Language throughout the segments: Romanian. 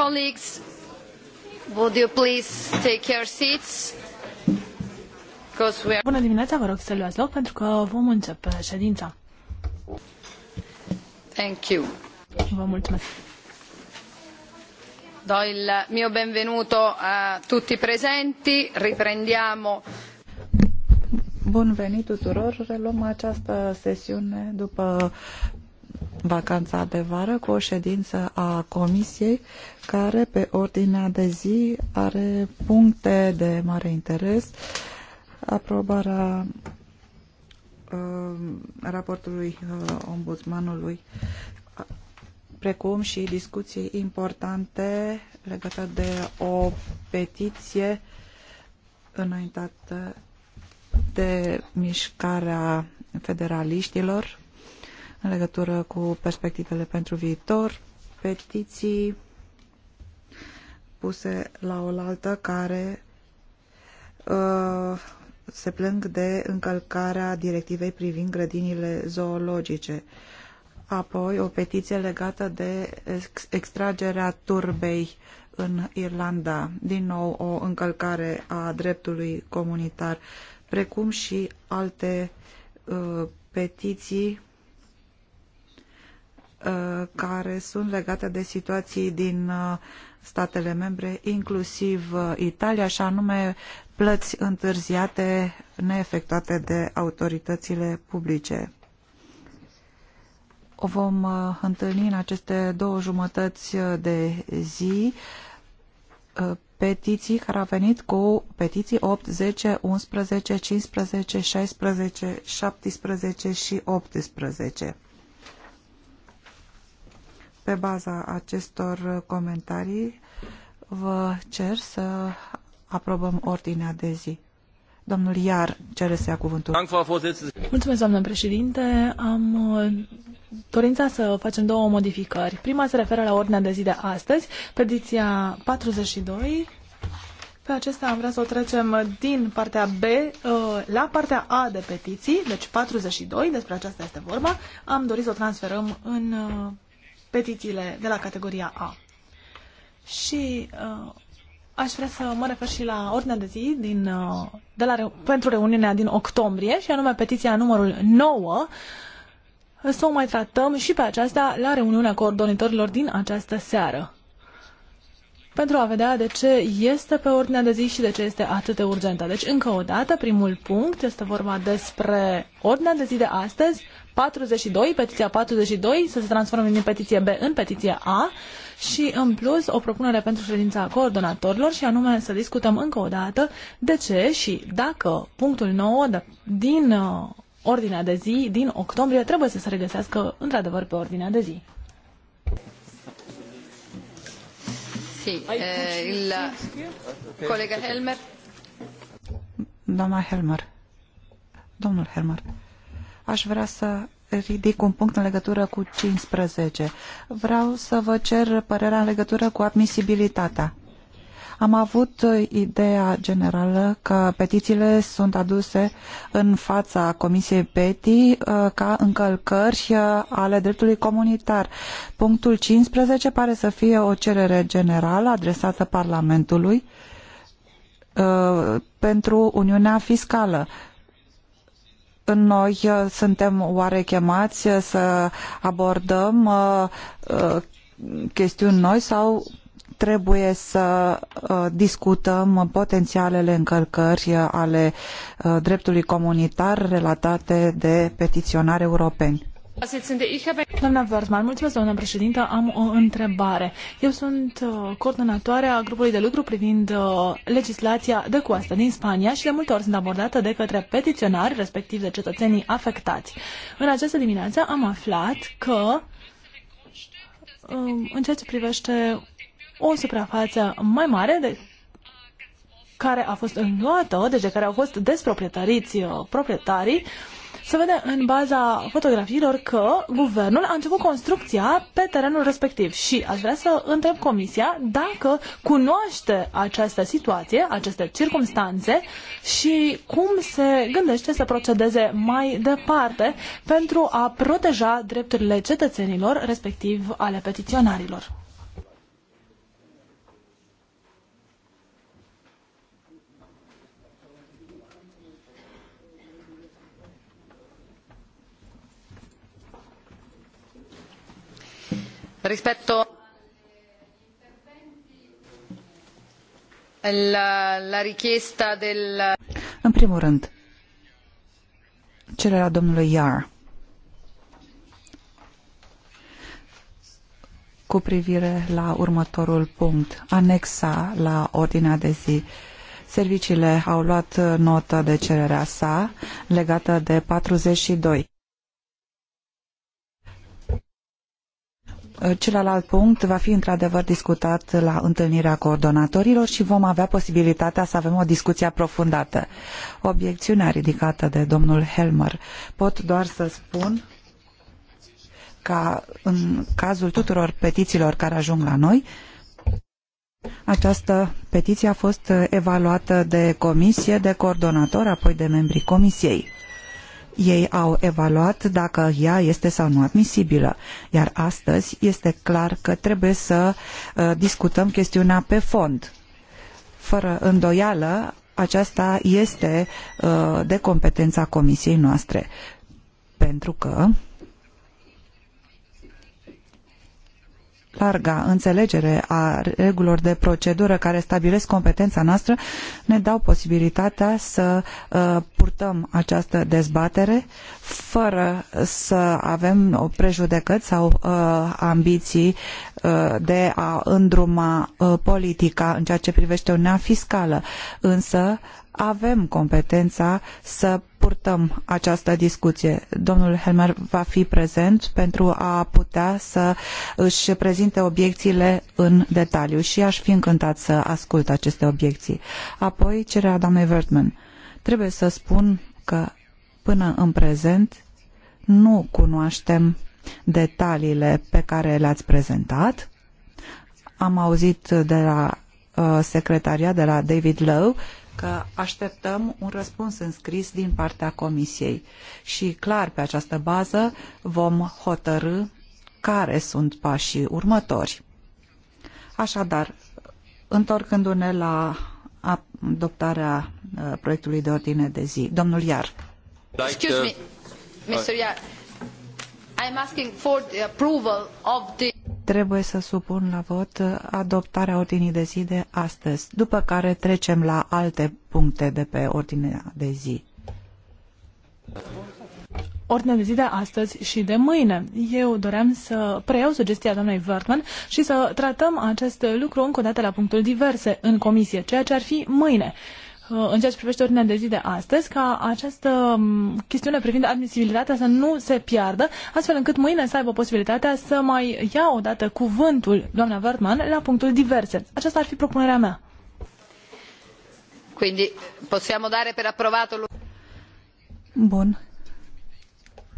Colleagues, would you please take your seats? Because We are... Bună dimineața, vă rog să luați loc pentru că vom începe ședința. Thank you. Vă mulțumesc. Do il mio benvenuto a tutti presenti. Riprendiamo Bun venit tuturor! Reluăm această sesiune după vacanța de vară cu o ședință a comisiei care pe ordinea de zi are puncte de mare interes, aprobarea uh, raportului uh, ombudsmanului precum și discuții importante legate de o petiție înaintată de mișcarea federaliștilor în legătură cu perspectivele pentru viitor, petiții puse la oaltă care uh, se plâng de încălcarea directivei privind grădinile zoologice. Apoi o petiție legată de extragerea turbei în Irlanda. Din nou o încălcare a dreptului comunitar, precum și alte uh, petiții Uh, care sunt legate de situații din uh, statele membre, inclusiv uh, Italia, și anume plăți întârziate neefectuate de autoritățile publice. O vom întâlni în aceste două jumătăți de zi petiții care au venit cu petiții 8, 10, 11, 15, 16, 17 și 18. Pe baza acestor comentarii, vă cer să aprobăm ordinea de zi. Domnul Iar cere să ia cuvântul. Mulțumesc, doamnă președinte. Am uh, dorința să facem două modificări. Prima se referă la ordinea de zi de astăzi, pediția 42. Pe acesta am vrea să o trecem din partea B uh, la partea A de petiții, deci 42, despre aceasta este vorba. Am dorit să o transferăm în uh, petițiile de la categoria A. Și uh, aș vrea să mă refer și la ordinea de zi din, uh, de la, pentru reuniunea din octombrie, și anume petiția numărul 9, să o mai tratăm și pe aceasta la reuniunea coordonatorilor din această seară. Pentru a vedea de ce este pe ordinea de zi și de ce este atât de urgentă. Deci, încă o dată, primul punct este vorba despre ordinea de zi de astăzi, 42, petiția 42, să se transforme din petiție B în petiție A și, în plus, o propunere pentru ședința coordonatorilor și anume să discutăm încă o dată de ce și dacă punctul 9 din uh, ordinea de zi din octombrie trebuie să se regăsească într-adevăr pe ordinea de zi. Sì, eh, uh, Helmer. Doamna Helmer. Domnul Helmer aș vrea să ridic un punct în legătură cu 15. Vreau să vă cer părerea în legătură cu admisibilitatea. Am avut ideea generală că petițiile sunt aduse în fața Comisiei PETI uh, ca încălcări uh, ale dreptului comunitar. Punctul 15 pare să fie o cerere generală adresată Parlamentului uh, pentru Uniunea Fiscală noi uh, suntem oare chemați uh, să abordăm uh, chestiuni noi sau trebuie să discutăm potențialele încălcări ale dreptului comunitar relatate de petiționari europeni? Doamna Versman, mulțumesc, doamna președintă. Am o întrebare. Eu sunt uh, coordonatoarea grupului de lucru privind uh, legislația de coastă din Spania și de multe ori sunt abordată de către petiționari, respectiv de cetățenii afectați. În această dimineață am aflat că um, în ceea ce privește o suprafață mai mare de care a fost înluată, deci de care au fost desproprietariți uh, proprietarii, se vede în baza fotografiilor că guvernul a început construcția pe terenul respectiv și aș vrea să întreb comisia dacă cunoaște această situație, aceste circumstanțe și cum se gândește să procedeze mai departe pentru a proteja drepturile cetățenilor, respectiv ale petiționarilor. rispetto la, la richiesta del... În primul rând, cererea domnului Iar cu privire la următorul punct, anexa la ordinea de zi. Serviciile au luat notă de cererea sa legată de 42. Uh, celălalt punct va fi într-adevăr discutat la întâlnirea coordonatorilor și vom avea posibilitatea să avem o discuție aprofundată. Obiecțiunea ridicată de domnul Helmer. Pot doar să spun ca în cazul tuturor petițiilor care ajung la noi, această petiție a fost evaluată de comisie, de coordonator, apoi de membrii comisiei. Ei au evaluat dacă ea este sau nu admisibilă, iar astăzi este clar că trebuie să uh, discutăm chestiunea pe fond. Fără îndoială, aceasta este uh, de competența comisiei noastre, pentru că larga înțelegere a regulilor de procedură care stabilesc competența noastră ne dau posibilitatea să uh, purtăm această dezbatere fără să avem o prejudecăți sau uh, ambiții uh, de a îndruma politica în ceea ce privește Uniunea Fiscală. Însă avem competența să purtăm această discuție. Domnul Helmer va fi prezent pentru a putea să își prezinte obiecțiile în detaliu și aș fi încântat să ascult aceste obiecții. Apoi cererea doamnei Wertmann. Trebuie să spun că până în prezent nu cunoaștem detaliile pe care le-ați prezentat. Am auzit de la uh, secretariat, de la David Lowe, că așteptăm un răspuns înscris din partea Comisiei și clar pe această bază vom hotărâ care sunt pașii următori. Așadar, întorcându-ne la adoptarea uh, proiectului de ordine de zi. Domnul Iar. Excuse me, uh, Mr. Iar. I'm asking for the approval of the... Trebuie să supun la vot adoptarea ordinii de zi de astăzi, după care trecem la alte puncte de pe ordinea de zi. Ordinea de zi de astăzi și de mâine. Eu doream să preiau sugestia doamnei Wertmann și să tratăm acest lucru încă o dată la punctul diverse în comisie, ceea ce ar fi mâine în ceea ce privește ordinea de zi de astăzi, ca această chestiune privind admisibilitatea să nu se piardă, astfel încât mâine să aibă posibilitatea să mai ia odată cuvântul doamna Wertmann la punctul diverse. Aceasta ar fi propunerea mea. Quindi possiamo dare per approvato Bun.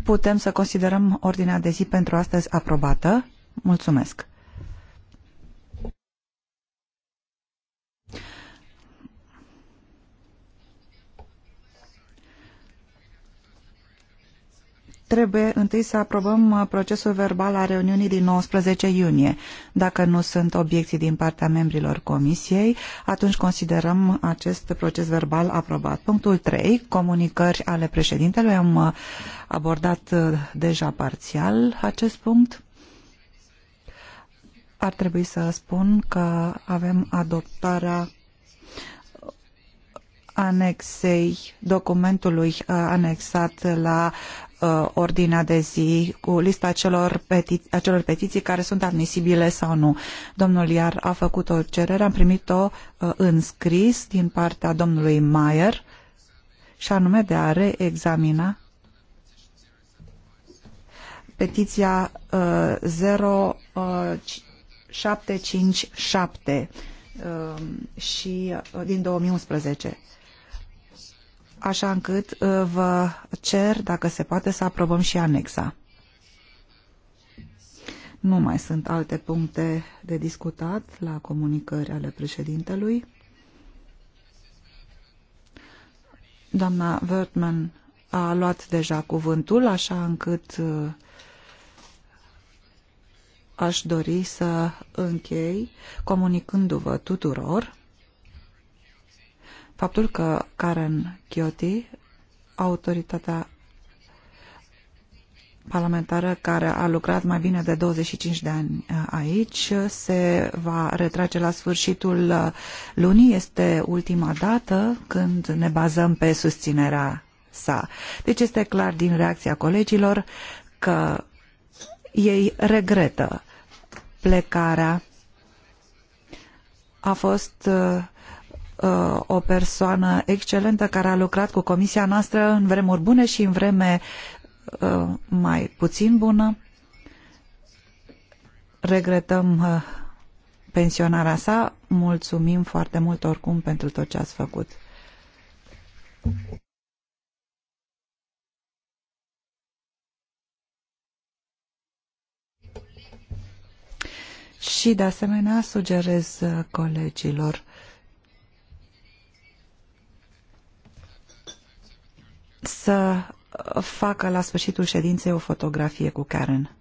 Putem să considerăm ordinea de zi pentru astăzi aprobată. Mulțumesc. trebuie întâi să aprobăm uh, procesul verbal a reuniunii din 19 iunie. Dacă nu sunt obiecții din partea membrilor comisiei, atunci considerăm acest proces verbal aprobat. Punctul 3. Comunicări ale președintelui. Am uh, abordat uh, deja parțial acest punct. Ar trebui să spun că avem adoptarea anexei documentului anexat la uh, ordinea de zi cu lista celor acelor petiții care sunt admisibile sau nu. Domnul Iar a făcut o cerere, am primit-o uh, în scris din partea domnului Mayer și anume de a reexamina petiția uh, 0757 uh, uh, și uh, din 2011 așa încât uh, vă cer, dacă se poate, să aprobăm și anexa. Nu mai sunt alte puncte de discutat la comunicări ale președintelui. Doamna Wertmann a luat deja cuvântul, așa încât uh, aș dori să închei comunicându-vă tuturor Faptul că Karen Chioti, autoritatea parlamentară care a lucrat mai bine de 25 de ani uh, aici, se va retrage la sfârșitul uh, lunii. Este ultima dată când ne bazăm pe susținerea sa. Deci este clar din reacția colegilor că ei regretă plecarea. A fost uh, uh, o persoană excelentă care a lucrat cu comisia noastră în vremuri bune și în vreme uh, mai puțin bună. Regretăm uh, pensionarea sa. Mulțumim foarte mult oricum pentru tot ce ați făcut. Și de asemenea sugerez uh, colegilor să facă la sfârșitul ședinței o fotografie cu Karen.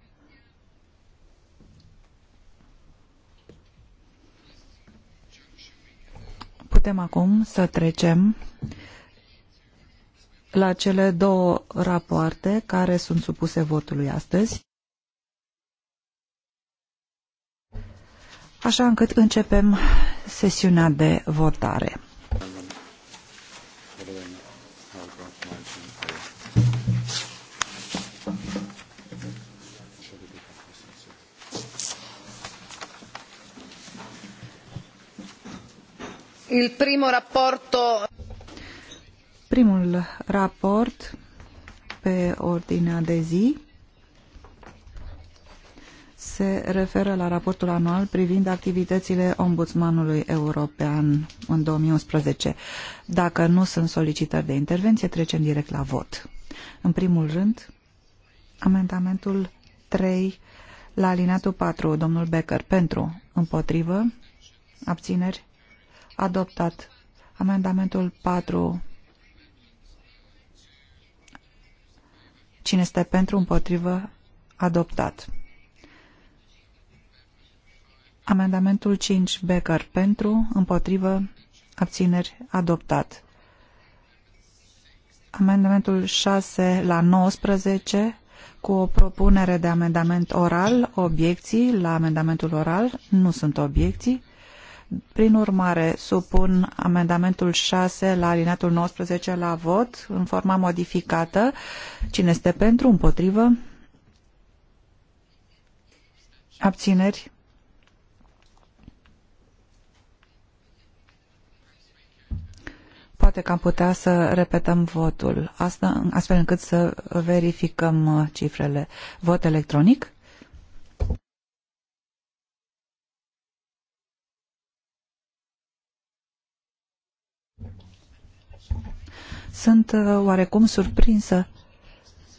Putem acum să trecem la cele două rapoarte care sunt supuse votului astăzi. Așa încât începem sesiunea de votare. Primul raport pe ordinea de zi se referă la raportul anual privind activitățile Ombudsmanului European în 2011. Dacă nu sunt solicitări de intervenție, trecem direct la vot. În primul rând, amendamentul 3 la alineatul 4, domnul Becker, pentru, împotrivă, abțineri, adoptat. Amendamentul 4. Cine este pentru, împotrivă, adoptat. Amendamentul 5. Becker pentru, împotrivă, abțineri, adoptat. Amendamentul 6 la 19 cu o propunere de amendament oral, obiecții la amendamentul oral, nu sunt obiecții. Prin urmare, supun amendamentul 6 la alineatul 19 la vot, în forma modificată. Cine este pentru, împotrivă? Abțineri? Poate că am putea să repetăm votul, asta astfel încât să verificăm uh, cifrele. Vot electronic? Sunt uh, oarecum surprinsă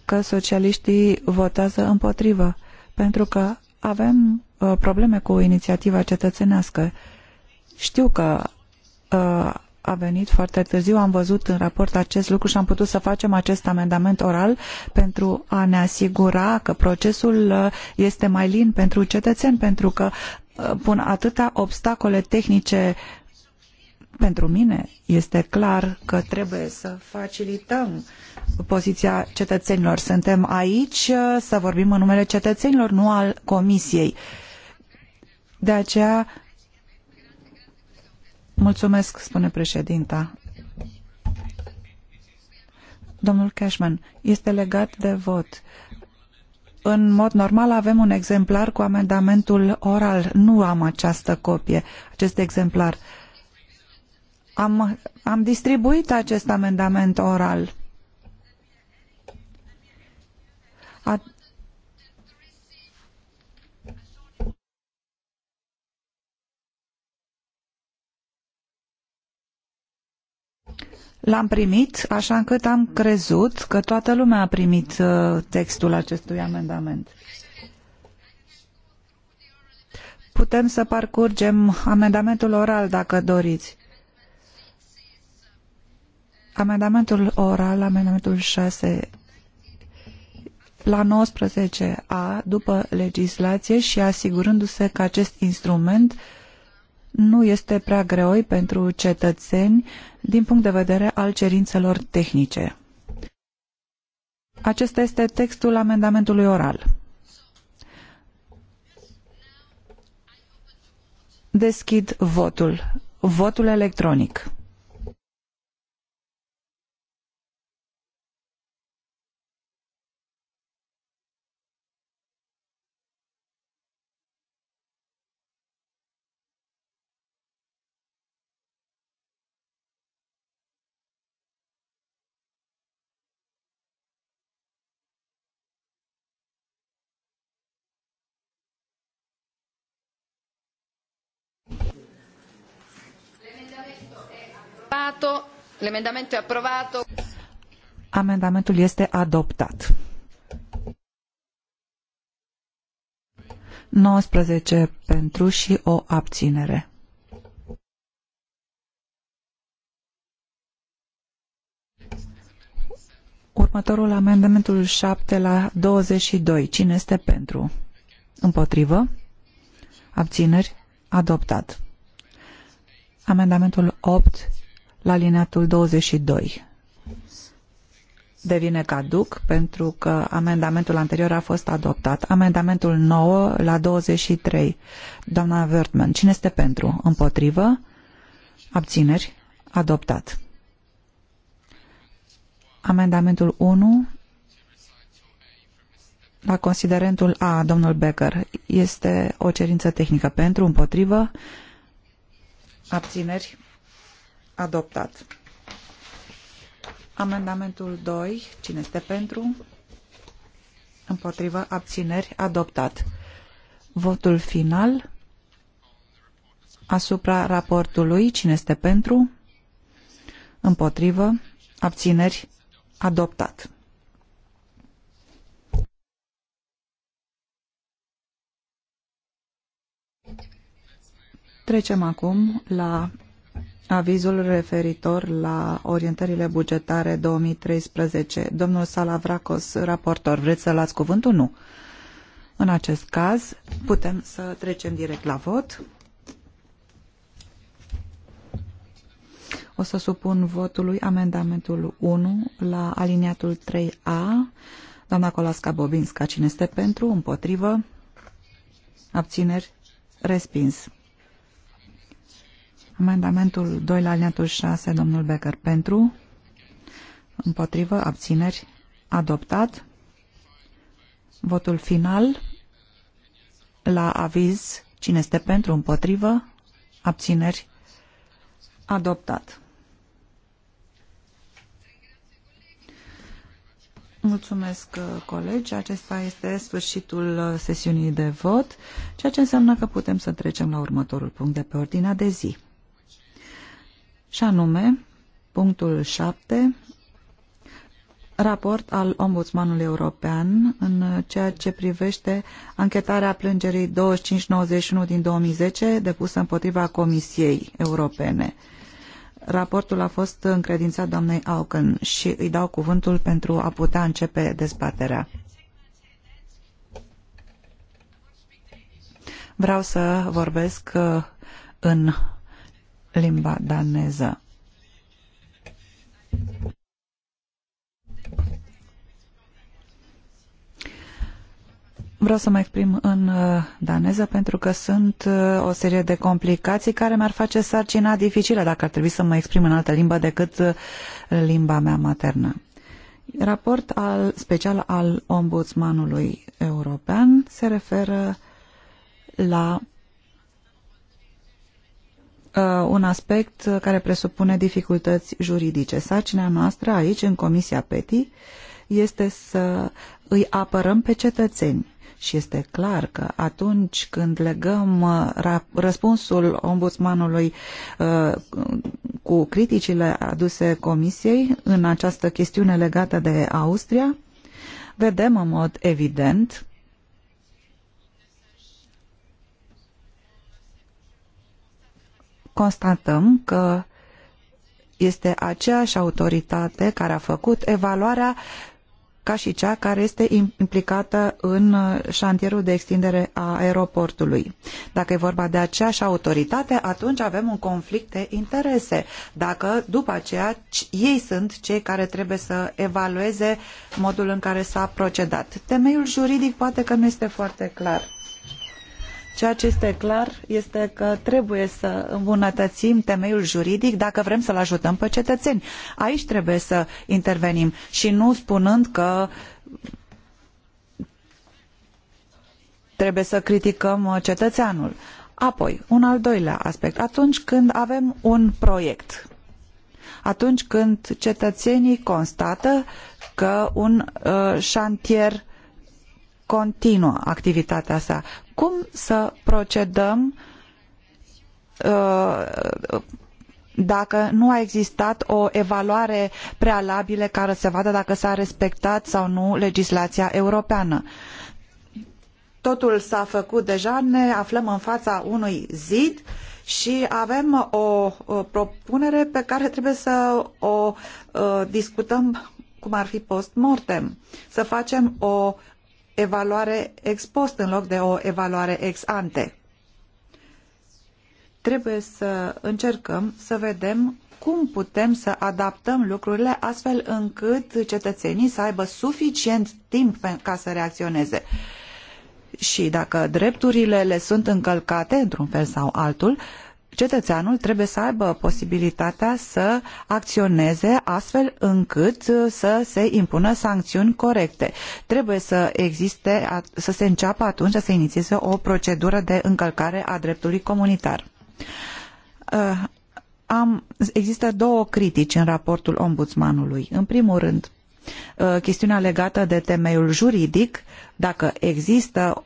că socialiștii votează împotrivă, pentru că avem uh, probleme cu inițiativa cetățenească. Știu că uh, a venit foarte târziu, am văzut în raport acest lucru și am putut să facem acest amendament oral pentru a ne asigura că procesul uh, este mai lin pentru cetățeni, pentru că uh, pun atâtea obstacole tehnice pentru mine este clar că trebuie să facilităm poziția cetățenilor. Suntem aici uh, să vorbim în numele cetățenilor, nu al Comisiei. De aceea, mulțumesc, spune președinta. Domnul Cashman, este legat de vot. În mod normal avem un exemplar cu amendamentul oral. Nu am această copie, acest exemplar. Uh, am, am distribuit acest amendament oral. A... L-am primit, așa încât am crezut că toată lumea a primit uh, textul acestui amendament. Putem să parcurgem amendamentul oral, dacă doriți. Amendamentul oral, amendamentul 6 la 19a după legislație și asigurându-se că acest instrument nu este prea greoi pentru cetățeni din punct de vedere al cerințelor tehnice. Acesta este textul amendamentului oral. Deschid votul. Votul electronic. L'emendamento è approvato. Amendamentul este adoptat. 19 pentru și o abținere. Următorul amendamentul 7 la 22. Cine este pentru? Împotrivă? Abțineri? Adoptat. Amendamentul 8 la lineatul 22. Devine caduc pentru că amendamentul anterior a fost adoptat. Amendamentul 9 la 23. Doamna Wertmann, cine este pentru? Împotrivă? Abțineri? Adoptat. Amendamentul 1 la considerentul A, domnul Becker, este o cerință tehnică pentru, împotrivă, abțineri, Adoptat. Amendamentul 2. Cine este pentru? Împotrivă. Abțineri. Adoptat. Votul final asupra raportului. Cine este pentru? Împotrivă. Abțineri. Adoptat. Trecem acum la avizul referitor la orientările bugetare 2013. Domnul Salavracos, raportor, vreți să lați cuvântul? Nu. În acest caz, putem să trecem direct la vot. O să supun votului amendamentul 1 la aliniatul 3A. Doamna Colasca Bobinska, cine este pentru, împotrivă, abțineri, respins. Amendamentul 2 la alineatul 6, domnul Becker, pentru, împotrivă, abțineri, adoptat. Votul final la aviz, cine este pentru, împotrivă, abțineri, adoptat. Mulțumesc, uh, colegi. Acesta este sfârșitul uh, sesiunii de vot, ceea ce înseamnă că putem să trecem la următorul punct de pe ordinea de zi și anume punctul 7, raport al Ombudsmanului European în ceea ce privește anchetarea plângerii 2591 din 2010 depusă împotriva Comisiei Europene. Raportul a fost încredințat doamnei Auken și îi dau cuvântul pentru a putea începe dezbaterea. Vreau să vorbesc uh, în limba daneză. Vreau să mă exprim în uh, daneză pentru că sunt uh, o serie de complicații care mi-ar face sarcina dificilă dacă ar trebui să mă exprim în altă limbă decât uh, limba mea maternă. Raport al, special al Ombudsmanului European se referă la Uh, un aspect care presupune dificultăți juridice. Sarcina noastră aici, în Comisia PETI, este să îi apărăm pe cetățeni. Și este clar că atunci când legăm uh, răspunsul ombudsmanului uh, cu criticile aduse Comisiei în această chestiune legată de Austria, vedem în mod evident constatăm că este aceeași autoritate care a făcut evaluarea ca și cea care este implicată în uh, șantierul de extindere a aeroportului. Dacă e vorba de aceeași autoritate, atunci avem un conflict de interese. Dacă după aceea ei sunt cei care trebuie să evalueze modul în care s-a procedat. Temeiul juridic poate că nu este foarte clar. Ceea ce este clar este că trebuie să îmbunătățim temeiul juridic dacă vrem să-l ajutăm pe cetățeni. Aici trebuie să intervenim și nu spunând că trebuie să criticăm cetățeanul. Apoi, un al doilea aspect. Atunci când avem un proiect, atunci când cetățenii constată că un uh, șantier continuă activitatea sa cum să procedăm uh, dacă nu a existat o evaluare prealabilă care să vadă dacă s-a respectat sau nu legislația europeană. Totul s-a făcut deja, ne aflăm în fața unui zid și avem o propunere pe care trebuie să o uh, discutăm cum ar fi post-mortem, să facem o evaluare ex post în loc de o evaluare ex ante. Trebuie să încercăm să vedem cum putem să adaptăm lucrurile astfel încât cetățenii să aibă suficient timp ca să reacționeze. Și dacă drepturile le sunt încălcate într-un fel sau altul, cetățeanul trebuie să aibă posibilitatea să acționeze astfel încât uh, să se impună sancțiuni corecte. Trebuie să existe, să se înceapă atunci să se inițieze o procedură de încălcare a dreptului comunitar. Uh, am, există două critici în raportul ombudsmanului. În primul rând, uh, chestiunea legată de temeiul juridic, dacă există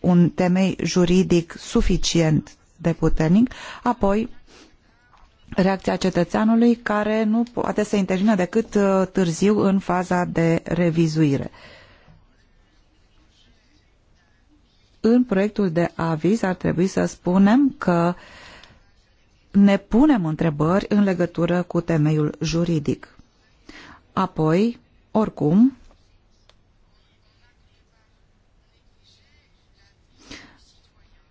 un temei juridic suficient de puternic, apoi reacția cetățeanului care nu poate să intervină decât uh, târziu în faza de revizuire. În proiectul de aviz ar trebui să spunem că ne punem întrebări în legătură cu temeiul juridic. Apoi, oricum,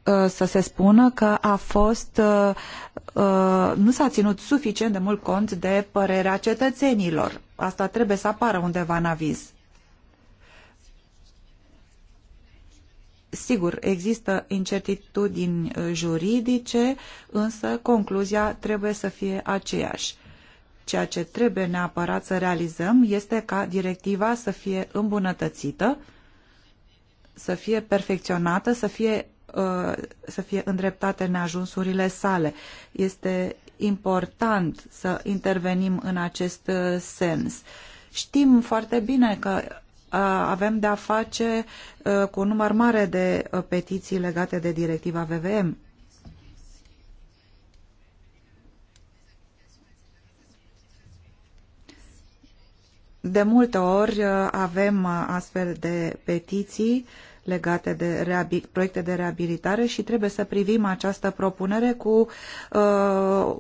Uh, să se spună că a fost uh, uh, nu s-a ținut suficient de mult cont de părerea cetățenilor. Asta trebuie să apară undeva în aviz. Sigur, există incertitudini juridice, însă concluzia trebuie să fie aceeași. Ceea ce trebuie neapărat să realizăm este ca directiva să fie îmbunătățită, să fie perfecționată, să fie Uh, să fie îndreptate neajunsurile sale. Este important să intervenim în acest uh, sens. Știm foarte bine că uh, avem de-a face cu un număr mare de petiții legate de directiva VVM. De multe ori avem astfel de petiții uh, legate de proiecte de reabilitare și trebuie să privim această propunere cu uh,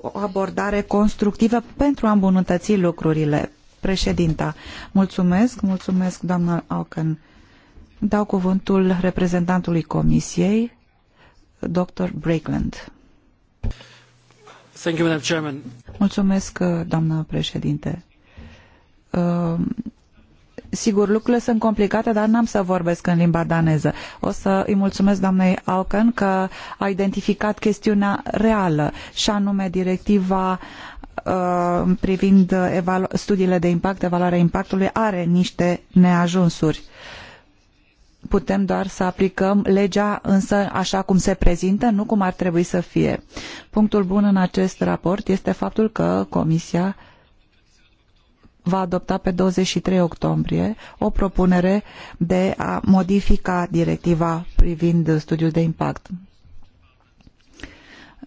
o abordare constructivă pentru a îmbunătăți lucrurile. Președinta, mulțumesc, mulțumesc doamna Auken. Dau cuvântul reprezentantului Comisiei, dr. Breakland. Mulțumesc, doamnă președinte. Uh, Sigur, lucrurile sunt complicate, dar n-am să vorbesc în limba daneză. O să îi mulțumesc doamnei Auken că a identificat chestiunea reală și anume directiva uh, privind studiile de impact, evaluarea impactului, are niște neajunsuri putem doar să aplicăm legea însă așa cum se prezintă, nu cum ar trebui să fie. Punctul bun în acest raport este faptul că Comisia uh, va adopta pe 23 octombrie o propunere de a modifica directiva privind studiul de impact.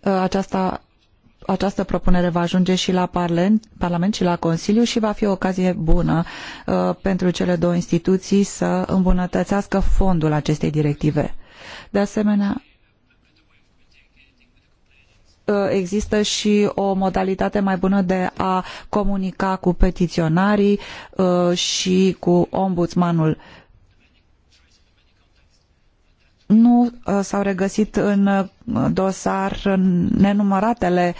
Uh, aceasta, această propunere va ajunge și la Parlament, Parlament și la Consiliu și va fi o ocazie bună uh, pentru cele două instituții să îmbunătățească fondul acestei directive. De asemenea, Uh, există și o modalitate mai bună de a comunica cu petiționarii uh, și cu ombudsmanul. Nu uh, s-au regăsit în dosar nenumăratele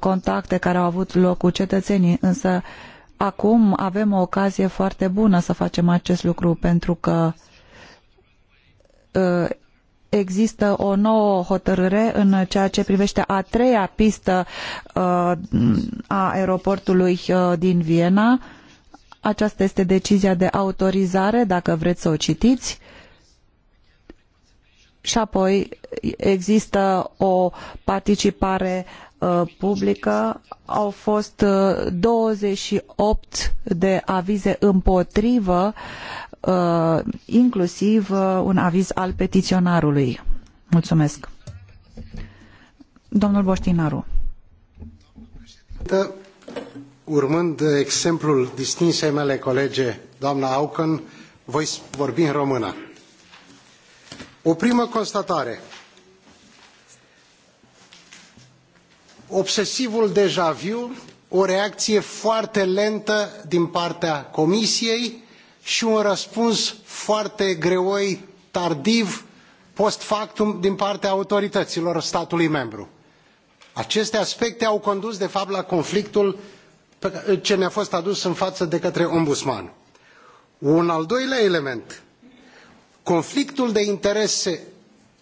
contacte care au avut loc cu cetățenii, însă acum avem o ocazie foarte bună să facem acest lucru pentru că există o nouă hotărâre în ceea ce privește a treia pistă uh, a aeroportului uh, din Viena. Aceasta este decizia de autorizare, dacă vreți să o citiți. Și apoi există o participare uh, publică au fost 28 de avize împotrivă Uh, inclusiv uh, un aviz al petiționarului. Mulțumesc. Domnul Boștinaru. Urmând exemplul distinsei mele colege, doamna Auken, voi vorbi în română. O primă constatare. Obsesivul deja vu, o reacție foarte lentă din partea Comisiei și un răspuns foarte greoi, tardiv, post factum din partea autorităților statului membru. Aceste aspecte au condus, de fapt, la conflictul ce ne-a fost adus în față de către ombudsman. Un al doilea element, conflictul de interese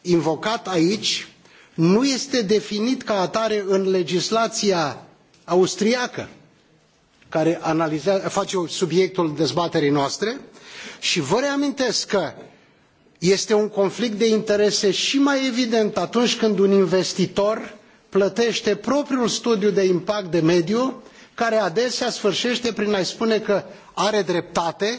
invocat aici nu este definit ca atare în legislația austriacă care face subiectul dezbaterii noastre și vă reamintesc că este un conflict de interese și mai evident atunci când un investitor plătește propriul studiu de impact de mediu, care adesea sfârșește prin a-i spune că are dreptate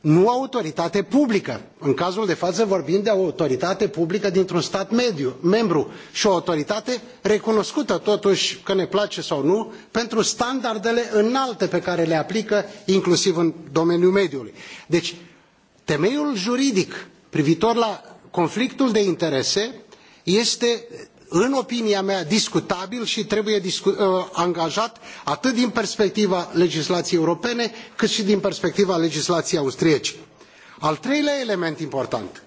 nu autoritate publică. În cazul de față vorbim de o autoritate publică dintr-un stat mediu, membru și o autoritate recunoscută totuși, că ne place sau nu, pentru standardele înalte pe care le aplică inclusiv în domeniul mediului. Deci, temeiul juridic privitor la conflictul de interese este în opinia mea discutabil și trebuie uh, angajat atât din perspectiva legislației europene cât și din perspectiva legislației austrieci. al treilea element important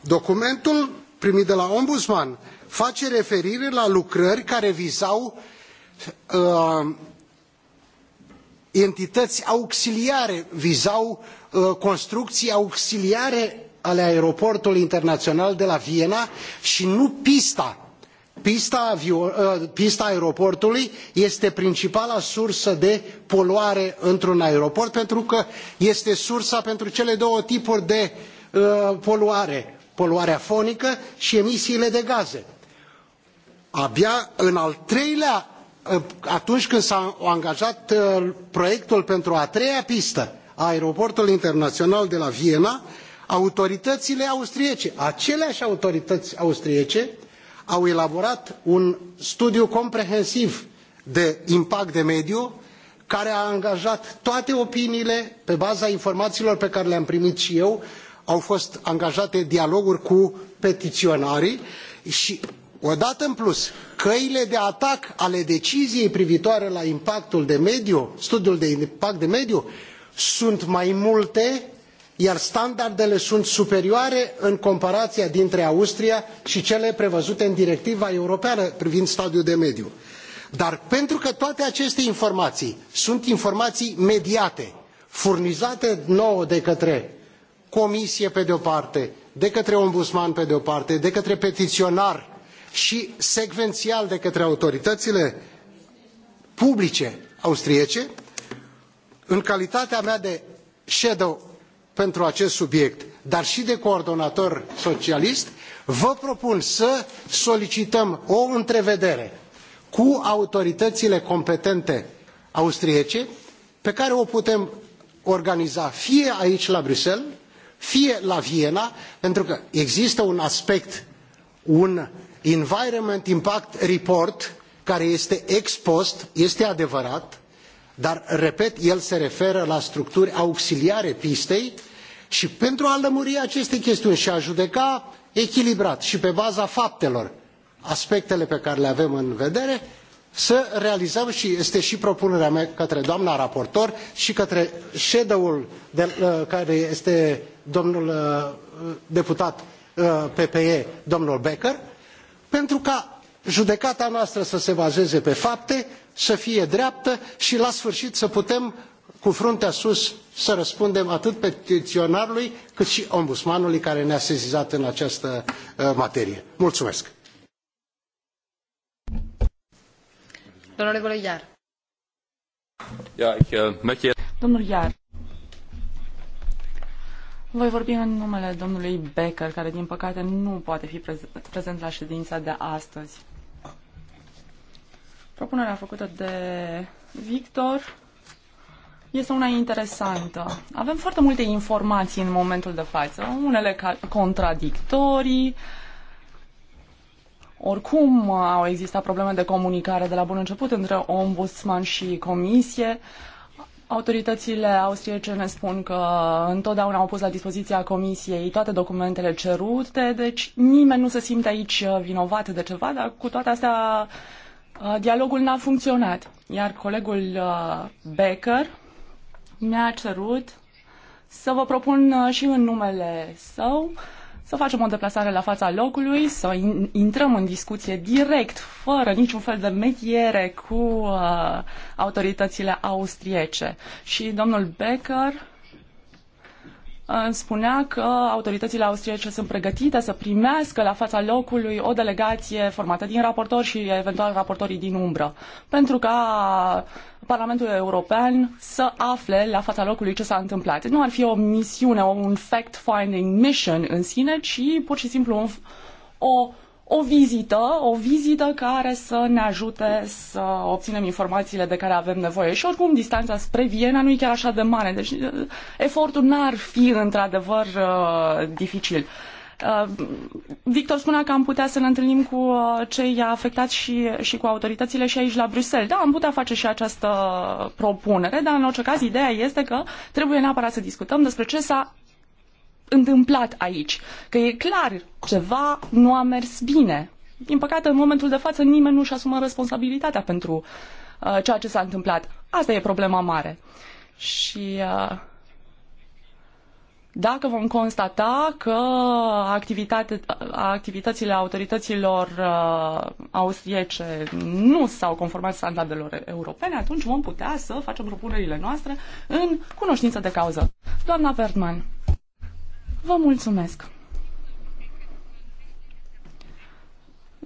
documentul primit de la ombudsman face referire la lucrări care vizau entităi uh, entități auxiliare vizau construcii uh, construcții auxiliare ale aeroportului internaional de la viena i nu pista ă, Pista, aeroportului este principala sursă de poluare într un aeroport pentru că este sursa pentru cele două tipuri de ă, poluare poluarea fonică i emisiile de gaze. abia în al treilea ă, atunci când s a angajat proiectul pentru a treia pistă a aeroportului internaional de la viena autoritățile austriece, aceleași autorități austriece, au elaborat un studiu comprehensiv de impact de mediu care a angajat toate opiniile pe baza informațiilor pe care le-am primit și eu. Au fost angajate dialoguri cu petiționarii și odată în plus căile de atac ale deciziei privitoare la impactul de mediu, studiul de impact de mediu, sunt mai multe iar standardele sunt superioare în comparaia dintre austria i cele prevăzute în directiva europeană privind stadiul de mediu dar pentru că toate aceste informaii sunt informaii mediate furnizate nouă de către comisie pe de o parte de către ombudsman pe de o parte de către petiionar i secvenial de către autorităile publice austriece în calitatea mea de shadow pentru acest subiect dar i de coordonator socialist vă propun să solicităm o întrevedere cu autorităile competente austriece pe care o putem organiza fie aici la bruxelles fie la viena pentru că există un aspect un environment impact report care este ex post este adevărat dar repet el se referă la structuri auxiliare pistei și pentru a lămuri aceste chestiuni și a judeca echilibrat și pe baza faptelor aspectele pe care le avem în vedere să realizăm și este și propunerea mea către doamna raportor și către shadow-ul uh, care este domnul uh, deputat uh, PPE, domnul Becker, pentru ca judecata noastră să se bazeze pe fapte, să fie dreaptă și la sfârșit să putem cu fruntea sus să răspundem atât petiționarului cât și ombudsmanului care ne-a sesizat în această uh, materie. Mulțumesc! Domnule Iar. Eh, Domnul Iar. Voi vorbi în numele domnului Becker, care din păcate nu poate fi prezent la ședința de astăzi. Propunerea făcută de Victor este una interesantă. Avem foarte multe informații în momentul de față, unele contradictorii. Oricum au existat probleme de comunicare de la bun început între ombudsman și comisie. Autoritățile austriece ne spun că întotdeauna au pus la dispoziția comisiei toate documentele cerute, deci nimeni nu se simte aici vinovat de ceva, dar cu toate astea uh, dialogul n-a funcționat. Iar colegul uh, Becker mi-a cerut să vă propun uh, și în numele său să facem o deplasare la fața locului, să intrăm în discuție direct, fără niciun fel de mediere cu uh, autoritățile austriece. Și domnul Becker îmi spunea că autoritățile austriece sunt pregătite să primească la fața locului o delegație formată din raportori și eventual raportorii din umbră, pentru ca Parlamentul European să afle la fața locului ce s-a întâmplat. Nu ar fi o misiune, un fact-finding mission în sine, ci pur și simplu o o vizită, o vizită care să ne ajute să obținem informațiile de care avem nevoie. Și oricum, distanța spre Viena nu e chiar așa de mare, deci uh, efortul n-ar fi într-adevăr uh, dificil. Uh, Victor spunea că am putea să ne întâlnim cu cei afectați și, și cu autoritățile și aici la Bruxelles. Da, am putea face și această propunere, dar în orice caz ideea este că trebuie neapărat să discutăm despre ce s-a întâmplat aici? Că e clar, ceva nu a mers bine. Din păcate, în momentul de față, nimeni nu-și asumă responsabilitatea pentru uh, ceea ce s-a întâmplat. Asta e problema mare. Și uh, dacă vom constata că activitate, uh, activitățile autorităților uh, austriece nu s-au conformat standardelor europene, atunci vom putea să facem propunerile noastre în cunoștință de cauză. Doamna Vertman. Vă mulțumesc.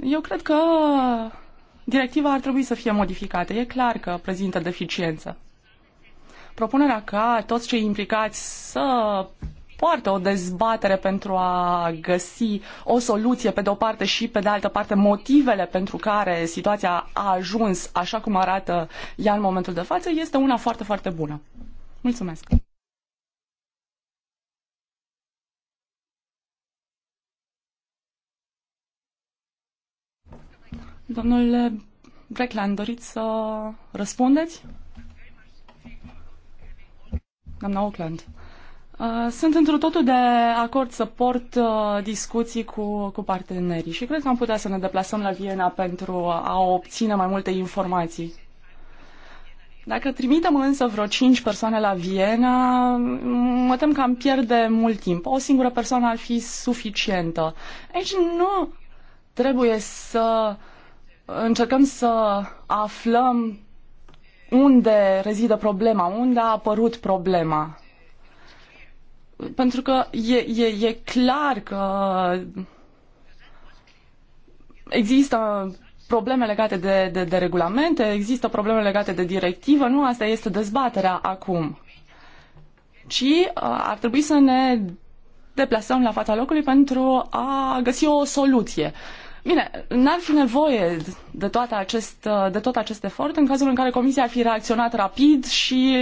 Eu cred că directiva ar trebui să fie modificată. E clar că prezintă deficiență. Propunerea ca toți cei implicați să poartă o dezbatere pentru a găsi o soluție pe de o parte și pe de altă parte motivele pentru care situația a ajuns așa cum arată ea în momentul de față este una foarte, foarte bună. Mulțumesc! Domnule Breckland, doriți să răspundeți? Doamna Auckland. Uh, sunt într totul de acord să port uh, discuții cu, cu partenerii și cred că am putea să ne deplasăm la Viena pentru a obține mai multe informații. Dacă trimitem însă vreo cinci persoane la Viena, mă tem că am pierde mult timp. O singură persoană ar fi suficientă. Aici nu trebuie să uh, încercăm să aflăm unde rezidă problema, unde a apărut problema. Pentru că e, e, e clar că există probleme legate de, de, de regulamente, există probleme legate de directivă, nu asta este dezbaterea acum. Ci uh, ar trebui să ne deplasăm la fața locului pentru a găsi o soluție. Uh, Bine, n-ar fi nevoie de, toate acest, de tot acest efort în cazul în care Comisia ar fi reacționat rapid și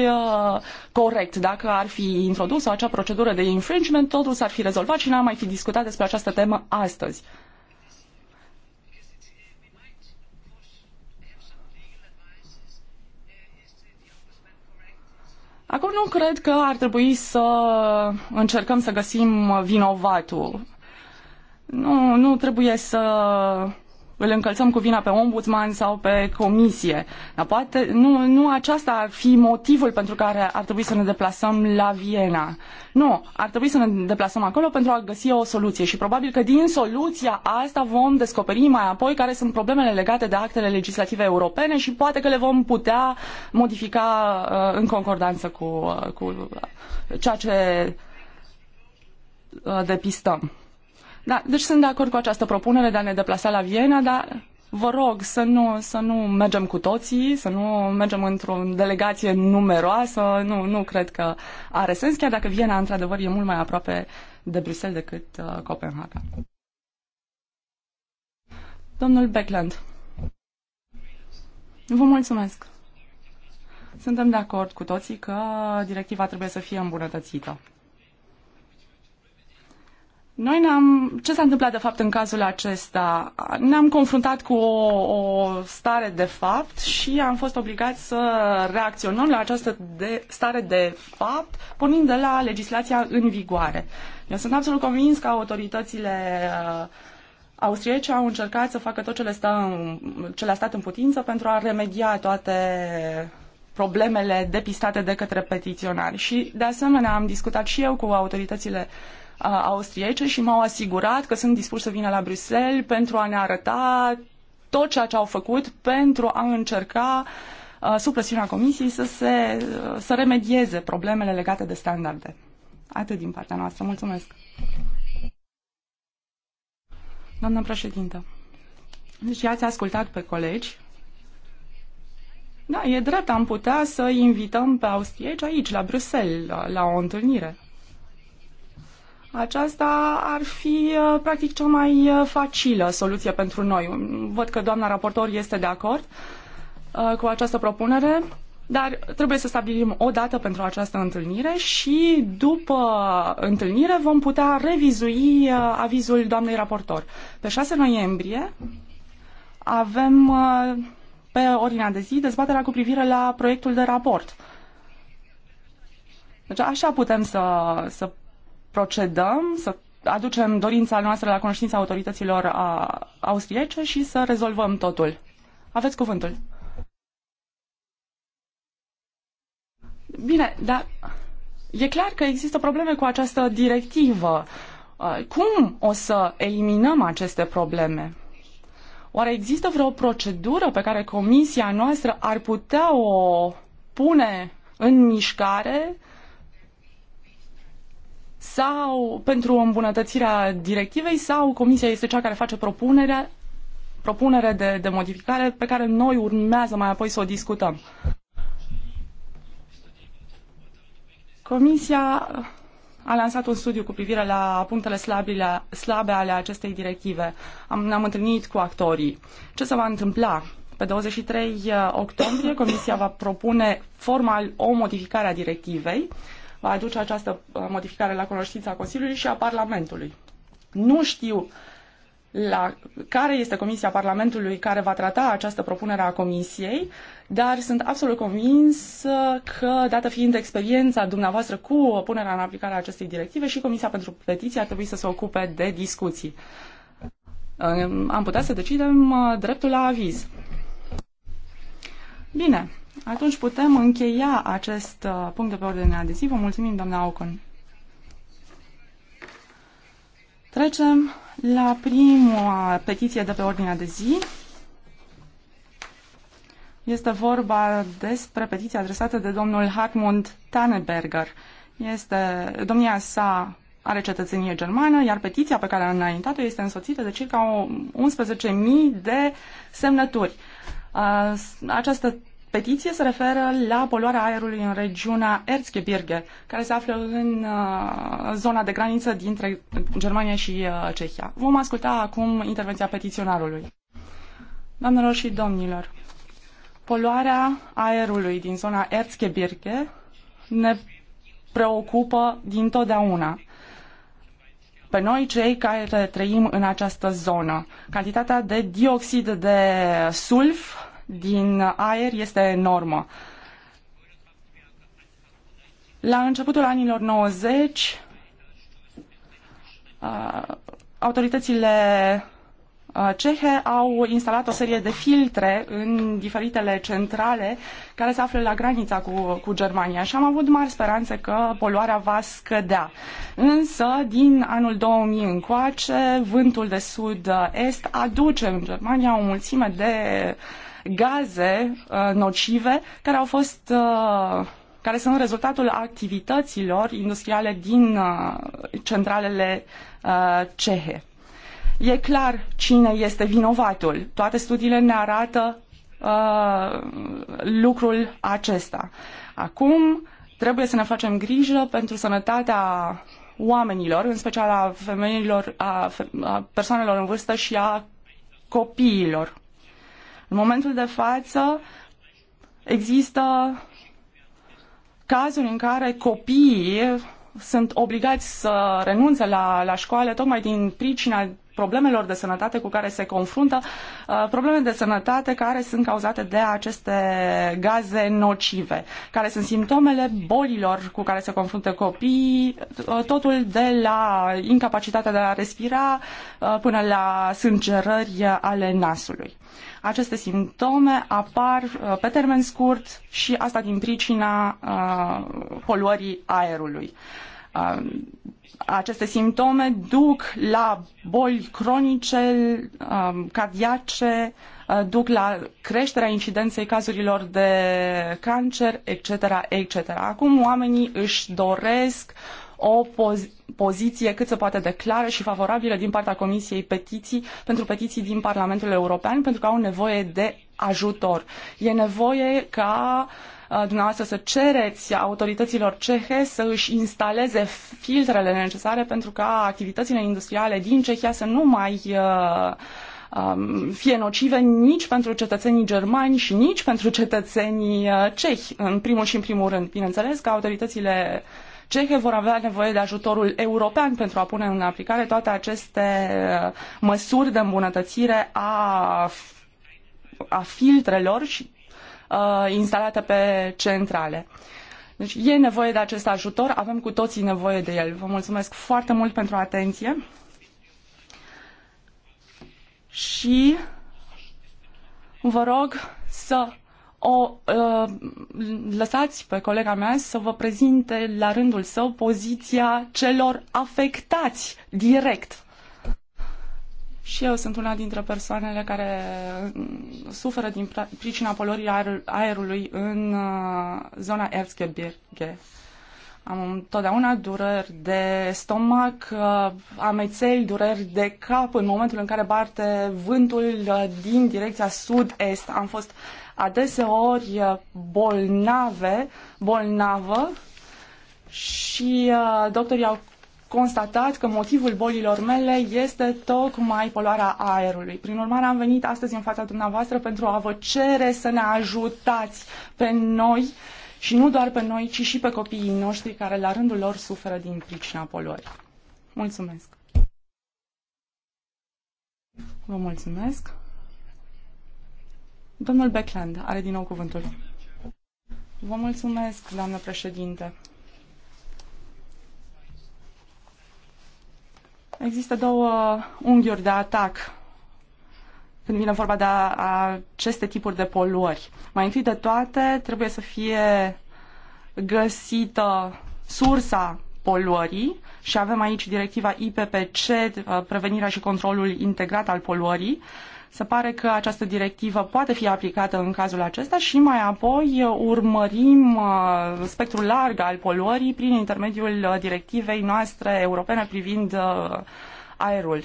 uh, corect. Dacă ar fi introdus acea procedură de infringement, totul s-ar fi rezolvat și n ar mai fi discutat despre această temă astăzi. Acum nu cred că ar trebui să încercăm să găsim vinovatul nu, nu trebuie să îl încălțăm cu vina pe ombudsman sau pe comisie. Dar poate nu, nu aceasta ar fi motivul pentru care ar trebui să ne deplasăm la Viena. Nu, ar trebui să ne deplasăm acolo pentru a găsi o soluție și probabil că din soluția asta vom descoperi mai apoi care sunt problemele legate de actele legislative europene și poate că le vom putea modifica uh, în concordanță cu, uh, cu ceea ce uh, depistăm. Da, deci sunt de acord cu această propunere de a ne deplasa la Viena, dar vă rog să nu, să nu mergem cu toții, să nu mergem într-o delegație numeroasă, nu, nu cred că are sens, chiar dacă Viena, într-adevăr, e mult mai aproape de Bruxelles decât uh, Copenhaga. Domnul Beckland, vă mulțumesc. Suntem de acord cu toții că directiva trebuie să fie îmbunătățită. Noi ne-am. Ce s-a întâmplat de fapt în cazul acesta? Ne-am confruntat cu o, o stare de fapt și am fost obligați să reacționăm la această de, stare de fapt, pornind de la legislația în vigoare. Eu sunt absolut convins că autoritățile uh, austriece au încercat să facă tot ce le, stă în, ce le-a stat în putință pentru a remedia toate problemele depistate de către petiționari. Și, de asemenea, am discutat și eu cu autoritățile uh, austriece și m-au asigurat că sunt dispuși să vină la Bruxelles pentru a ne arăta tot ceea ce au făcut pentru a încerca sub presiunea Comisiei să, se, să remedieze problemele legate de standarde. Atât din partea noastră. Mulțumesc. Doamna președintă, deci ați ascultat pe colegi. Da, e drept, am putea să invităm pe austrieci aici, la Bruxelles, la o întâlnire. Aceasta ar fi uh, practic cea mai uh, facilă soluție pentru noi. Văd că doamna raportor este de acord uh, cu această propunere, dar trebuie să stabilim o dată pentru această întâlnire și după întâlnire vom putea revizui avizul doamnei raportor. Pe 6 noiembrie avem pe ordinea de zi dezbaterea cu privire la proiectul de raport. Deci așa putem să, să procedăm, să aducem dorința noastră la conștiința autorităților a austriece și să rezolvăm totul. Aveți cuvântul. Bine, dar e clar că există probleme cu această directivă. Uh, cum o să eliminăm aceste probleme? Oare există vreo procedură pe care comisia noastră ar putea o pune în mișcare sau pentru îmbunătățirea directivei sau Comisia este cea care face propunerea propunere de, de modificare pe care noi urmează mai apoi să o discutăm. Comisia a lansat un studiu cu privire la punctele slabile, slabe ale acestei directive. Am, ne-am întâlnit cu actorii. Ce se va întâmpla? Pe 23 uh, octombrie, Comisia va propune formal o modificare a directivei va aduce această uh, modificare la cunoștința Consiliului și a Parlamentului. Nu știu la care este Comisia Parlamentului care va trata această propunere a Comisiei, dar sunt absolut convins că, dată fiind experiența dumneavoastră cu punerea în aplicare a acestei directive, și Comisia pentru Petiții ar trebui să se ocupe de discuții. Am putea să decidem uh, dreptul la aviz. Bine, atunci putem încheia acest uh, punct de pe ordinea de zi. Vă mulțumim, doamna Ocon. Trecem la prima petiție de pe ordinea de zi. Este vorba despre petiția adresată de domnul Hartmund Tanneberger. Este, domnia sa are cetățenie germană, iar petiția pe care a înaintat-o este însoțită de circa 11.000 de semnături. Uh, această petiție se referă la poluarea aerului în regiunea Erzgebirge, care se află în uh, zona de graniță dintre Germania și uh, Cehia. Vom asculta acum intervenția petiționarului. Doamnelor și domnilor, poluarea aerului din zona Erzgebirge ne preocupă dintotdeauna pe noi, cei care trăim în această zonă. Cantitatea de dioxid de sulf din aer este enormă. La începutul anilor 90, uh, autoritățile uh, cehe au instalat o serie de filtre în diferitele centrale care se află la granița cu, cu Germania și am avut mari speranțe că poluarea va scădea. Însă, din anul 2000 încoace, vântul de sud-est aduce în Germania o mulțime de uh, gaze uh, nocive care au fost uh, care sunt rezultatul activităților industriale din uh, centralele cehe. E clar cine este vinovatul. Toate studiile ne arată lucrul acesta. Acum trebuie să ne facem grijă pentru sănătatea oamenilor, în special a femeilor, a, a persoanelor în vârstă și a copiilor. În momentul de față există cazuri în care copiii sunt obligați să renunțe la, la școală tocmai din pricina problemelor de sănătate cu care se confruntă, uh, probleme de sănătate care sunt cauzate de aceste gaze nocive, care sunt simptomele bolilor cu care se confruntă copiii, uh, totul de la incapacitatea de a respira uh, până la sângerări ale nasului. Aceste simptome apar uh, pe termen scurt și asta din pricina uh, poluării aerului uh, aceste simptome duc la boli cronice, um, cardiace, duc la creșterea incidenței cazurilor de cancer, etc., etc. Acum oamenii își doresc o, poziție cât se poate de clară și favorabilă din partea Comisiei Petiții pentru petiții din Parlamentul European pentru că au nevoie de ajutor. E nevoie ca uh, dumneavoastră să cereți autorităților cehe să își instaleze filtrele necesare pentru ca activitățile industriale din Cehia să nu mai uh, um, fie nocive nici pentru cetățenii germani și nici pentru cetățenii uh, cehi, în primul și în primul rând. Bineînțeles că autoritățile uh, cehe vor avea nevoie de ajutorul european pentru a pune în aplicare toate aceste uh, măsuri de îmbunătățire a, a filtrelor și, uh, instalate pe centrale. Deci e nevoie de acest ajutor, avem cu toții nevoie de el. Vă mulțumesc foarte mult pentru atenție. Și vă rog să o ă, lăsați pe colega mea să vă prezinte la rândul său poziția celor afectați direct. Și eu sunt una dintre persoanele care mm, suferă din pricina polorii aerului în ă, zona Erzgebirge. Am întotdeauna dureri de stomac, ă, amețeli, dureri de cap în momentul în care barte vântul din direcția sud-est. Am fost uh, adeseori uh, bolnave, bolnavă și uh, doctorii au constatat că motivul bolilor mele este tocmai poluarea aerului. Prin urmare, am venit astăzi în fața dumneavoastră pentru a vă cere să ne ajutați pe noi și nu doar pe noi, ci și pe copiii noștri care la rândul lor suferă din pricina poluării. Mulțumesc! Vă mulțumesc! Domnul Beckland are din nou cuvântul. Vă mulțumesc, doamnă președinte. Există două unghiuri de atac când vine vorba de a, a aceste tipuri de poluări. Mai întâi de toate, trebuie să fie găsită sursa poluării și avem aici directiva IPPC, uh, prevenirea și controlul integrat al poluării se pare că această directivă poate fi aplicată în cazul acesta și mai apoi urmărim uh, spectrul larg al poluării prin intermediul uh, directivei noastre europene privind uh, aerul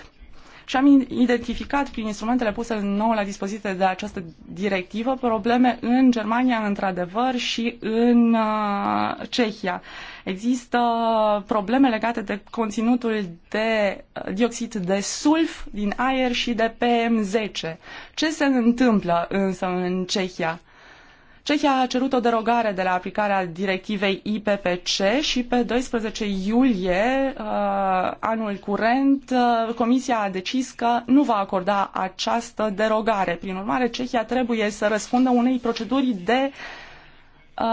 și am identificat prin instrumentele puse nou la dispoziție de această directivă probleme în Germania, într-adevăr, și în uh, Cehia. Există probleme legate de conținutul de uh, dioxid de sulf din aer și de PM10. Ce se întâmplă însă în Cehia? Cehia a cerut o derogare de la aplicarea directivei IPPC și pe 12 iulie uh, anul curent uh, Comisia a decis că nu va acorda această derogare. Prin urmare, Cehia trebuie să răspundă unei proceduri de uh,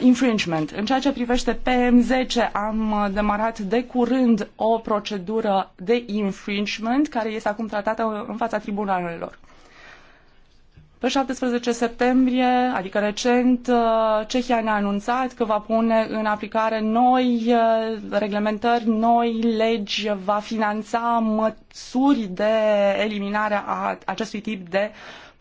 infringement. În ceea ce privește PM10, am demarat de curând o procedură de infringement care este acum tratată în fața tribunalelor. Pe 17 septembrie, adică recent, uh, Cehia ne-a anunțat că va pune în aplicare noi uh, reglementări, noi legi, va finanța măsuri de eliminare a acestui tip de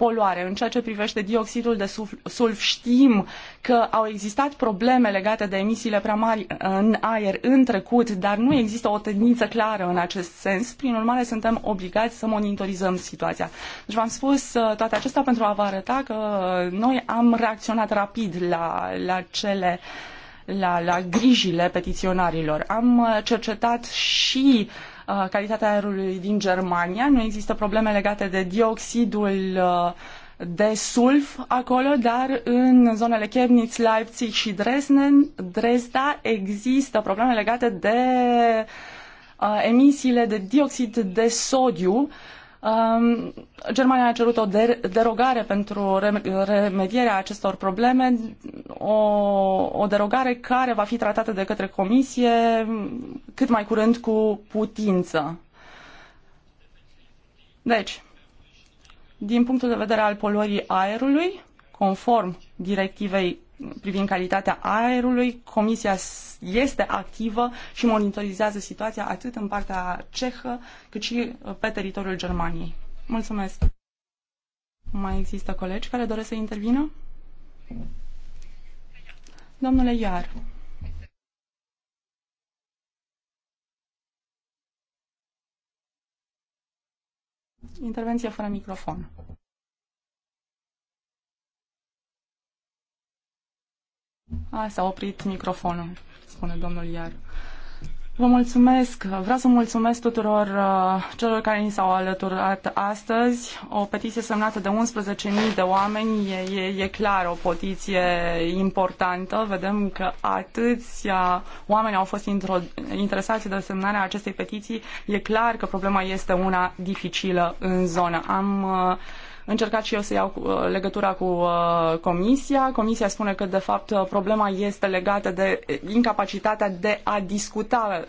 poluare. În ceea ce privește dioxidul de sulf, știm că au existat probleme legate de emisiile prea mari în aer în trecut, dar nu există o tendință clară în acest sens. Prin urmare, suntem obligați să monitorizăm situația. Deci v-am spus uh, toate acestea pentru a vă arăta că uh, noi am reacționat rapid la, la cele la, la grijile petiționarilor. Am uh, cercetat și uh, Uh, calitatea aerului din Germania, nu există probleme legate de dioxidul uh, de sulf acolo, dar în zonele Chemnitz, Leipzig și Dresden, Dresda există probleme legate de uh, emisiile de dioxid de sodiu uh, Um, Germania a cerut o derogare pentru remedierea acestor probleme, o, o derogare care va fi tratată de către Comisie cât mai curând cu putință. Deci, din punctul de vedere al poluării aerului, conform directivei privind calitatea aerului. Comisia este activă și monitorizează situația atât în partea cehă cât și uh, pe teritoriul Germaniei. Mulțumesc! Mai există colegi care doresc să intervină? Domnule Iar. Intervenție fără microfon. A, s-a oprit microfonul, spune domnul Iar. Vă mulțumesc. Vreau să mulțumesc tuturor uh, celor care ni s-au alăturat astăzi. O petiție semnată de 11.000 de oameni e, e, e clar o petiție importantă. Vedem că atâția oameni au fost intro- interesați de semnarea acestei petiții. E clar că problema este una dificilă în zonă. Am uh, încercat și eu să iau uh, legătura cu uh, comisia. Comisia spune că, de fapt, uh, problema este legată de incapacitatea de a discuta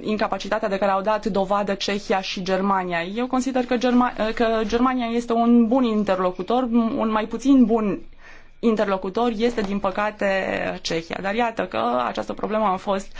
incapacitatea de care au dat dovadă Cehia și Germania. Eu consider că, Germa- că Germania este un bun interlocutor, un mai puțin bun interlocutor este, din păcate, Cehia. Dar iată că această problemă a fost uh,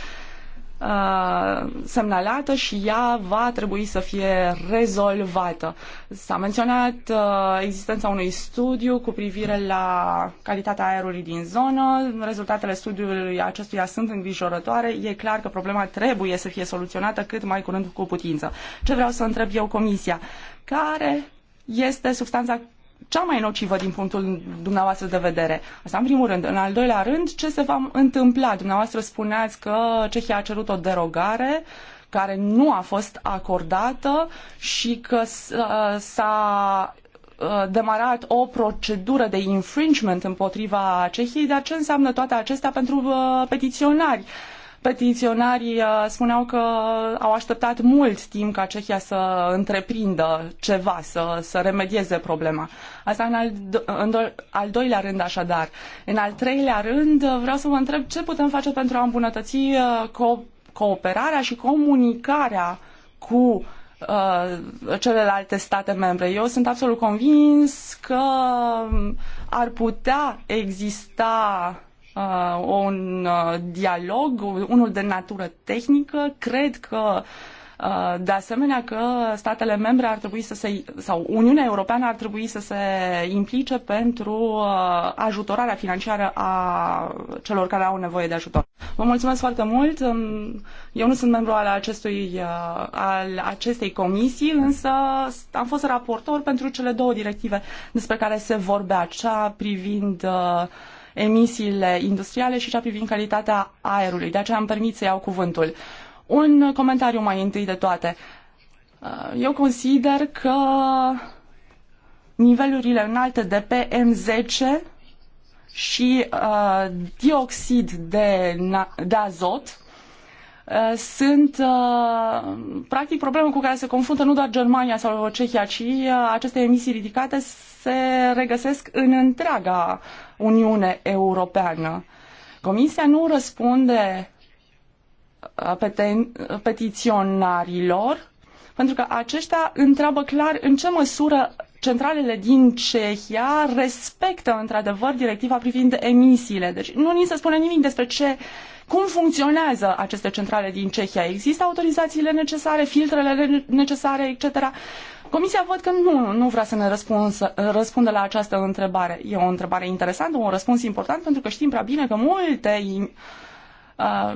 Uh, semnalată și ea va trebui să fie rezolvată. S-a menționat uh, existența unui studiu cu privire la calitatea aerului din zonă. Rezultatele studiului acestuia sunt îngrijorătoare. E clar că problema trebuie să fie soluționată cât mai curând cu putință. Ce vreau să întreb eu Comisia? Care este substanța cea mai nocivă din punctul dumneavoastră de vedere? Asta în primul rând. În al doilea rând, ce se va întâmpla? Dumneavoastră spuneați că Cehia a cerut o derogare care nu a fost acordată și că uh, s-a uh, demarat o procedură de infringement împotriva Cehiei, dar ce înseamnă toate acestea pentru uh, petiționari? Petiționarii uh, spuneau că au așteptat mult timp ca Cehia să întreprindă ceva, să, să remedieze problema. Asta în al, în do, al doilea rând, așadar. În al treilea rând, uh, vreau să vă întreb ce putem face pentru a îmbunătăți uh, co- cooperarea și comunicarea cu celelalte state membre. Eu sunt absolut convins că ar putea exista Uh, un uh, dialog, unul de natură tehnică. Cred că uh, de asemenea că statele membre ar trebui să se, sau Uniunea Europeană ar trebui să se implice pentru ajutorarea financiară a celor care au nevoie de ajutor. Vă mulțumesc foarte mult. Um, eu nu sunt membru al, acestui, al acestei comisii, însă am fost raportor pentru cele două directive despre care se vorbea, cea privind uh, emisiile industriale și cea privind calitatea aerului. De aceea am permis să iau cuvântul. Un comentariu mai întâi de toate. Uh, eu consider că nivelurile înalte de PM10 și uh, dioxid de, de azot uh, sunt uh, practic probleme cu care se confruntă nu doar Germania sau Cehia, ci aceste emisii ridicate se regăsesc în întreaga Uniune Europeană. Comisia nu răspunde uh, petiționarilor pentru că aceștia întreabă clar în ce măsură centralele din Cehia respectă într-adevăr directiva privind emisiile. Deci nu ni se spune nimic despre ce, cum funcționează aceste centrale din Cehia. Există autorizațiile necesare, filtrele necesare, etc. Comisia văd că nu, nu vrea să ne răspunsă, răspundă la această întrebare. E o întrebare interesantă, un răspuns important, pentru că știm prea bine că multe uh,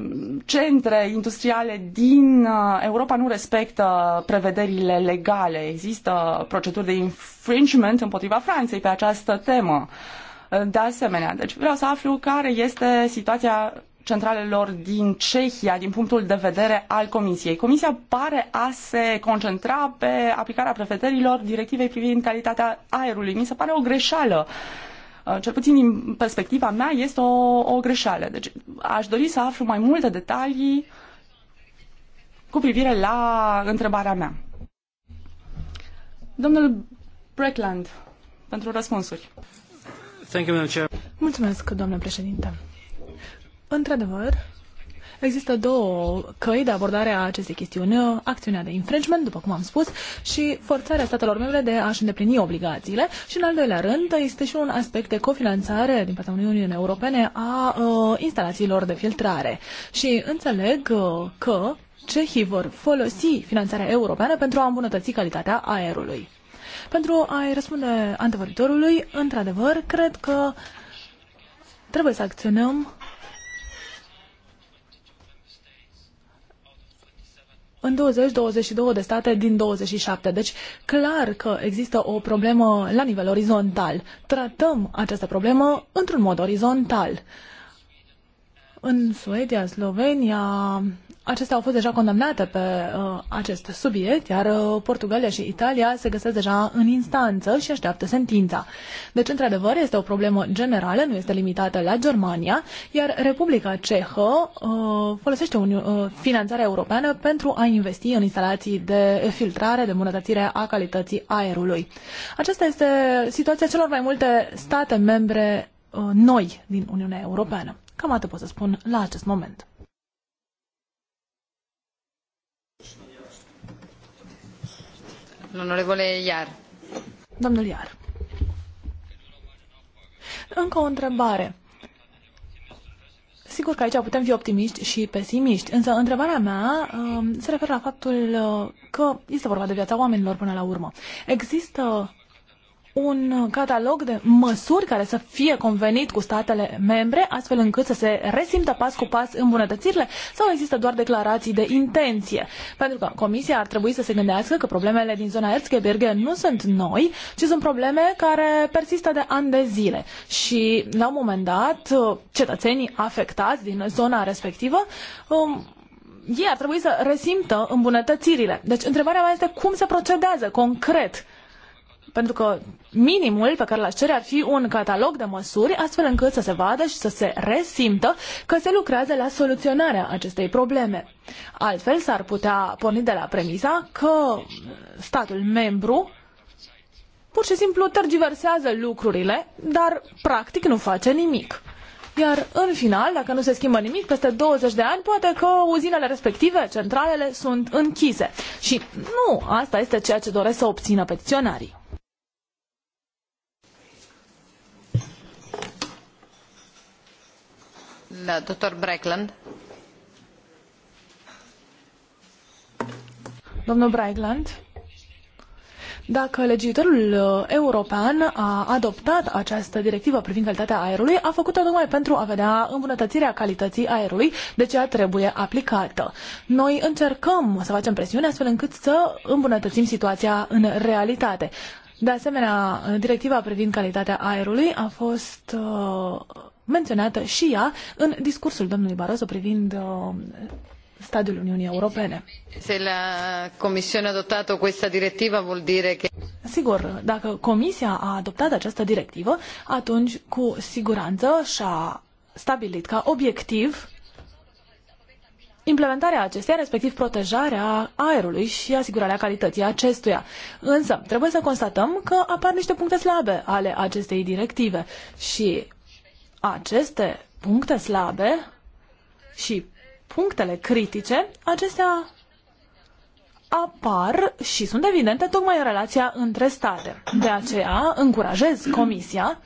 centre industriale din uh, Europa nu respectă prevederile legale. Există proceduri de infringement împotriva Franței pe această temă. De asemenea, deci vreau să aflu care este situația centralelor din Cehia din punctul de vedere al Comisiei. Comisia pare a se concentra pe aplicarea prevederilor directivei privind calitatea aerului. Mi se pare o greșeală uh, cel puțin din perspectiva mea, este o, o greșeală. Deci aș dori să aflu mai multe detalii cu privire la întrebarea mea. Domnul Breckland, pentru răspunsuri. Thank you, Mulțumesc, doamnă președinte. Într-adevăr, există două căi de abordare a acestei chestiuni. Acțiunea de infringement, după cum am spus, și forțarea statelor membre de a-și îndeplini obligațiile. Și, în al doilea rând, este și un aspect de cofinanțare din partea Uniunii Europene a uh, instalațiilor de filtrare. Și înțeleg uh, că cehii vor folosi finanțarea europeană pentru a îmbunătăți calitatea aerului. Pentru a-i răspunde antevăritorului, într-adevăr, cred că trebuie să acționăm în 20-22 de state din 27. Deci, clar că există o problemă la nivel orizontal. Tratăm această problemă într-un mod orizontal. Uh, în Suedia, Slovenia, acestea au fost deja condamnate pe uh, acest subiect, iar uh, Portugalia și Italia se găsesc deja în instanță și așteaptă sentința. Deci, într-adevăr, este o problemă generală, nu este limitată la Germania, iar Republica Cehă uh, folosește un, uh, finanțarea europeană pentru a investi în instalații de filtrare, de îmbunătățire a calității aerului. Aceasta este situația celor mai multe state membre uh, noi din Uniunea Europeană. Cam atât pot să spun la acest moment. Domnule Iar. Domnul Iar. Încă o întrebare. Sigur că aici putem fi optimiști și pesimiști, însă întrebarea mea uh, se referă la faptul uh, că este vorba de viața oamenilor până la urmă. Există un catalog de măsuri care să fie convenit cu statele membre, astfel încât să se resimtă pas cu pas îmbunătățirile, sau există doar declarații de intenție? Pentru că Comisia ar trebui să se gândească că problemele din zona Erzgebirge nu sunt noi, ci sunt probleme care persistă de ani de zile. Și, la un moment dat, cetățenii afectați din zona respectivă um, ei ar trebui să resimtă îmbunătățirile. Deci, întrebarea mea este cum se procedează concret pentru că minimul pe care l-aș cere ar fi un catalog de măsuri, astfel încât să se vadă și să se resimtă că se lucrează la soluționarea acestei probleme. Altfel s-ar putea porni de la premisa că statul membru pur și simplu tergiversează lucrurile, dar practic nu face nimic. Iar în final, dacă nu se schimbă nimic, peste 20 de ani, poate că uzinele respective, centralele, sunt închise. Și nu asta este ceea ce doresc să obțină peticionarii. dr. Breckland. dacă legiuitorul uh, european a adoptat această directivă privind calitatea aerului, a făcut-o tocmai pentru a vedea îmbunătățirea calității aerului, de ce trebuie aplicată. Noi încercăm să facem presiune astfel încât să îmbunătățim situația în realitate. De asemenea, uh, directiva privind calitatea aerului a fost uh, menționată și ea în discursul domnului Barroso privind uh, stadiul Uniunii Europene. Se la Comisiune a adoptat această directivă, vol dire că... Sigur, dacă Comisia a adoptat această directivă, atunci cu siguranță și-a stabilit ca obiectiv implementarea acesteia, respectiv protejarea aerului și asigurarea calității acestuia. Însă, trebuie să constatăm că apar niște puncte slabe ale acestei directive și aceste puncte slabe și punctele critice, acestea apar și sunt evidente tocmai în relația între state. De aceea încurajez Comisia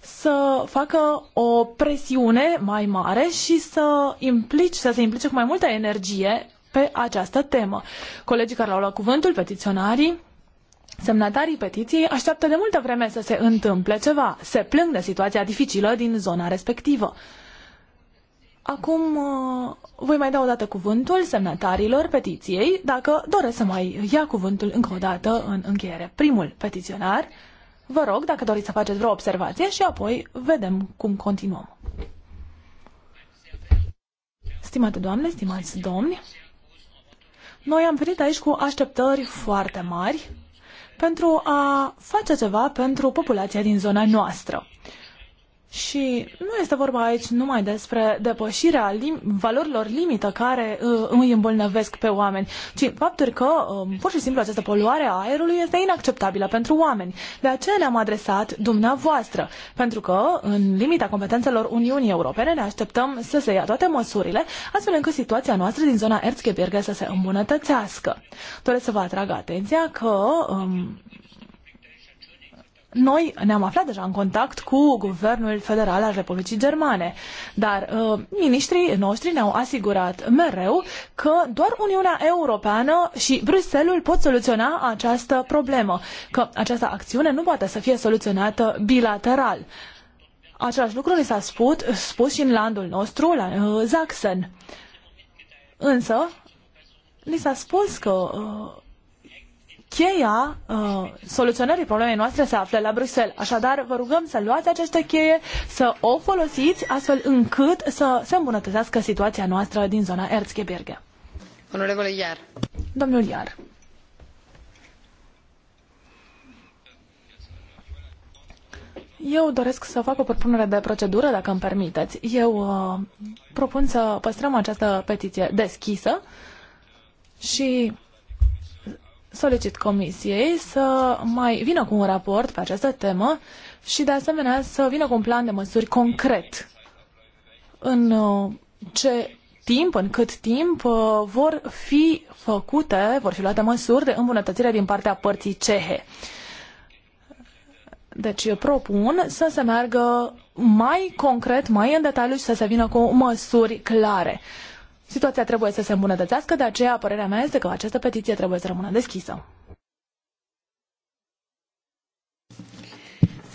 să facă o presiune mai mare și să, implici, să se implice cu mai multă energie pe această temă. Colegii care au luat cuvântul, petiționarii, Semnatarii petiției așteaptă de multă vreme să se întâmple ceva, se plâng de situația dificilă din zona respectivă. Acum uh, voi mai da o dată cuvântul semnatarilor petiției, dacă doresc să mai ia cuvântul încă o dată în încheiere. Primul petiționar, vă rog, dacă doriți să faceți vreo observație și apoi vedem cum continuăm. Stimate doamne, stimați domni, noi am venit aici cu așteptări foarte mari pentru a face ceva pentru populația din zona noastră. Și nu este vorba aici numai despre depășirea lim- valorilor limită care uh, îi îmbolnăvesc pe oameni, ci faptul că uh, pur și simplu această poluare a aerului este inacceptabilă pentru oameni. De aceea ne-am adresat dumneavoastră, pentru că în limita competențelor Uniunii Europene ne așteptăm să se ia toate măsurile, astfel încât situația noastră din zona Erzgebirge să se îmbunătățească. Doresc să vă atrag atenția că um, noi ne-am aflat deja în contact cu Guvernul Federal al Republicii Germane, dar uh, ministrii noștri ne-au asigurat mereu că doar Uniunea Europeană și Bruselul pot soluționa această problemă, că această acțiune nu poate să fie soluționată bilateral. Același lucru ni s-a spus, spus și în landul nostru, la uh, Zaxen. Însă, ni s-a spus că uh, cheia uh, soluționării problemei noastre se află la Bruxelles. Așadar, vă rugăm să luați aceste cheie, să o folosiți astfel încât să se îmbunătățească situația noastră din zona Erzgebirge. Onorevole Iar. Domnul Iar. Eu doresc să fac o propunere de procedură, dacă îmi permiteți. Eu uh, propun să păstrăm această petiție deschisă și solicit comisiei să mai vină cu un raport pe această temă și de asemenea să vină cu un plan de măsuri concret. În uh, ce timp, în cât timp uh, vor fi făcute, vor fi luate măsuri de îmbunătățire din partea părții cehe. Deci propun să se meargă mai concret, mai în detaliu și să se vină cu măsuri clare. Situația trebuie să se îmbunătățească, de aceea părerea mea este că această petiție trebuie să rămână deschisă.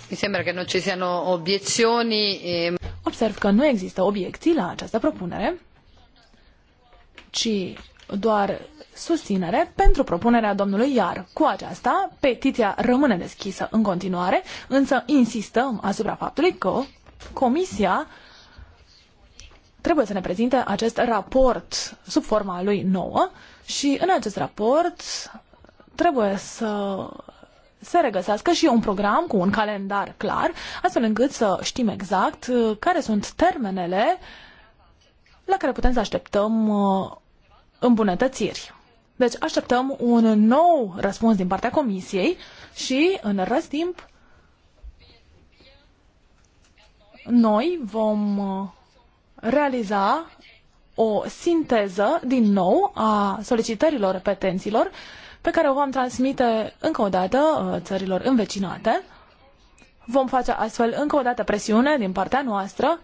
Mi sembra că nu ci siano obiezioni. Ehm. Observ că nu există obiecții la această propunere, ci doar susținere pentru propunerea domnului Iar. Cu aceasta, petiția rămâne deschisă în continuare, însă insistăm asupra faptului că Comisia trebuie să ne prezinte acest raport sub forma lui nouă și în acest raport trebuie să se regăsească și un program cu un calendar clar, astfel încât să știm exact uh, care sunt termenele la care putem să așteptăm uh, îmbunătățiri. Deci așteptăm un nou răspuns din partea Comisiei și în rest timp noi vom uh, realiza o sinteză din nou a solicitărilor petenților pe care o vom transmite încă o dată uh, țărilor învecinate. Vom face astfel încă o dată presiune din partea noastră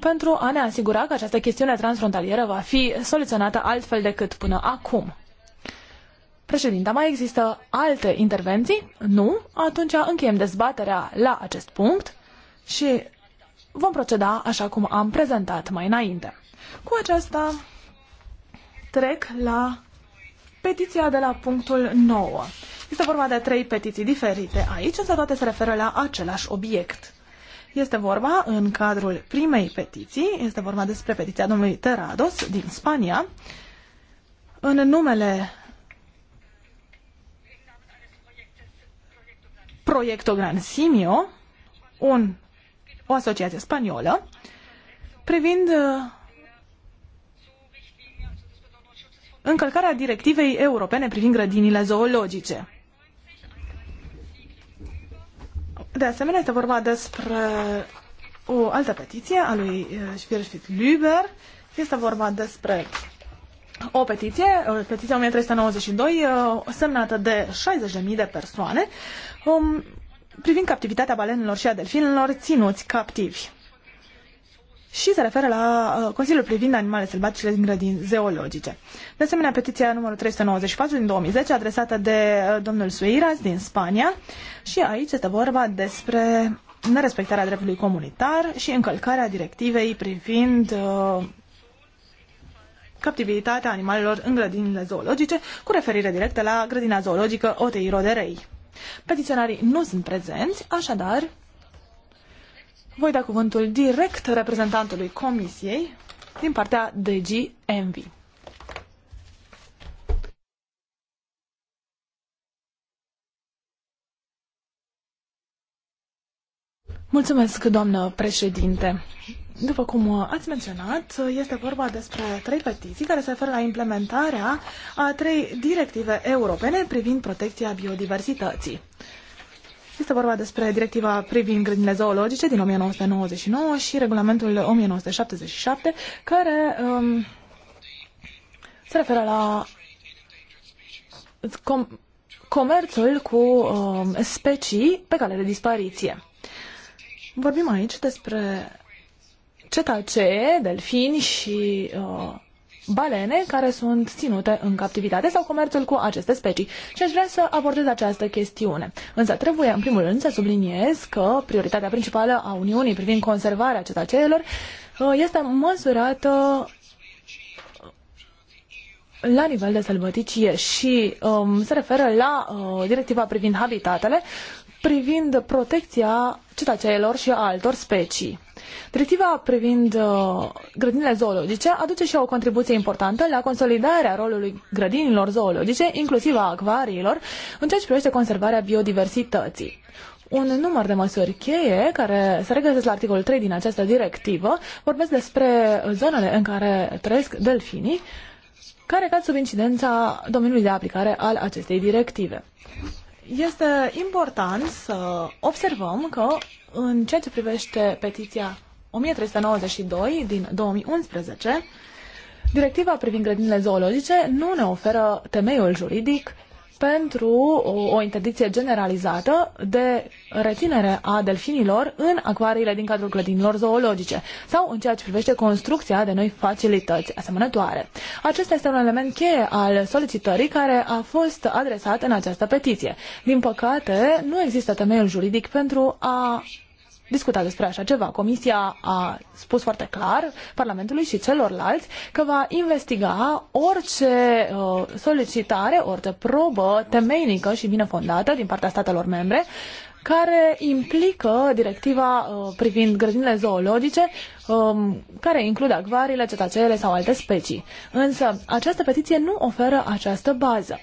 pentru a ne asigura că această chestiune transfrontalieră va fi soluționată altfel decât până acum. Președinta, mai există alte intervenții? Nu? Atunci încheiem dezbaterea la acest punct și vom proceda așa cum am prezentat mai înainte. Cu aceasta trec la petiția de la punctul 9. Este vorba de trei petiții diferite aici, însă toate se referă la același obiect. Este vorba, în cadrul primei petiții, este vorba despre petiția domnului Terados din Spania, în numele Proiecto Gran Simio, un o asociație spaniolă, privind uh, încălcarea directivei europene privind grădinile zoologice. De asemenea, este vorba despre o altă petiție a lui uh, Schwierfried Lüber. Este vorba despre o petiție, uh, petiția 1392, semnată de 60.000 de persoane, um, privind captivitatea balenelor și a delfinelor ținuți captivi. Și se referă la uh, Consiliul privind animale sălbatice din grădini zoologice. De asemenea, petiția numărul 394 din 2010, adresată de uh, domnul Suiras din Spania. Și aici este vorba despre nerespectarea dreptului comunitar și încălcarea directivei privind uh, captivitatea animalelor în grădinile zoologice, cu referire directă la grădina zoologică Oteiro de Rei. Petiționarii nu sunt prezenți, așadar voi da cuvântul direct reprezentantului Comisiei din partea DG Envy. Mulțumesc, doamnă președinte. După cum uh, ați menționat, uh, este vorba despre trei petiții care se referă la implementarea a trei directive europene privind protecția biodiversității. Este vorba despre directiva privind grădinile zoologice din 1999 și regulamentul 1977 care um, se referă la com comerțul cu um, specii pe cale de dispariție. Vorbim aici despre cetacee, delfini și uh, balene care sunt ținute în captivitate sau comerțul cu aceste specii. Și aș vrea să abordez această chestiune. Însă trebuie, în primul rând, să subliniez că prioritatea principală a Uniunii privind conservarea cetaceelor uh, este măsurată la nivel de sălbăticie și um, se referă la uh, directiva privind habitatele privind protecția cetăceilor și a altor specii. Directiva privind uh, grădinile zoologice aduce și o contribuție importantă la consolidarea rolului grădinilor zoologice, inclusiv a acvariilor, în ceea ce privește conservarea biodiversității. Un număr de măsuri cheie care se regăsesc la articolul 3 din această directivă vorbesc despre zonele în care trăiesc delfinii, care cad sub incidența domeniului de aplicare al acestei directive. Este important să observăm că în ceea ce privește petiția 1392 din 2011, directiva privind grădinile zoologice nu ne oferă temeiul juridic pentru o, o interdicție generalizată de reținere a delfinilor în acvariile din cadrul clădinilor zoologice sau în ceea ce privește construcția de noi facilități asemănătoare. Acesta este un element cheie al solicitării care a fost adresat în această petiție. Din păcate, nu există temeiul juridic pentru a discutat despre așa ceva. Comisia a spus foarte clar Parlamentului și celorlalți că va investiga orice uh, solicitare, orice probă temeinică și bine fondată din partea statelor membre care implică directiva uh, privind grădinile zoologice, um, care includ acvariile, cetacele sau alte specii. Însă, această petiție nu oferă această bază.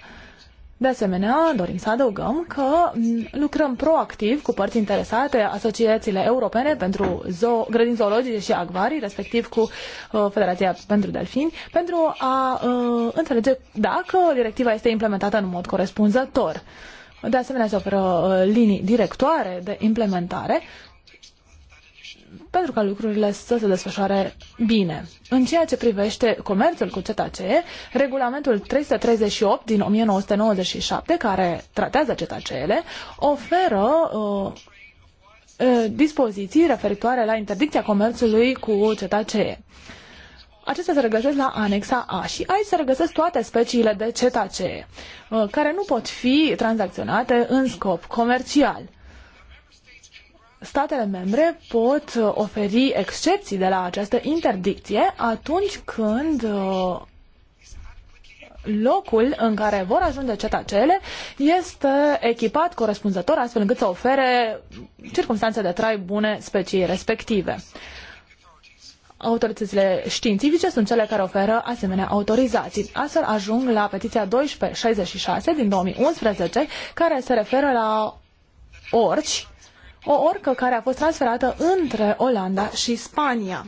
De asemenea, dorim să adăugăm că lucrăm proactiv cu părți interesate, asociațiile europene pentru zo- grădini zoologice și acvarii, respectiv cu uh, Federația pentru Delfini, pentru a uh, înțelege dacă directiva este implementată în mod corespunzător. De asemenea, se oferă uh, linii directoare de implementare pentru ca lucrurile să se desfășoare bine. În ceea ce privește comerțul cu CETACE, regulamentul 338 din 1997, care tratează cetace ele oferă uh, uh, dispoziții referitoare la interdicția comerțului cu CETACE. Acestea se regăsesc la anexa A și aici se regăsesc toate speciile de CTACE, uh, care nu pot fi tranzacționate în scop comercial statele membre pot uh, oferi excepții de la această interdicție atunci când uh, locul în care vor ajunge cetacele este echipat corespunzător astfel încât să ofere circunstanțe de trai bune speciei respective. Autoritățile științifice sunt cele care oferă asemenea autorizații. Astfel ajung la petiția 1266 din 2011 care se referă la orci o orcă care a fost transferată între Olanda și Spania.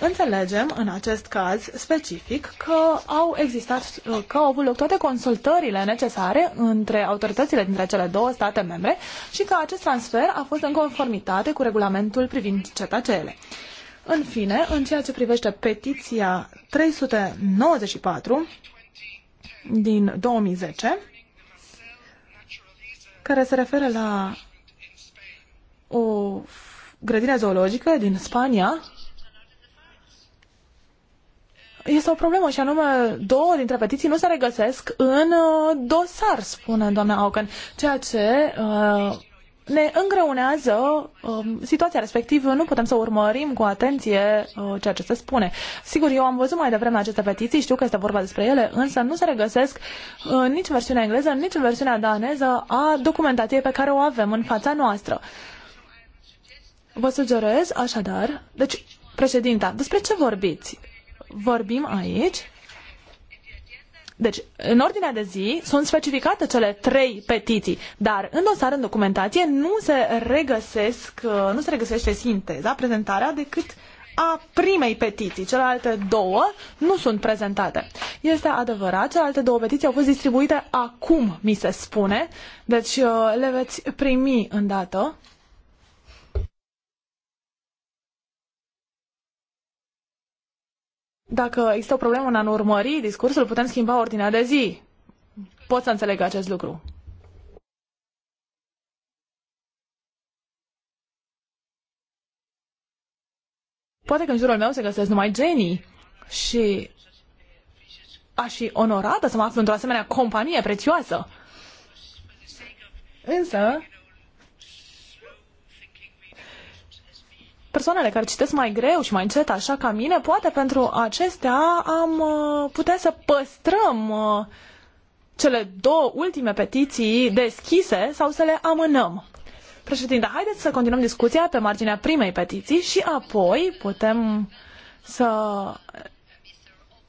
Înțelegem în acest caz specific că au existat, că au avut loc toate consultările necesare între autoritățile dintre cele două state membre și că acest transfer a fost în conformitate cu regulamentul privind cetățele. În fine, în ceea ce privește petiția 394 din 2010, care se referă la o grădină zoologică din Spania este o problemă și anume două dintre petiții nu se regăsesc în uh, dosar, spune doamna Auken, ceea ce uh, ne îngreunează uh, situația respectivă, nu putem să urmărim cu atenție uh, ceea ce se spune. Sigur, eu am văzut mai devreme aceste petiții, știu că este vorba despre ele, însă nu se regăsesc uh, nici versiunea engleză, nici în versiunea daneză a documentației pe care o avem în fața noastră. Uh, Vă sugerez așadar, deci, președinta, despre ce vorbiți? Vorbim aici deci, în ordinea de zi sunt specificate cele trei petiții, dar în dosar, în documentație, nu se, regăsesc, uh, nu se regăsește sinteza, prezentarea, decât a primei petiții. Celelalte două nu sunt prezentate. Este adevărat, celelalte două petiții au fost distribuite acum, mi se spune, deci uh, le veți primi îndată. Dacă există o problemă în a urmări discursul, putem schimba ordinea de zi. Pot să înțeleg acest lucru. Poate că în jurul meu se găsesc numai genii și aș fi onorată să mă aflu într-o asemenea companie prețioasă. Însă, persoanele care citesc mai greu și mai încet, așa ca mine, poate pentru acestea am uh, putea să păstrăm uh, cele două ultime petiții deschise sau să le amânăm. Președinte, haideți să continuăm discuția pe marginea primei petiții și apoi putem să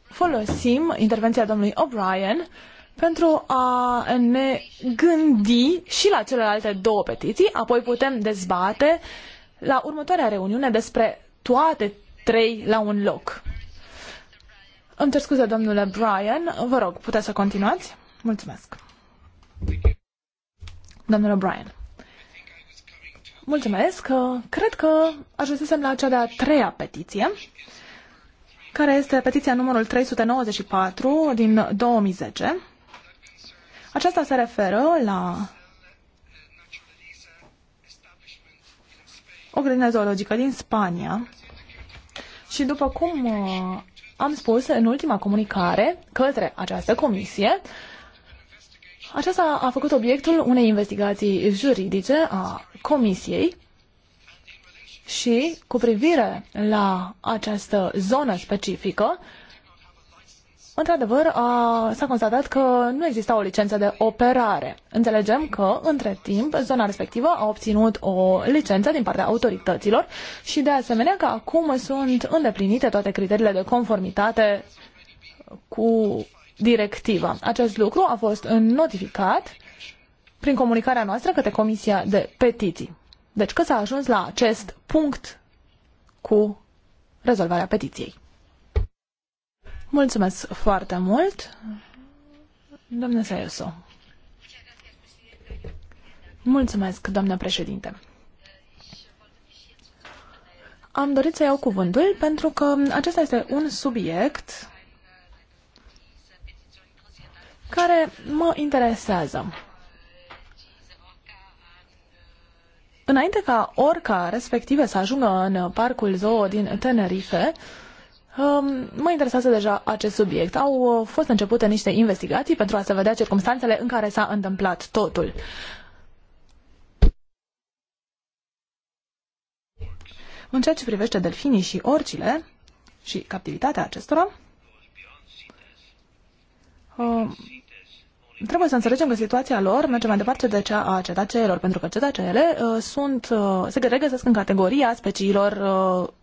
folosim intervenția domnului O'Brien pentru a ne gândi și la celelalte două petiții, apoi putem dezbate la următoarea reuniune despre toate trei la un loc. Îmi cer scuze, domnule Brian. Vă rog, puteți să continuați? Mulțumesc. Domnule Brian. Mulțumesc. Cred că ajunsesem la cea de-a treia petiție, care este petiția numărul 394 din 2010. Aceasta se referă la o grădină zoologică din Spania și după cum uh, am spus în ultima comunicare către această comisie, aceasta a făcut obiectul unei investigații juridice a comisiei și cu privire la această zonă specifică, Într-adevăr, s-a constatat că nu exista o licență de operare. Înțelegem că, între timp, zona respectivă a obținut o licență din partea autorităților și, de asemenea, că acum sunt îndeplinite toate criteriile de conformitate cu directiva. Acest lucru a fost notificat prin comunicarea noastră către Comisia de Petiții. Deci că s-a ajuns la acest punct cu rezolvarea petiției. Mulțumesc foarte mult, domnule Saioso. Mulțumesc, doamnă președinte. Am dorit să iau cuvântul pentru că acesta este un subiect care mă interesează. Înainte ca orca respectivă să ajungă în parcul zoo din Tenerife, Ehm, mă interesează deja acest subiect. Au uh, fost începute niște investigații pentru a se vedea circumstanțele în care s-a întâmplat totul. În ceea ce privește delfinii și orcile și captivitatea acestora, ehm, trebuie să înțelegem că situația lor merge mai departe de cea a cetaceelor, pentru că cetaceele uh, sunt, uh, se regăsesc în categoria speciilor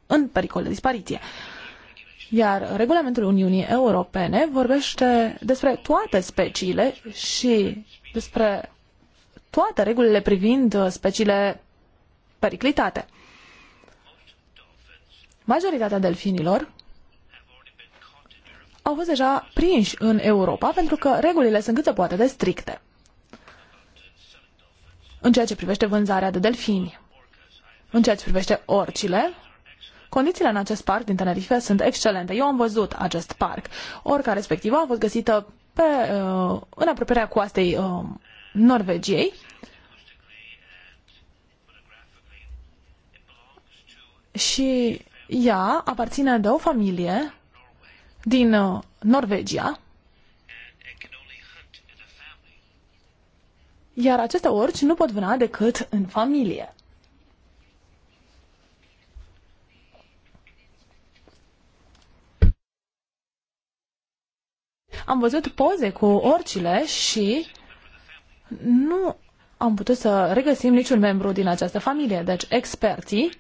în pericol de dispariție. Iar regulamentul Uniunii Europene vorbește despre toate speciile și despre toate regulile privind uh, speciile periclitate. Majoritatea delfinilor au fost deja prinși în Europa pentru că regulile sunt cât se poate de stricte în ceea ce privește vânzarea de delfini. În ceea ce privește orcile, Condițiile în acest parc din Tenerife sunt excelente. Eu am văzut acest parc. Orca respectivă a fost găsită pe, uh, în apropierea coastei uh, Norvegiei. Și ea aparține de o familie din uh, Norvegia, iar aceste orci nu pot vâna decât în familie. Am văzut poze cu orcile și nu am putut să regăsim niciun membru din această familie. Deci experții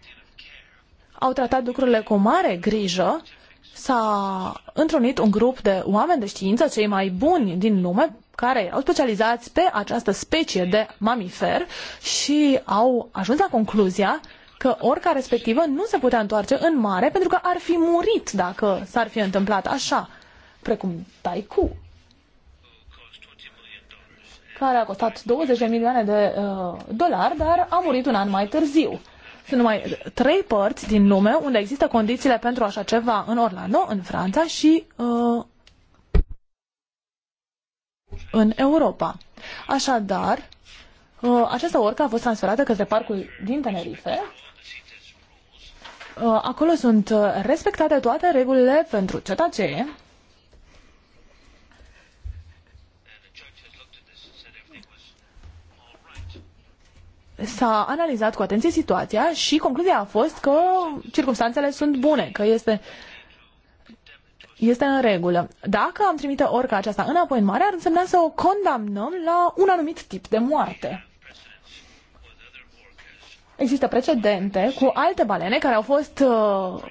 au tratat lucrurile cu mare grijă, s-a întrunit un grup de oameni de știință, cei mai buni din lume, care erau specializați pe această specie de mamifer și au ajuns la concluzia că orca respectivă nu se putea întoarce în mare pentru că ar fi murit dacă s-ar fi întâmplat așa precum Taiku, care a costat 20 de milioane de uh, dolari, dar a murit un an mai târziu. Sunt numai trei părți din lume unde există condițiile pentru așa ceva în Orlando, în Franța și uh, în Europa. Așadar, uh, această orcă a fost transferată către parcul din Tenerife. Uh, acolo sunt uh, respectate toate regulile pentru cetacee. s-a analizat cu atenție situația și concluzia a fost că circumstanțele sunt bune, că este este în regulă. Dacă am trimite orca aceasta înapoi în mare, ar însemna să o condamnăm la un anumit tip de moarte. Există precedente cu alte balene care au fost uh,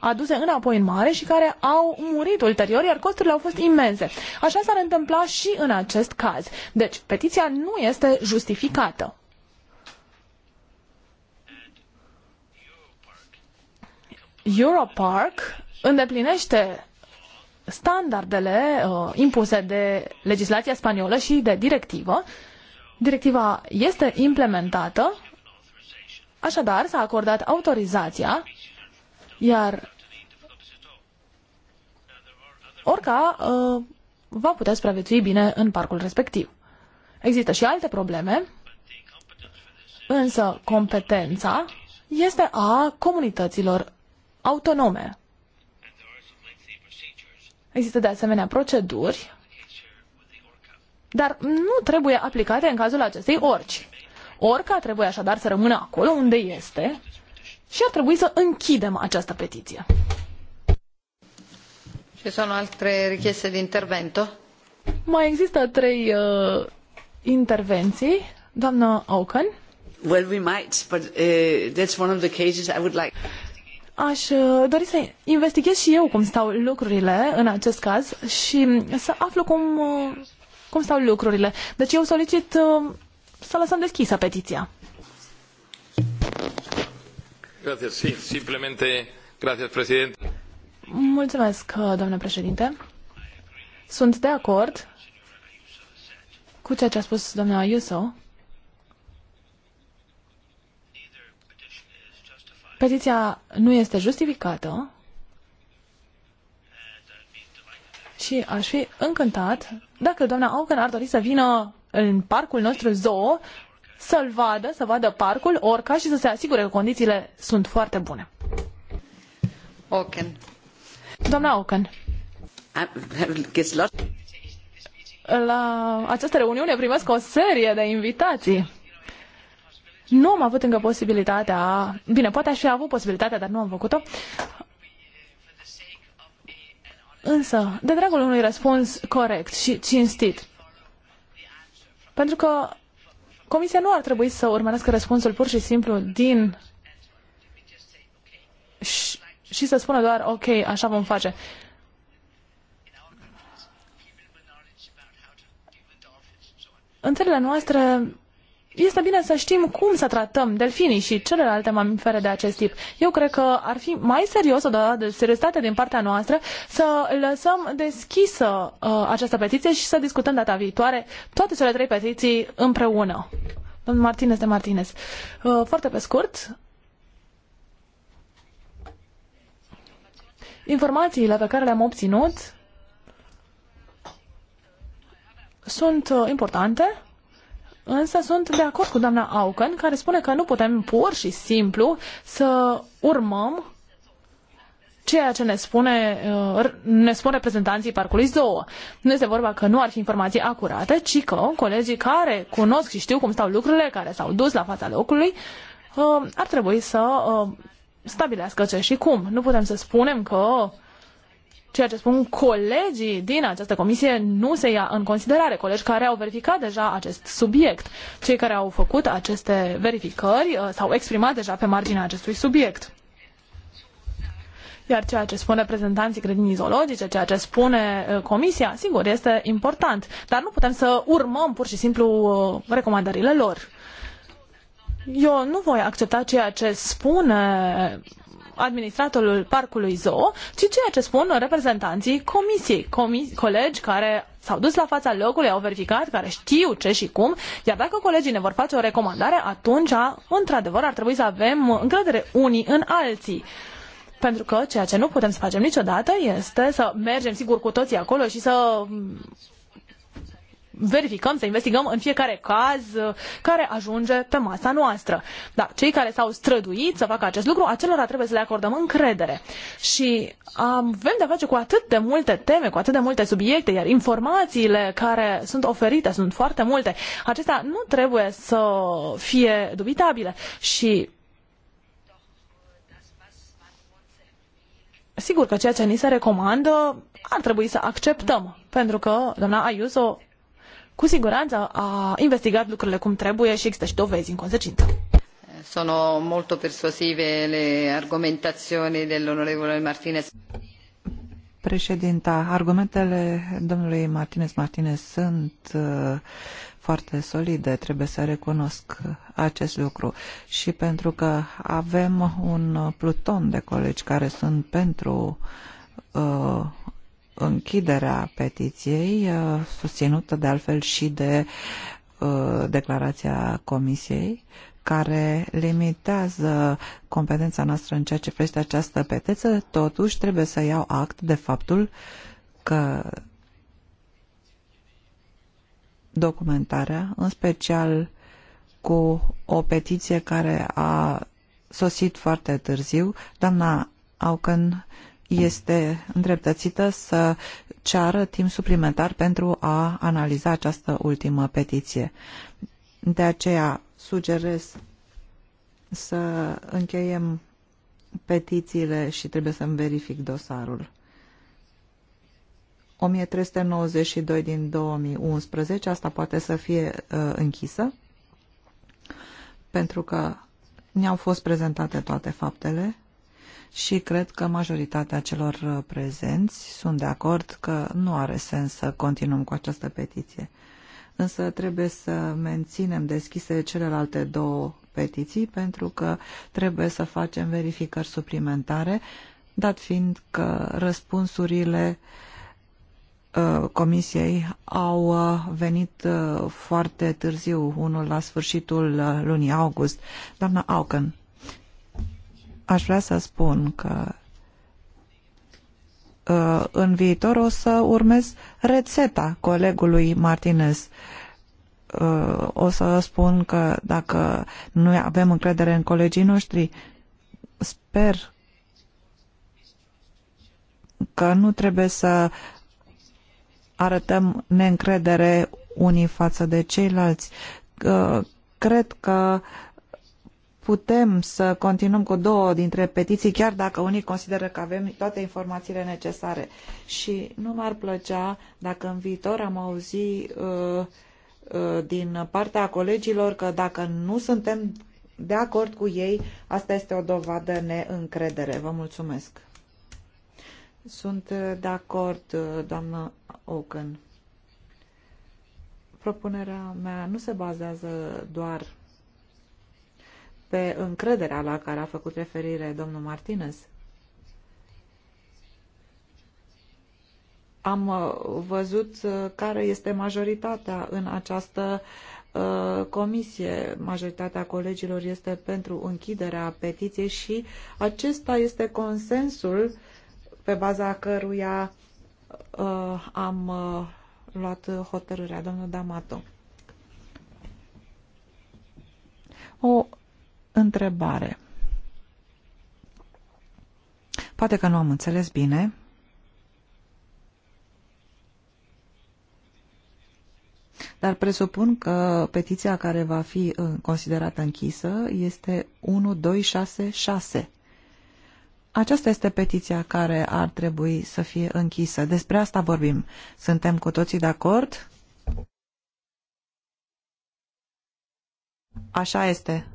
aduse înapoi în mare și care au murit ulterior, iar costurile au fost imense. Așa s-ar întâmpla și în acest caz. Deci, petiția nu este justificată. Europark îndeplinește standardele uh, impuse de legislația spaniolă și de directivă. Directiva este implementată, așadar s-a acordat autorizația, iar orca uh, va putea supraviețui bine în parcul respectiv. Există și alte probleme, însă competența este a comunităților autonome. Există de asemenea proceduri, dar nu trebuie aplicate în cazul acestei orci. Orca trebuie așadar să rămână acolo unde este și ar trebui să închidem această petiție. Ci sunt altre richieste de intervento? Mai există trei uh, intervenții. Doamna Auken. Well, we might, but uh, that's one of the cases I would like aș uh, dori să investighez și eu cum stau lucrurile în acest caz și să aflu cum, uh, cum stau lucrurile. Deci eu solicit uh, să lăsăm deschisă petiția. Gracias, sí, simplemente, gracias, presidente. Mulțumesc, doamnă președinte. Sunt de acord cu ceea ce a spus domnul Ayuso. Petiția nu este justificată și aș fi încântat dacă doamna Aucan ar dori să vină în parcul nostru zoo să-l vadă, să vadă parcul, orca și să se asigure că condițiile sunt foarte bune. Auken. Doamna Aucan. La această reuniune primesc o serie de invitații. Nu am avut încă posibilitatea, bine, poate aș fi avut posibilitatea, dar nu am făcut-o. Însă, de dragul unui răspuns corect și cinstit, pentru că Comisia nu ar trebui să urmărească răspunsul pur și simplu din și, să spună doar, ok, așa vom face. În țările noastre este bine să știm cum să tratăm delfinii și celelalte mamifere de acest tip. Eu cred că ar fi mai serios o dată de seriozitate din partea noastră să lăsăm deschisă uh, această petiție și să discutăm data viitoare toate cele trei petiții împreună. Domnul Martinez de Martinez. Uh, foarte pe scurt, informațiile pe care le-am obținut sunt uh, importante Însă sunt de acord cu doamna Auken, care spune că nu putem pur și simplu să urmăm ceea ce ne spune, uh, ne spun reprezentanții Parcului Zoo. Nu este vorba că nu ar fi informații acurate, ci că colegii care cunosc și știu cum stau lucrurile, care s-au dus la fața locului, uh, ar trebui să uh, stabilească ce și cum. Nu putem să spunem că ceea ce spun colegii din această comisie nu se ia în considerare. Colegi care au verificat deja acest subiect, cei care au făcut aceste verificări uh, s-au exprimat deja pe marginea acestui subiect. Iar ceea ce spun reprezentanții grădinii zoologice, ceea ce spune uh, comisia, sigur, este important, dar nu putem să urmăm pur și simplu uh, recomandările lor. Eu nu voi accepta ceea ce spune administratorul parcului zoo, ci ceea ce spun reprezentanții comisiei, comis- colegi care s-au dus la fața locului, au verificat, care știu ce și cum, iar dacă colegii ne vor face o recomandare, atunci, într-adevăr, ar trebui să avem încredere unii în alții. Pentru că ceea ce nu putem să facem niciodată este să mergem, sigur, cu toții acolo și să verificăm, să investigăm în fiecare caz uh, care ajunge pe masa noastră. Dar cei care s-au străduit să facă acest lucru, acelora trebuie să le acordăm încredere. Și avem de-a face cu atât de multe teme, cu atât de multe subiecte, iar informațiile care sunt oferite sunt foarte multe. Acestea nu trebuie să fie dubitabile și Sigur că ceea ce ni se recomandă ar trebui să acceptăm, pentru că doamna Ayuso cu siguranță a investigat lucrurile cum trebuie și există și dovezi în consecință. Sono molto persuasive le argomentazioni dell'onorevole Martinez. Președinta, argumentele domnului Martinez Martinez sunt uh, foarte solide, trebuie să recunosc acest lucru. Și pentru că avem un pluton de colegi care sunt pentru uh, închiderea petiției, uh, susținută de altfel și de uh, declarația Comisiei, care limitează competența noastră în ceea ce privește această petiție, totuși trebuie să iau act de faptul că documentarea, în special cu o petiție care a sosit foarte târziu, doamna Aucan este îndreptățită să ceară timp suplimentar pentru a analiza această ultimă petiție. De aceea sugerez să încheiem petițiile și trebuie să-mi verific dosarul. 1392 din 2011, asta poate să fie uh, închisă, pentru că ne-au fost prezentate toate faptele și cred că majoritatea celor uh, prezenți sunt de acord că nu are sens să continuăm cu această petiție. Însă trebuie să menținem deschise celelalte două petiții pentru că trebuie să facem verificări suplimentare, dat fiind că răspunsurile uh, Comisiei au uh, venit foarte târziu, unul la sfârșitul lunii august. Doamna Auken, Aș vrea să spun că uh, în viitor o să urmez rețeta colegului Martinez. Uh, o să spun că dacă nu avem încredere în colegii noștri, sper că nu trebuie să arătăm neîncredere unii față de ceilalți. Uh, cred că uh, putem să continuăm cu două dintre petiții, chiar dacă unii consideră că avem toate informațiile necesare. Și nu m-ar plăcea dacă în viitor am auzi uh, uh, din partea colegilor că dacă nu suntem de acord cu ei, asta este o dovadă neîncredere. Vă mulțumesc. Sunt uh, de acord, uh, doamnă Oaken. Propunerea mea nu se bazează doar pe încrederea la care a făcut referire domnul Martinez. Am uh, văzut uh, care este majoritatea în această uh, comisie. Majoritatea colegilor este pentru închiderea petiției și acesta este consensul pe baza căruia am luat hotărârea. Domnul D'Amato. O întrebare. Poate că nu am înțeles bine. Dar presupun că petiția care va fi uh, considerată închisă este 1266. Aceasta este petiția care ar trebui să fie închisă. Despre asta vorbim. Suntem cu toții de acord? Așa este.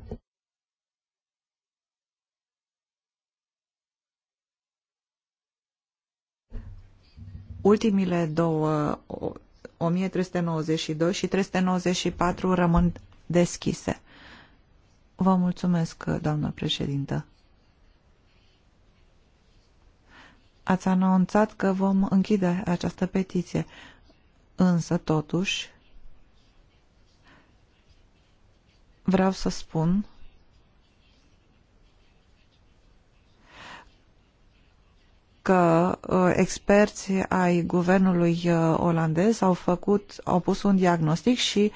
Ultimile două, 1392 și 394, rămân deschise. Vă mulțumesc, doamnă președintă. Ați anunțat că vom închide această petiție, însă totuși vreau să spun că uh, experți ai guvernului uh, olandez au făcut, au pus un diagnostic și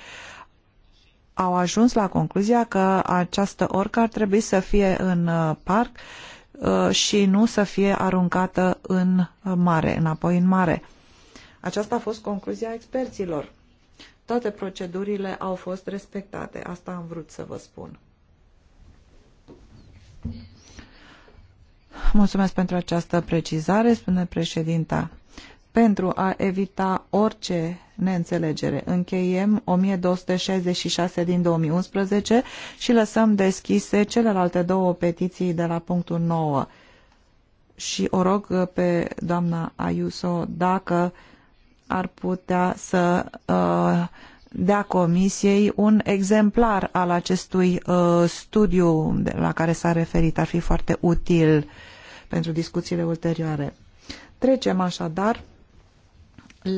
au ajuns la concluzia că această orcă ar trebui să fie în uh, parc și nu să fie aruncată în mare, înapoi în mare. Aceasta a fost concluzia experților. Toate procedurile au fost respectate, asta am vrut să vă spun. Mulțumesc pentru această precizare, spune președinta. Pentru a evita orice neînțelegere, încheiem 1266 din 2011 și lăsăm deschise celelalte două petiții de la punctul 9. Și o rog pe doamna Ayuso dacă ar putea să uh, dea comisiei un exemplar al acestui uh, studiu la care s-a referit. Ar fi foarte util pentru discuțiile ulterioare. Trecem așadar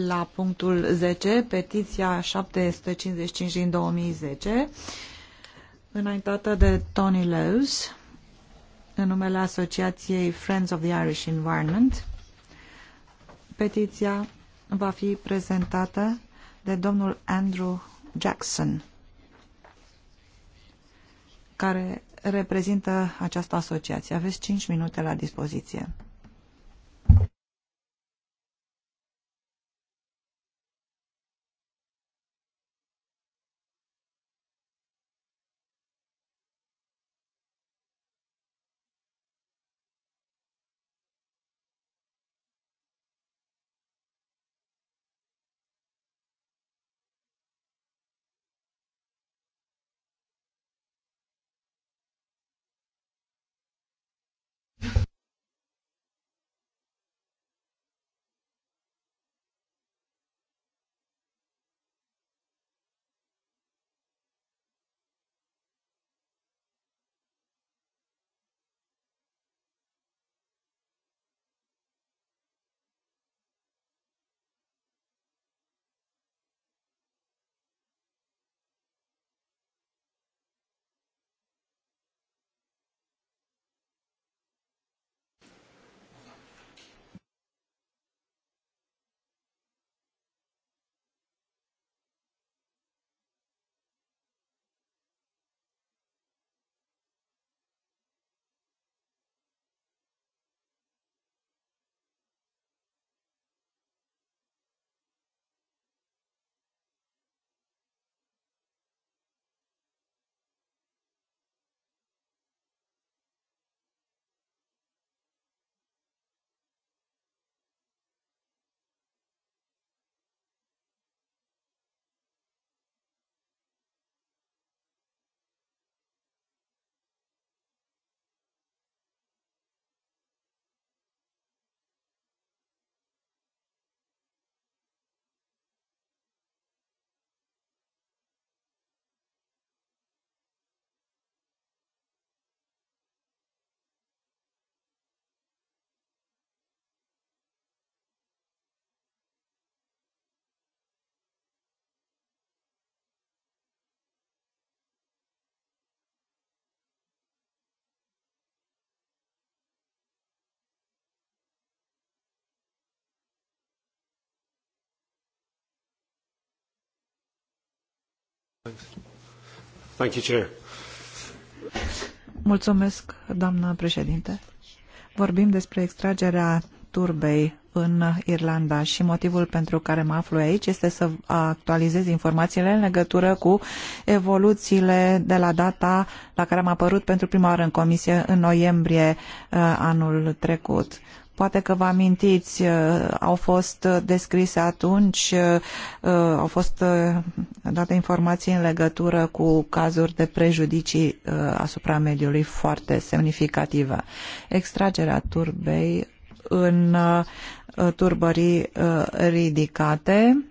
la punctul 10, petiția 755 din 2010, înaintată de Tony Lowes, în numele Asociației Friends of the Irish Environment. Petiția va fi prezentată de domnul Andrew Jackson, care reprezintă această asociație. Aveți 5 minute la dispoziție. Mulțumesc, președinte. Vorbim despre extragerea turbei în Irlanda și motivul pentru care mă aflu aici este să actualizez informațiile în legătură cu evoluțiile de la data la care am apărut pentru prima oară în comisie în noiembrie uh, anul trecut poate că vă amintiți, uh, au fost uh, descrise atunci, uh, au fost date informații în legătură cu cazuri de prejudicii asupra mediului foarte semnificative. Extragerea turbei în turbării ridicate.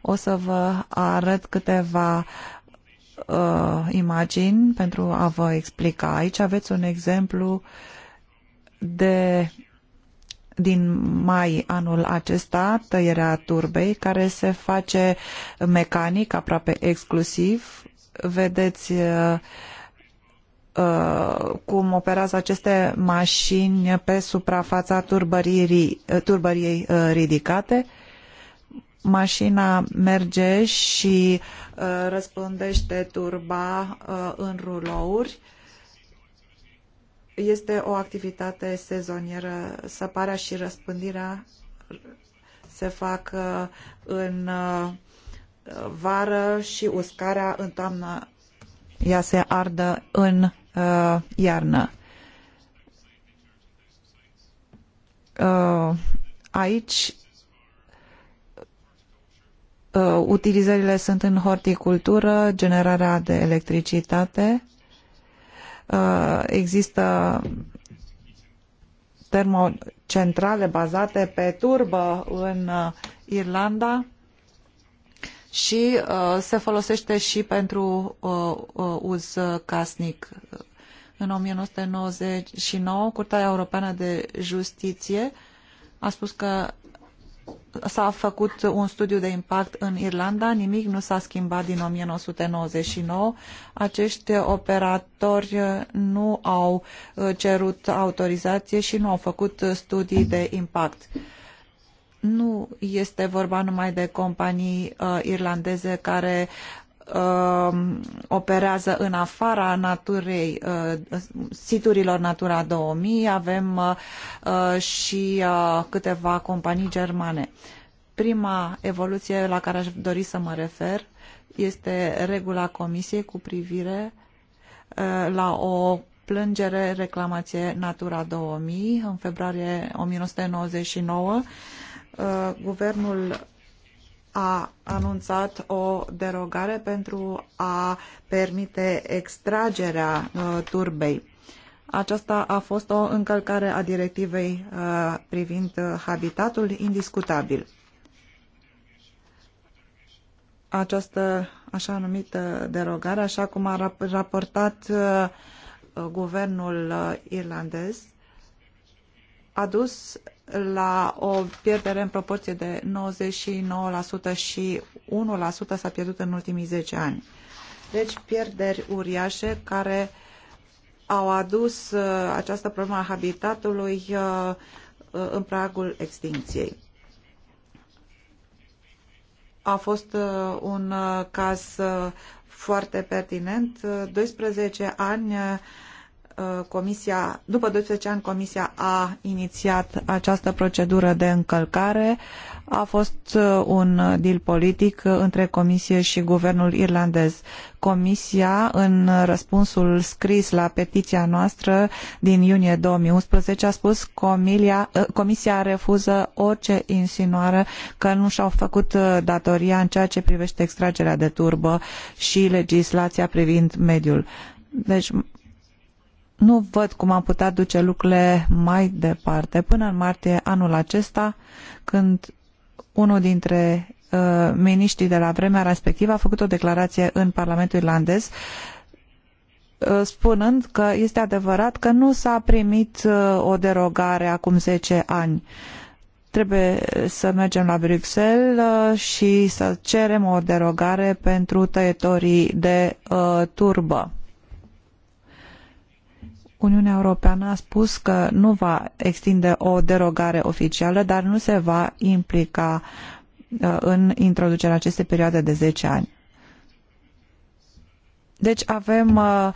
O să vă arăt câteva imagini pentru a vă explica. Aici aveți un exemplu de din mai anul acesta, tăierea turbei, care se face mecanic, aproape exclusiv. Vedeți uh, uh cum operează aceste mașini pe suprafața uh, turbăriei, uh, ridicate. Mașina merge și uh, răspândește turba în rulouri este o activitate sezonieră. Săparea și răspândirea se fac uh, în uh, vară și uscarea în toamnă. Ea se ardă în uh, iarnă. Aici utilizările sunt în horticultură, generarea de electricitate, Uh, există termocentrale bazate pe turbă în uh, Irlanda și uh, se folosește și pentru uz casnic. În 1999, Curtea Europeană de Justiție a spus că s-a făcut un studiu de impact în Irlanda, nimic nu s-a schimbat din 1999. Acești operatori nu au uh, cerut autorizație și nu au făcut studii de impact. Nu este vorba numai de companii uh, irlandeze care uh, operează în afara naturii, uh, siturilor Natura 2000, avem uh, uh și uh, câteva companii germane. Prima evoluție la care aș dori să mă refer este regula Comisiei cu privire uh, la o plângere, reclamație Natura 2000 în februarie 1999. Guvernul a anunțat o derogare pentru a permite extragerea uh, turbei. Aceasta a fost o încălcare a directivei uh, privind uh, habitatul indiscutabil. Această așa numită derogare, așa cum a raportat guvernul irlandez, a dus la o pierdere în proporție de 99% și 1% s-a pierdut în ultimii 10 ani. Deci pierderi uriașe care au adus uh, această problemă a habitatului uh, uh, în pragul extinției. A fost un caz foarte pertinent. 12 ani Uh, comisia, după 12 ani, Comisia a inițiat această procedură de încălcare. A fost uh, un deal politic uh, între Comisie și guvernul irlandez. Comisia, în răspunsul scris la petiția noastră din iunie 2011, a spus Comilia, Comisia refuză orice insinuare că nu și-au făcut datoria în ceea ce privește extragerea de turbă și legislația privind mediul. Deci nu văd cum am putea duce lucrurile mai departe până în martie anul acesta, când unul dintre uh, miniștrii de la vremea respectivă a făcut o declarație în Parlamentul irlandez uh, spunând că este adevărat că nu s-a primit uh, o derogare acum zece ani. Trebuie să mergem la Bruxelles uh, și să cerem o derogare pentru tăietorii de turbă Uniunea Europeană a spus că nu va extinde o derogare oficială, dar nu se va implica uh, în introducerea acestei perioade de 10 ani. Deci avem uh,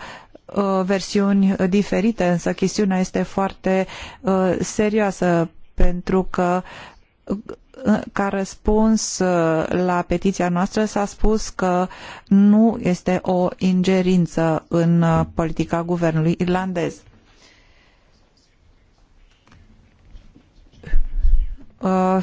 uh, versiuni diferite, însă chestiunea este foarte serioasă pentru că ca răspuns uh, la petiția noastră s-a spus că nu este o ingerință în uh, politica guvernului irlandez. Uh,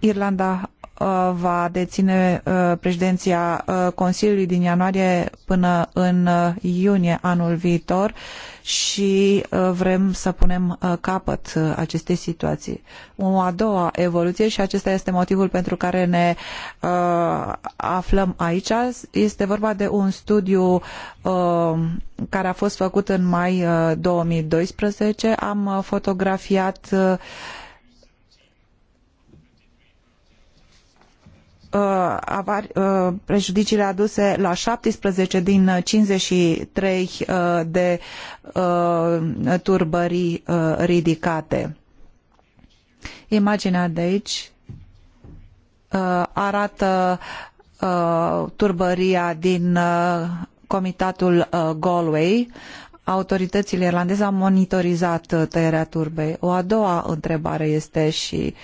Irlanda Uh, va deține uh, președinția uh, Consiliului din ianuarie până în iunie anul viitor și vrem să punem capăt acestei situații. O a doua evoluție și acesta este motivul pentru care ne aflăm aici. Este vorba de un studiu care a fost făcut în mai 2012. Am fotografiat uh, avari, uh, prejudiciile aduse la 17 din 53 uh, de uh, turbării uh, ridicate. Imaginea de aici uh, arată uh, turbăria din uh, comitatul uh, Galway. Autoritățile irlandeze au monitorizat uh, tăierea turbei. O a doua întrebare este și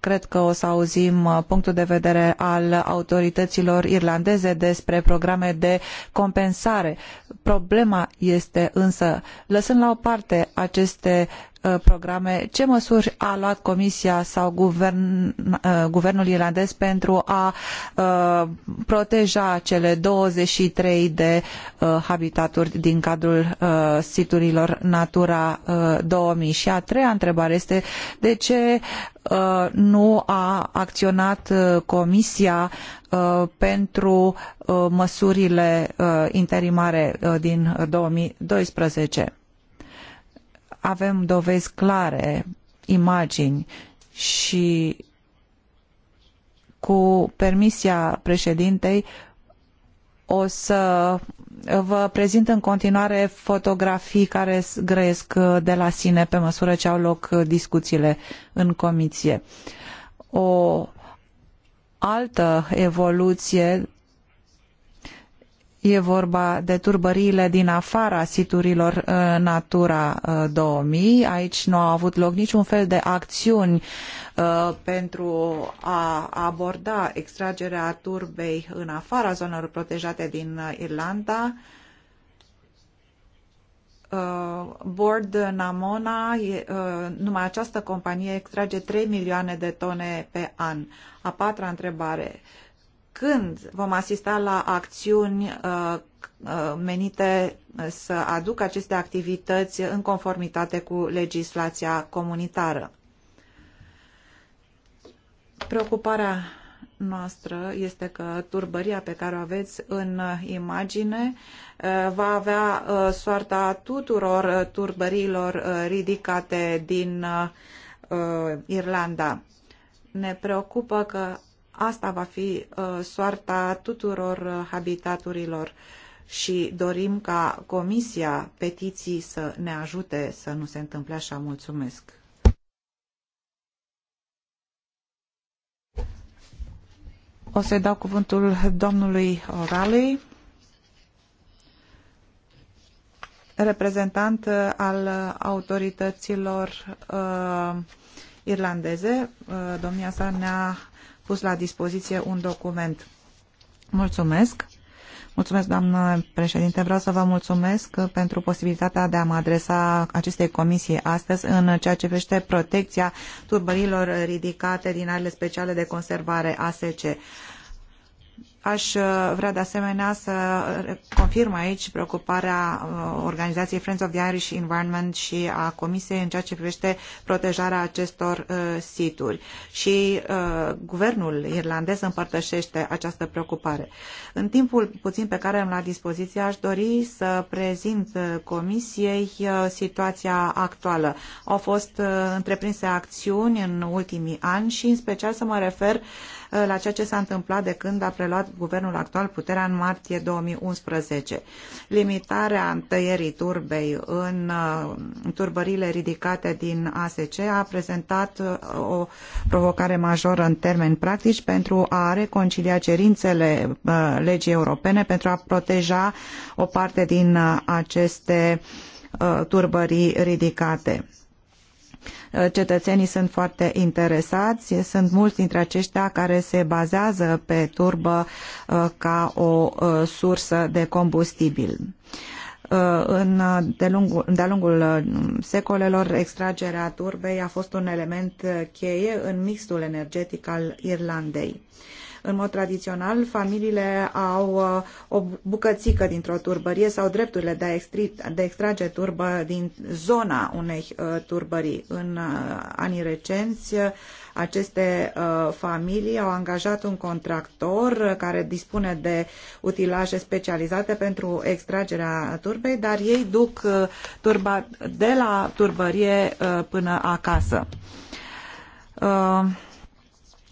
Cred că o să auzim uh, punctul de vedere al autorităților irlandeze despre programe de compensare. Problema este însă, lăsând la o parte aceste Uh, programe, ce măsuri a luat Comisia sau guvern, uh, guvernul irlandez pentru a uh, proteja cele 23 de habitaturi din cadrul siturilor Natura 2000? Și a treia întrebare este de ce nu a acționat Comisia pentru măsurile interimare din 2012? avem dovezi clare, imagini și cu permisia președintei o să vă prezint în continuare fotografii care grăiesc uh, de la sine pe măsură ce au loc uh, discuțiile în comisie. O altă evoluție E vorba de turbăriile din afara siturilor uh, Natura 2000. Uh, Aici nu au avut loc niciun fel de acțiuni uh, pentru a aborda extragerea turbei în afara zonelor protejate din Irlanda. Board Namona, numai această companie extrage 3 milioane de tone pe an. A patra întrebare când vom asista la acțiuni uh, uh, menite uh, să aducă aceste activități în conformitate cu legislația comunitară. Preocuparea noastră este că turbăria pe care o aveți în imagine va avea soarta tuturor turbărilor ridicate din Irlanda. Ne preocupă că Asta va fi uh, soarta tuturor uh, habitaturilor și dorim ca Comisia Petiții să ne ajute să nu se întâmple așa. Mulțumesc! O să-i dau cuvântul domnului O'Reilly, reprezentant uh, al autorităților uh, irlandeze. Uh, domnia sa ne-a pus la dispoziție un document. Mulțumesc! Mulțumesc, doamnă președinte. Vreau să vă mulțumesc pentru posibilitatea de a mă adresa acestei comisii astăzi în ceea ce vește protecția turbărilor ridicate din arele speciale de conservare ASC. Aș uh, vrea de asemenea să confirm aici preocuparea uh, organizației Friends of the Irish Environment și a Comisiei în ceea ce privește protejarea acestor uh, situri. Și uh, guvernul irlandez împărtășește această preocupare. În timpul puțin pe care am la dispoziție, aș dori să prezint Comisiei situația actuală. Au fost întreprinse acțiuni în ultimii ani și în special să mă refer uh, Eh, la ceea ce s-a întâmplat de când a preluat guvernul actual puterea în martie 2011. Limitarea tăierii turbei în eh, turbările ridicate din ASC a prezentat eh, o provocare majoră în termeni practici pentru a reconcilia cerințele legii europene pentru a proteja o parte din aceste turbării ridicate. Uh, cetățenii sunt foarte interesați, sunt mulți dintre aceștia care se bazează pe turbă uh, ca o uh, sursă de combustibil în, de-a lungul, de lungul secolelor, extragerea turbei a fost un element cheie în mixul energetic al Irlandei. În mod tradițional, familiile au uh, o bucățică dintr-o turbărie sau drepturile de a, extri, de a extrage turbă din zona unei uh, turbării. În uh, anii recenți, aceste familii au angajat un contractor care dispune de utilaje specializate pentru extragerea turbei, dar ei duc turba de la turbărie până acasă. Uh,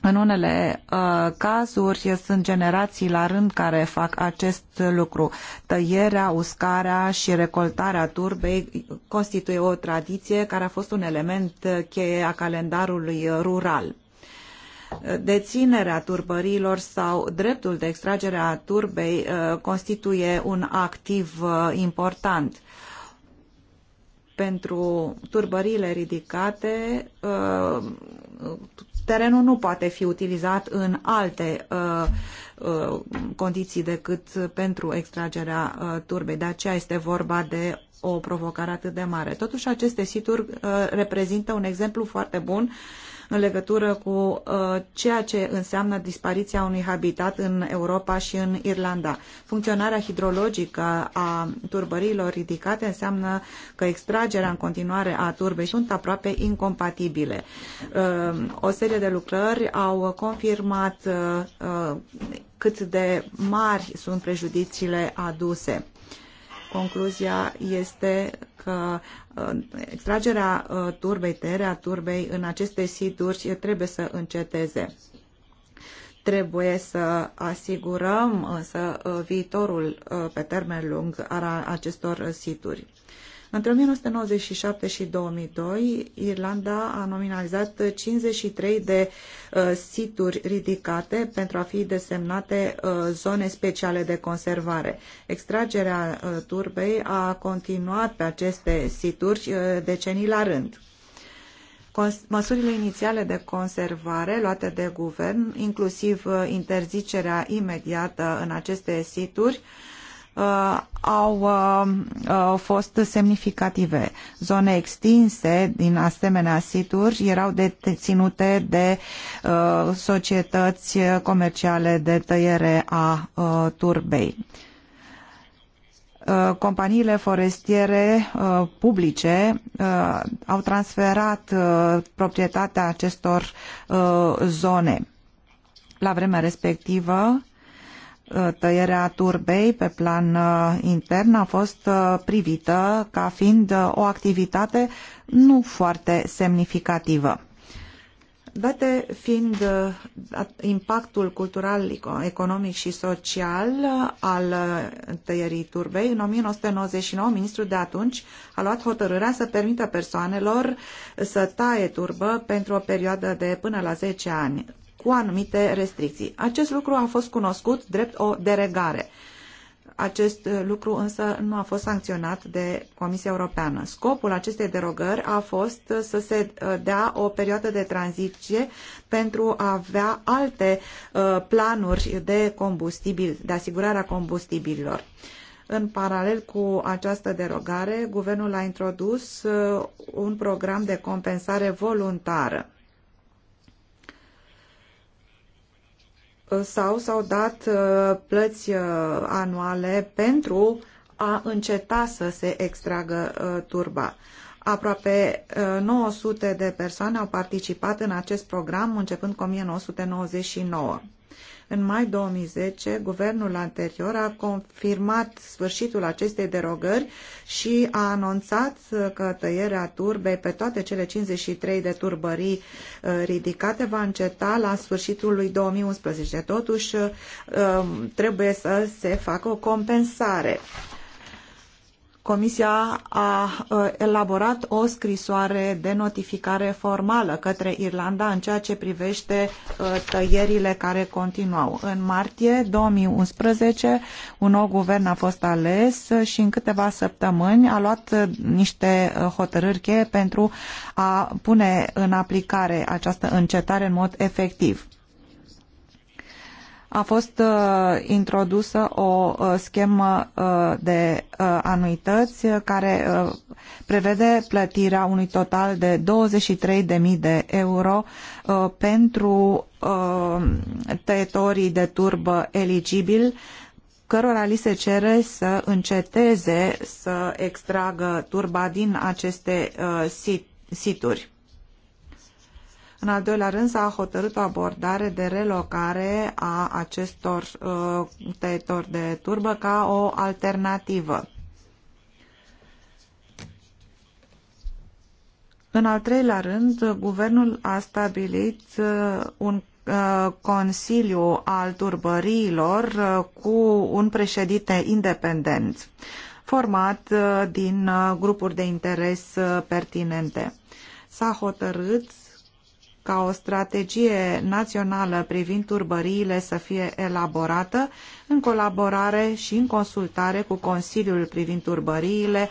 în unele uh, cazuri sunt generații la rând care fac acest lucru. Tăierea, uscarea și recoltarea turbei constituie o tradiție care a fost un element uh, cheie a calendarului rural deținerea turbărilor sau dreptul de extragere a turbei uh, constituie un activ uh, important. Pentru turbările ridicate, terenul nu poate fi utilizat în alte uh, uh, condiții decât pentru extragerea uh, turbei. De aceea este vorba de o provocare atât de mare. Totuși, aceste situri uh, reprezintă un exemplu foarte bun uh, în legătură cu uh, ceea ce înseamnă dispariția unui habitat în Europa și în Irlanda. Funcționarea hidrologică a turbărilor ridicate înseamnă că extragerea în continuare a turbei sunt aproape incompatibile. Uh, o serie de lucrări au confirmat uh, cât de mari sunt prejudiciile aduse. Concluzia este că uh, extragerea uh, turbei, tăierea turbei în aceste situri trebuie să înceteze. Trebuie să asigurăm însă uh, viitorul pe termen lung al acestor situri. Între 1997 și 2002, Irlanda a nominalizat 53 de uh, situri ridicate pentru a fi desemnate uh, zone speciale de conservare. Extragerea uh, turbei a continuat pe aceste situri uh, decenii la rând. Măsurile inițiale de conservare luate de guvern, inclusiv uh, interzicerea imediată în aceste situri, uh, Uh, au uh, uh, fost semnificative. Zone extinse din asemenea situri erau deținute de societăți comerciale de tăiere a turbei companiile forestiere publice au transferat proprietatea acestor zone. La vremea respectivă, Uh, tăierea turbei pe plan uh, intern a fost uh, privită ca fiind o activitate nu foarte semnificativă. Date fiind impactul cultural, economic și social al tăierii turbei, în 1999 ministrul de atunci a luat hotărârea să permită persoanelor să taie turbă pentru o perioadă de până la 10 ani cu anumite restricții. Acest lucru a fost cunoscut drept o deregare. Acest lucru însă nu a fost sancționat de Comisia Europeană. Scopul acestei derogări a fost să se uh, dea o perioadă de tranziție pentru a avea alte uh, planuri de combustibil, de asigurarea combustibililor. În paralel cu această derogare, guvernul a introdus uh, un program de compensare voluntară sau s-au dat uh, plăți uh, anuale pentru a înceta să se extragă uh, turba. Aproape 900 de persoane au participat în acest program începând cu 1999. În mai 2010, guvernul anterior a confirmat sfârșitul acestei derogări și a anunțat că tăierea turbei pe toate cele 53 de turbării uh, ridicate va înceta la sfârșitul lui 2011. Totuși, uh, trebuie să se facă o compensare. Comisia a uh, elaborat o scrisoare de notificare formală către Irlanda în ceea ce privește uh, tăierile care continuau. În martie 2011, un nou guvern a fost ales și în câteva săptămâni a luat uh, niște hotărâri cheie pentru a pune în aplicare această încetare în mod efectiv a fost uh, introdusă o uh, schemă uh, de uh, anuități uh, care uh, prevede plătirea unui total de 23.000 de euro uh, pentru uh, tăietorii de turbă eligibili cărora li se cere să înceteze să extragă turba din aceste uh, sit situri. În al doilea rând s-a hotărât o abordare de relocare a acestor uh, tăietori de turbă ca o alternativă. În al treilea rând, guvernul a stabilit uh, un uh, Consiliu al Turbăriilor uh, cu un președinte independent format din grupuri de interes pertinente. S-a hotărât ca o strategie națională privind turbăriile să fie elaborată în colaborare și în consultare cu Consiliul privind turbăriile,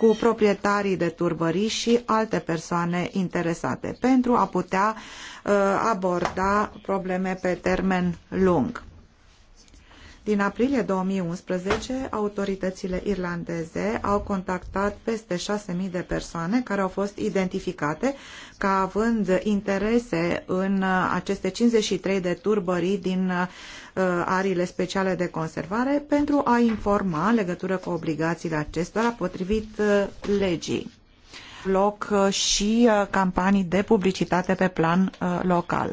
cu proprietarii de turbării și alte persoane interesate pentru a putea uh, aborda probleme pe termen lung. Din aprilie 2011, autoritățile irlandeze au contactat peste 6.000 de persoane care au fost identificate ca având interese în uh, aceste 53 de turbării din uh, ariile speciale de conservare pentru a informa legătură cu obligațiile acestora potrivit uh, legii loc uh, și uh, campanii de publicitate pe plan uh, local.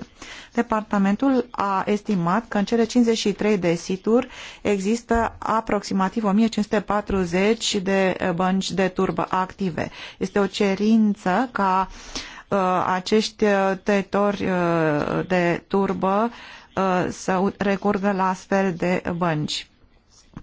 Departamentul a estimat că în cele 53 de situri există aproximativ 1540 de bănci de turbă active. Este o cerință ca acești tăietori de turbă să recurgă la astfel de bănci.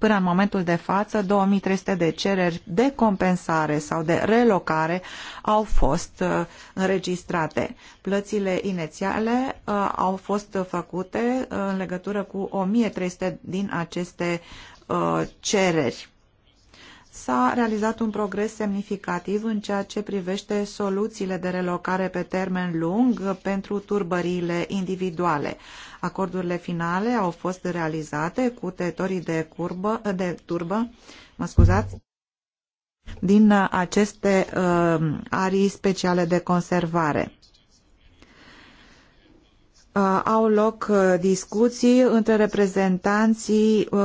Până în momentul de față, 2300 de cereri de compensare sau de relocare au fost uh, înregistrate. Plățile inițiale uh, au fost făcute uh, în legătură cu 1300 din aceste cereri s-a realizat un progres semnificativ în ceea ce privește soluțiile de relocare pe termen lung pentru turbăriile individuale. Acordurile finale au fost realizate cu teritorii de, curbă, de turbă mă scuzați, din uh, aceste uh, arii speciale de conservare. Uh, au loc uh, discuții între reprezentanții uh,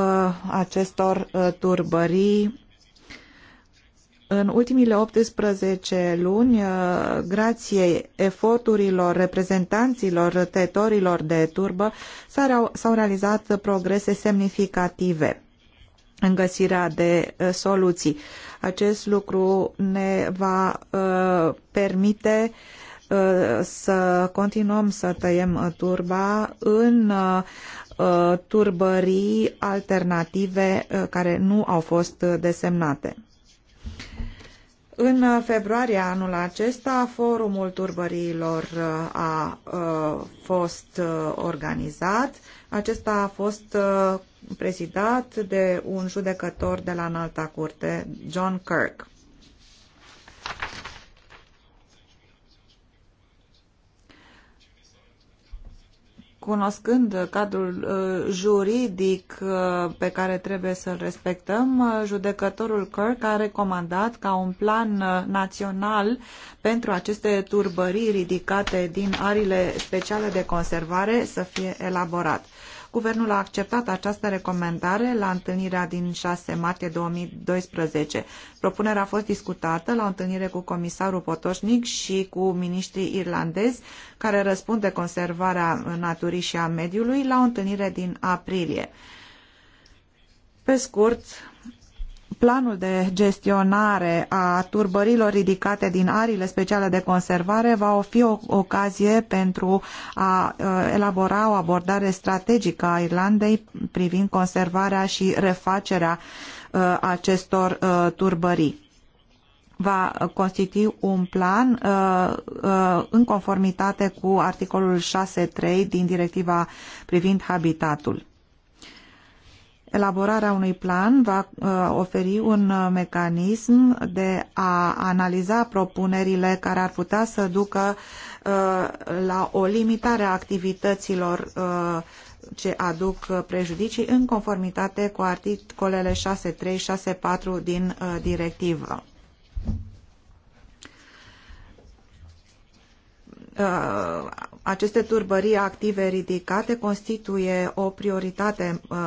acestor uh, turbării în ultimile 18 luni, uh, grație eforturilor reprezentanților tăitorilor de turbă, s-au realizat progrese semnificative în găsirea de uh, soluții. Acest lucru ne va uh, permite să continuăm să tăiem turba în turbării alternative care nu au fost desemnate. În februarie anul acesta, forumul turbăriilor uh, a uh, fost uh, organizat. Acesta a fost prezidat de un judecător de la Înalta Curte, John Kirk. Cunoscând uh, cadrul uh, juridic uh, pe care trebuie să-l respectăm, judecătorul Kirk a recomandat ca un plan național pentru aceste turbării ridicate din arile speciale de conservare să fie elaborat. Guvernul a acceptat această recomandare la întâlnirea din 6 martie 2012. Propunerea a fost discutată la întâlnire cu comisarul Potoșnic și cu miniștrii irlandezi care răspund de conservarea naturii și a mediului la o întâlnire din aprilie. Pe scurt, planul de gestionare a turbărilor ridicate din ariile speciale de conservare va fi o ocazie pentru a uh, elabora o abordare strategică a Irlandei privind conservarea și refacerea uh, acestor uh, turbării va constitui un plan în conformitate cu articolul 6.3 din directiva privind habitatul. Elaborarea unui plan va uh, oferi un uh, mecanism de a analiza propunerile care ar putea să ducă uh, la o limitare a activităților ce aduc prejudicii în conformitate cu articolele 6.3-6.4 din directivă. Aceste turbării active ridicate constituie o prioritate uh,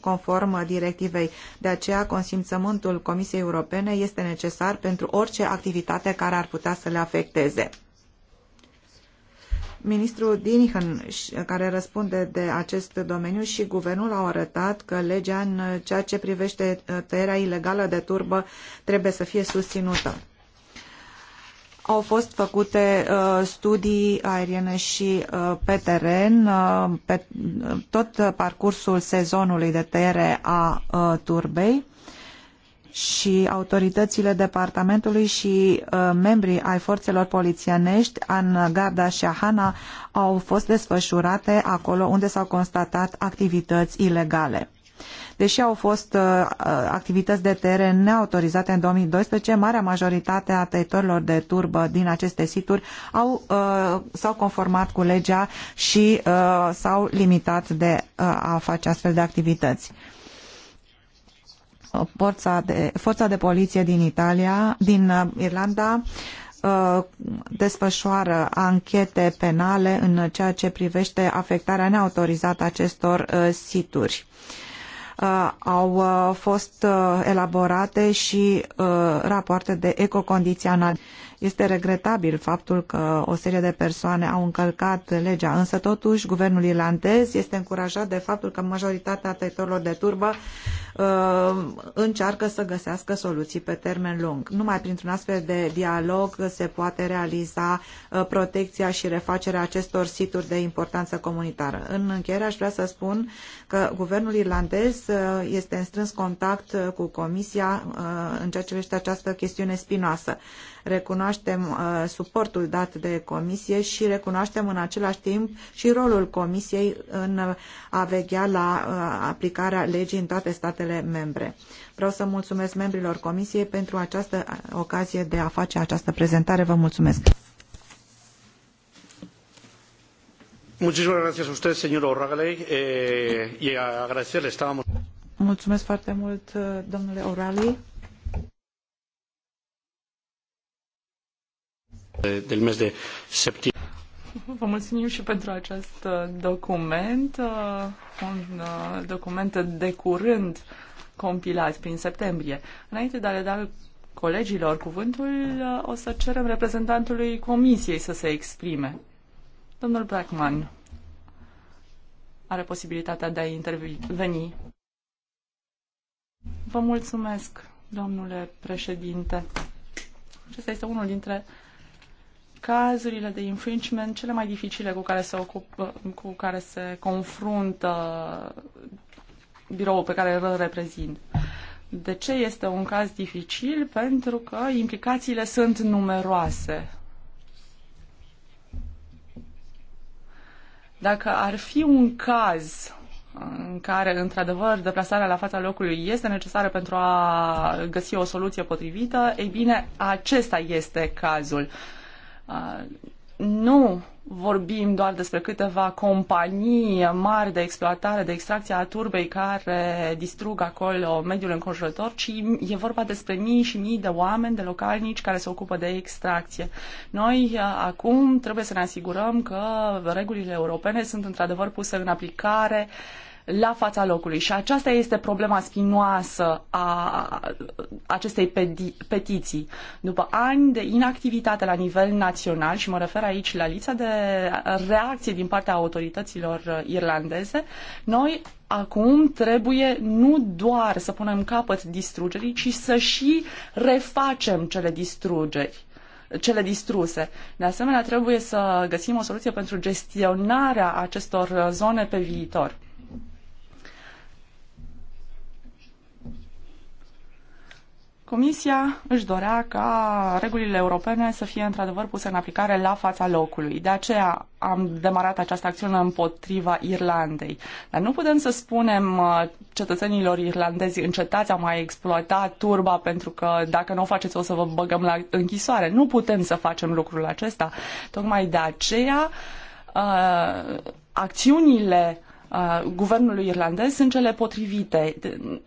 conform directivei. De aceea, consimțământul Comisiei Europene este necesar pentru orice activitate care ar putea să le afecteze. Ministrul Dinihan, care răspunde de acest domeniu și guvernul au arătat că legea în ceea ce privește uh, tăierea ilegală de turbă trebuie să fie susținută. Au fost făcute uh, studii aeriene și uh, pe teren, uh, pe uh, tot parcursul sezonului de tăiere a uh, turbei și autoritățile departamentului și uh, membrii ai forțelor polițienești în Garda și Ahana au fost desfășurate acolo unde s-au constatat activități ilegale. Deși au fost uh, uh, activități de teren neautorizate în 2012, marea majoritate a tăieturilor de turbă din aceste situri au, uh, s-au conformat cu legea și s-au limitat de a face astfel de activități. Forța de, forța de poliție din Italia, din Irlanda, desfășoară anchete penale în ceea ce privește afectarea neautorizată a acestor situri. Uh, Uh, au uh, fost uh, elaborate și rapoarte de ecocondiționare. Este regretabil faptul că o serie de persoane au încălcat legea, însă totuși guvernul irlandez este încurajat de faptul că majoritatea tăitorilor de turbă Uh, încearcă să găsească soluții pe termen lung. Numai printr-un astfel de dialog se poate realiza uh, protecția și refacerea acestor situri de importanță comunitară. În încheiere aș vrea să spun că guvernul irlandez uh, este în strâns contact cu Comisia în ceea ce privește această chestiune spinoasă. Recunoaștem suportul dat de Comisie și recunoaștem în același timp și rolul Comisiei în a veghea la aplicarea legii în toate statele statele membre. Vreau să mulțumesc membrilor Comisiei pentru această ocazie de a face această prezentare. Vă mulțumesc! Muchísimas gracias a usted, señor O'Reilly, eh, Mulțumesc foarte mult, eh, domnule O'Reilly. Eh, del mes de septiembre. Vă mulțumim și pentru acest uh, document, uh, un uh, document de curând compilat prin septembrie. Înainte de a le da colegilor cuvântul, o să cerem reprezentantului comisiei să se exprime. Domnul Brackman are posibilitatea de a interveni. Vă mulțumesc, domnule președinte. Acesta este unul dintre cazurile de infringement cele mai dificile cu care se, ocupă, cu care se confruntă biroul pe care îl reprezint. De ce este un caz dificil? Pentru că implicațiile sunt numeroase. Dacă ar fi un caz în care, într-adevăr, deplasarea la fața locului este necesară pentru a găsi o soluție potrivită, ei bine, acesta este cazul. Uh, Uh, nu vorbim doar despre câteva companii mari de exploatare, de extracție a turbei care distrug acolo mediul înconjurător, ci e vorba despre mii și mii de oameni, de localnici care se ocupă de extracție. Noi uh, acum trebuie să ne asigurăm că regulile europene sunt într-adevăr puse în aplicare uh, la fața locului. Și aceasta este problema spinoasă a acestei petiții. După ani de inactivitate la nivel național, și mă refer aici la lița de reacție din partea autorităților irlandeze, noi acum trebuie nu doar să punem capăt distrugerii, ci să și refacem cele distrugeri cele distruse. De asemenea, trebuie să găsim o soluție pentru gestionarea acestor zone pe viitor. Comisia își dorea ca regulile europene să fie într-adevăr puse în aplicare la fața locului. De aceea am demarat această acțiune împotriva Irlandei. Dar nu putem să spunem uh, cetățenilor irlandezi încetați a mai exploata turba pentru că dacă nu o faceți o să vă băgăm la închisoare. Nu putem să facem lucrul acesta. Tocmai de aceea uh, acțiunile guvernului irlandez sunt cele potrivite.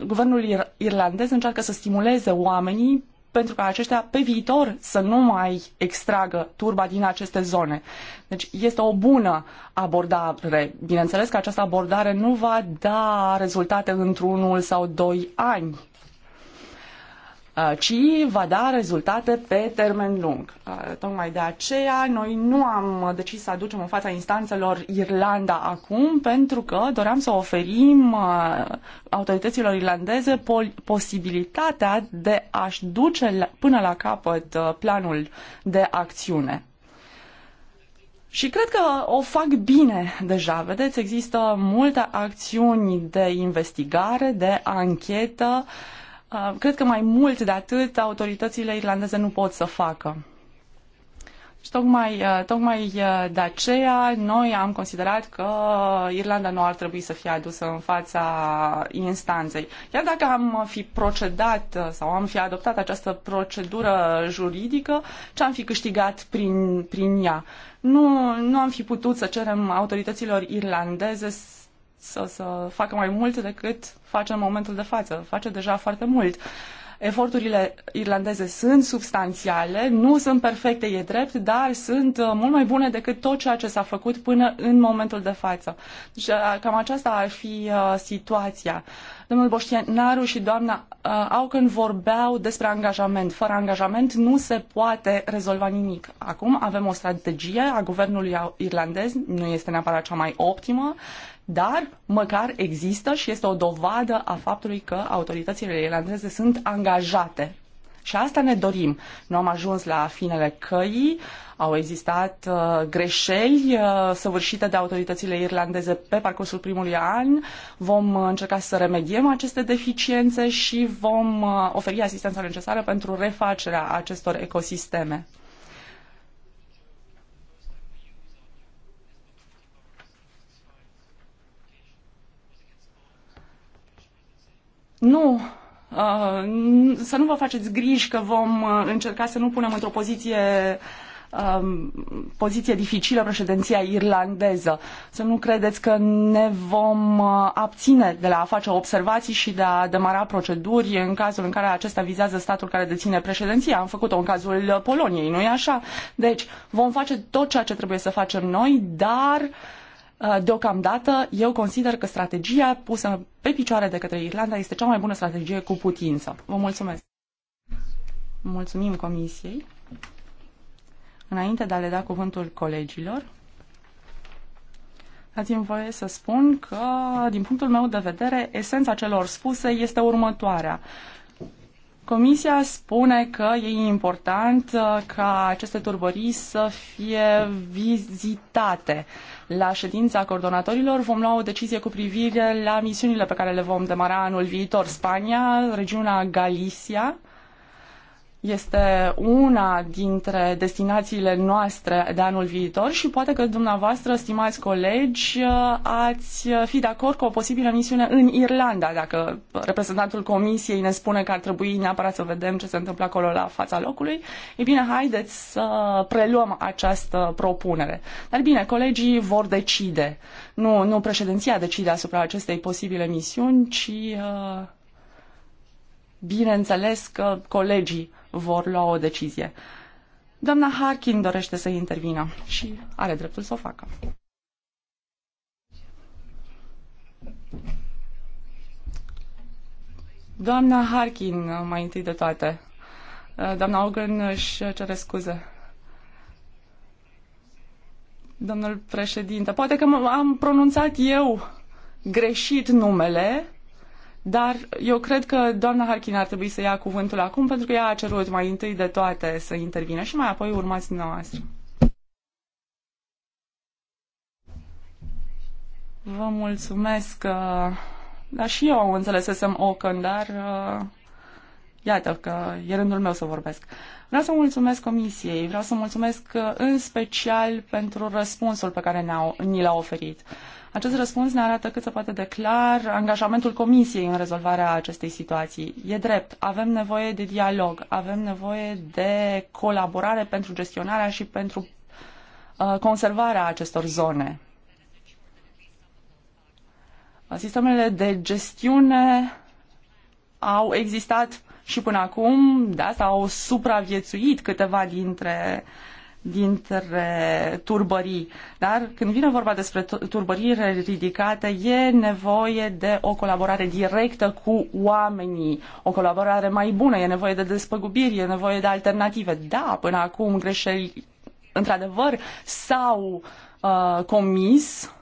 Guvernul irlandez încearcă să stimuleze oamenii pentru ca aceștia pe viitor să nu mai extragă turba din aceste zone. Deci este o bună abordare. Bineînțeles că această abordare nu va da rezultate într-unul sau doi ani. Uh, ci va da rezultate pe termen lung. Uh, tocmai de aceea noi nu am decis să aducem în fața instanțelor Irlanda acum, pentru că doream să oferim uh, autorităților irlandeze posibilitatea de a-și duce până la capăt planul de acțiune. Și cred că o fac bine deja. Vedeți, există multe acțiuni de investigare, de anchetă uh, Uh, cred că mai mult de atât autoritățile irlandeze nu pot să facă. Și tocmai, uh, tocmai uh, de aceea noi am considerat că Irlanda nu ar trebui să fie adusă în fața instanței. Iar dacă am fi procedat sau am fi adoptat această procedură juridică, ce am fi câștigat prin, prin ea? Nu, nu am fi putut să cerem autorităților irlandeze să să, să facă mai mult decât face în momentul de față. Face deja foarte mult. Eforturile irlandeze sunt substanțiale, nu sunt perfecte, e drept, dar sunt uh, mult mai bune decât tot ceea ce s-a făcut până în momentul de față. Deci, uh, cam aceasta ar fi uh, situația. Domnul Boștienaru și doamna uh, când vorbeau despre angajament. Fără angajament nu se poate rezolva nimic. Acum avem o strategie a guvernului irlandez, nu este neapărat cea mai optimă, dar măcar există și este o dovadă a faptului că autoritățile irlandeze sunt angajate. Și asta ne dorim. Nu am ajuns la finele căii, au existat uh, greșeli uh, săvârșite de autoritățile irlandeze pe parcursul primului an. Vom uh, încerca să remediem aceste deficiențe și vom uh, oferi asistența necesară pentru refacerea acestor ecosisteme. nu uh, să nu vă faceți griji că vom uh, încerca să nu punem într-o poziție um, poziție dificilă președinția irlandeză. Să nu credeți că ne vom uh, abține de la a face observații și de a demara proceduri în cazul în care acesta vizează statul care deține președinția. Am făcut-o în cazul Poloniei, nu-i așa? Deci vom face tot ceea ce trebuie să facem noi, dar uh, Uh, deocamdată, eu consider că strategia pusă pe picioare de către Irlanda este cea mai bună strategie cu putință. Vă mulțumesc! Mulțumim Comisiei. Înainte de a le da cuvântul colegilor, dați-mi voie să spun că, din punctul meu de vedere, esența celor spuse este următoarea. Uh, Comisia spune că e important uh, ca aceste turbării să fie vizitate. La ședința coordonatorilor vom lua o decizie cu privire la misiunile pe care le vom demara anul viitor. Spania, regiunea Galicia, este una dintre destinațiile noastre de anul viitor și poate că dumneavoastră, stimați colegi, ați fi de acord cu o posibilă misiune în Irlanda, dacă reprezentantul comisiei ne spune că ar trebui neapărat să vedem ce se întâmplă acolo la fața locului. E bine, haideți să preluăm această propunere. Dar bine, colegii vor decide. Nu, nu președinția decide asupra acestei posibile misiuni, ci... Uh, bineînțeles că colegii vor lua o decizie. Doamna Harkin dorește să intervină și are dreptul să o facă. Doamna Harkin, mai întâi de toate. Doamna Ogren își cere scuze. Domnul președinte, poate că am pronunțat eu greșit numele, dar eu cred că doamna Harkin ar trebui să ia cuvântul acum, pentru că ea a cerut mai întâi de toate să intervină și mai apoi urmați dumneavoastră. Vă mulțumesc. că, uh, Dar și eu înțelesesem Ocon, dar uh, iată că e rândul meu să vorbesc. Vreau să mulțumesc comisiei, vreau să mulțumesc uh, în special pentru răspunsul pe care ne-a, ni l-a oferit. Acest răspuns ne arată cât se poate de clar angajamentul Comisiei în rezolvarea acestei situații. E drept, avem nevoie de dialog, avem nevoie de colaborare pentru gestionarea și pentru uh, conservarea acestor zone. Sistemele de gestiune au existat și până acum, de asta au supraviețuit câteva dintre uh, dintre turbării. Dar când vine vorba despre turbării ridicate, e nevoie de o colaborare directă cu oamenii, o colaborare mai bună, e nevoie de despăgubiri, e nevoie de alternative. Da, până acum greșeli, într-adevăr, s-au uh, comis,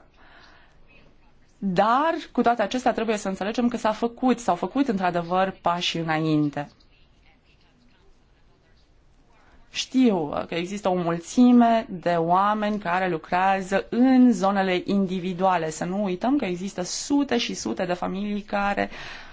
dar cu toate acestea trebuie să înțelegem că s-a făcut, s-au făcut într-adevăr pași înainte. Știu că există o mulțime de oameni care lucrează în zonele individuale. Să nu uităm că există sute și sute de familii care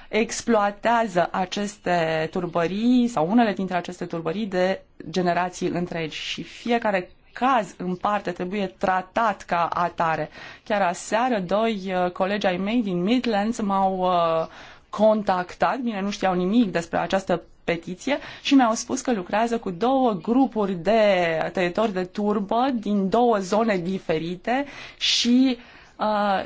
exploatează aceste turbării sau unele dintre aceste turbării de generații întregi și fiecare caz în parte trebuie tratat ca atare. Chiar aseară, doi uh, colegi ai mei din Midlands m-au uh, contactat, bine, nu știau nimic despre această petiție și mi-au spus că lucrează cu două grupuri de tăietori de turbă din două zone diferite și uh,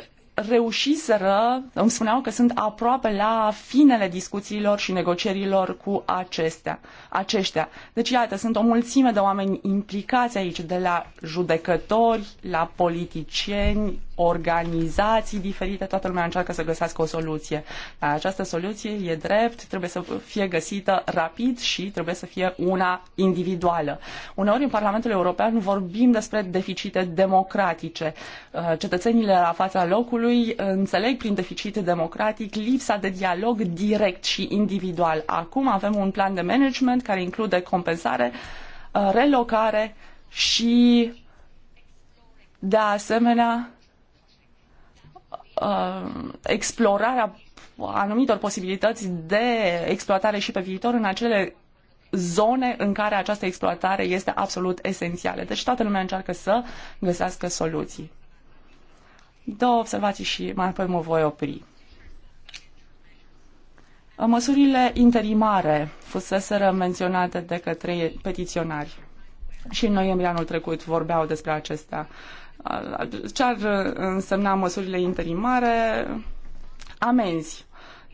reușiseră, îmi spuneau că sunt aproape la finele discuțiilor și negocierilor cu acestea, aceștia. Deci, iată, sunt o mulțime de oameni implicați aici, de la judecători, la politicieni, organizații diferite, toată lumea încearcă să găsească o soluție. Dar această soluție e drept, trebuie să fie găsită rapid și trebuie să fie una individuală. Uneori în Parlamentul European vorbim despre deficite democratice. Uh, cetățenii la fața locului Consiliului înțeleg prin deficit democratic lipsa de dialog direct și individual. Acum avem un plan de management care include compensare, uh, relocare și de asemenea uh, explorarea anumitor posibilități de exploatare și pe viitor în acele zone în care această exploatare este absolut esențială. Deci toată lumea încearcă să găsească soluții. Două observații și mai apoi mă voi opri. Măsurile interimare fuseseră menționate de către petiționari și în noiembrie anul trecut vorbeau despre acestea. Ce ar însemna măsurile interimare? Amenzi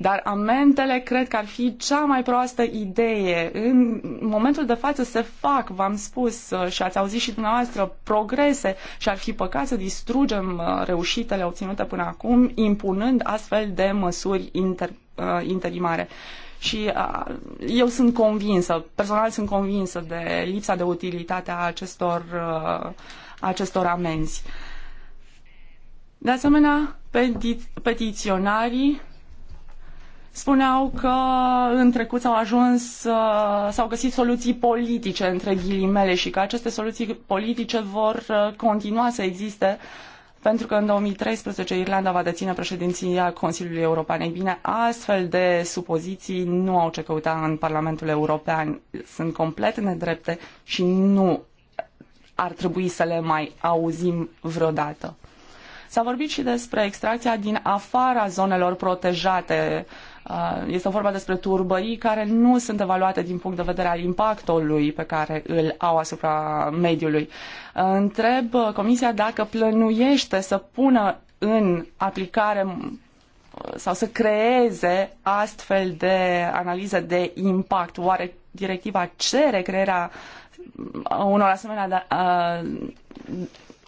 dar amendele cred că ar fi cea mai proastă idee. În momentul de față se fac, v-am spus uh, și ați auzit și dumneavoastră, progrese și ar fi păcat să distrugem uh, reușitele obținute până acum, impunând astfel de măsuri inter, uh, interimare. Și eu sunt convinsă, personal sunt convinsă de lipsa de utilitate a acestor, a acestor amenzi. De asemenea, peti- petiționarii spuneau că în trecut s-au ajuns, uh, s-au găsit soluții politice, între ghilimele, și că aceste soluții politice vor uh, continua să existe pentru că în 2013 Irlanda va deține președinția Consiliului European. Ei bine, astfel de supoziții nu au ce căuta în Parlamentul European. Sunt complet nedrepte și nu ar trebui să le mai auzim vreodată. S-a vorbit și despre extracția din afara zonelor protejate uh, Uh, este vorba despre turbării care nu sunt evaluate din punct de vedere al impactului pe care îl au asupra mediului. Uh, întreb uh, Comisia dacă plănuiește să pună în aplicare sau să creeze astfel de analize de impact. Oare directiva cere crearea unor asemenea, da, uh,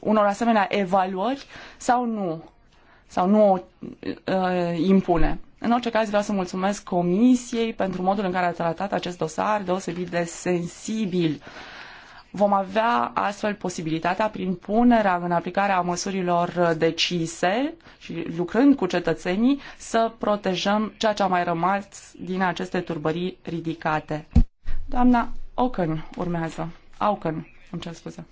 unor asemenea evaluări sau nu? Sau nu o uh, impune? În orice caz vreau să mulțumesc Comisiei pentru modul în care a tratat acest dosar deosebit de sensibil. Vom avea astfel posibilitatea, prin punerea în aplicare a măsurilor decise și lucrând cu cetățenii, să protejăm ceea ce a mai rămas din aceste turbării ridicate. Doamna Ocken urmează. Auken, îmi cer scuze.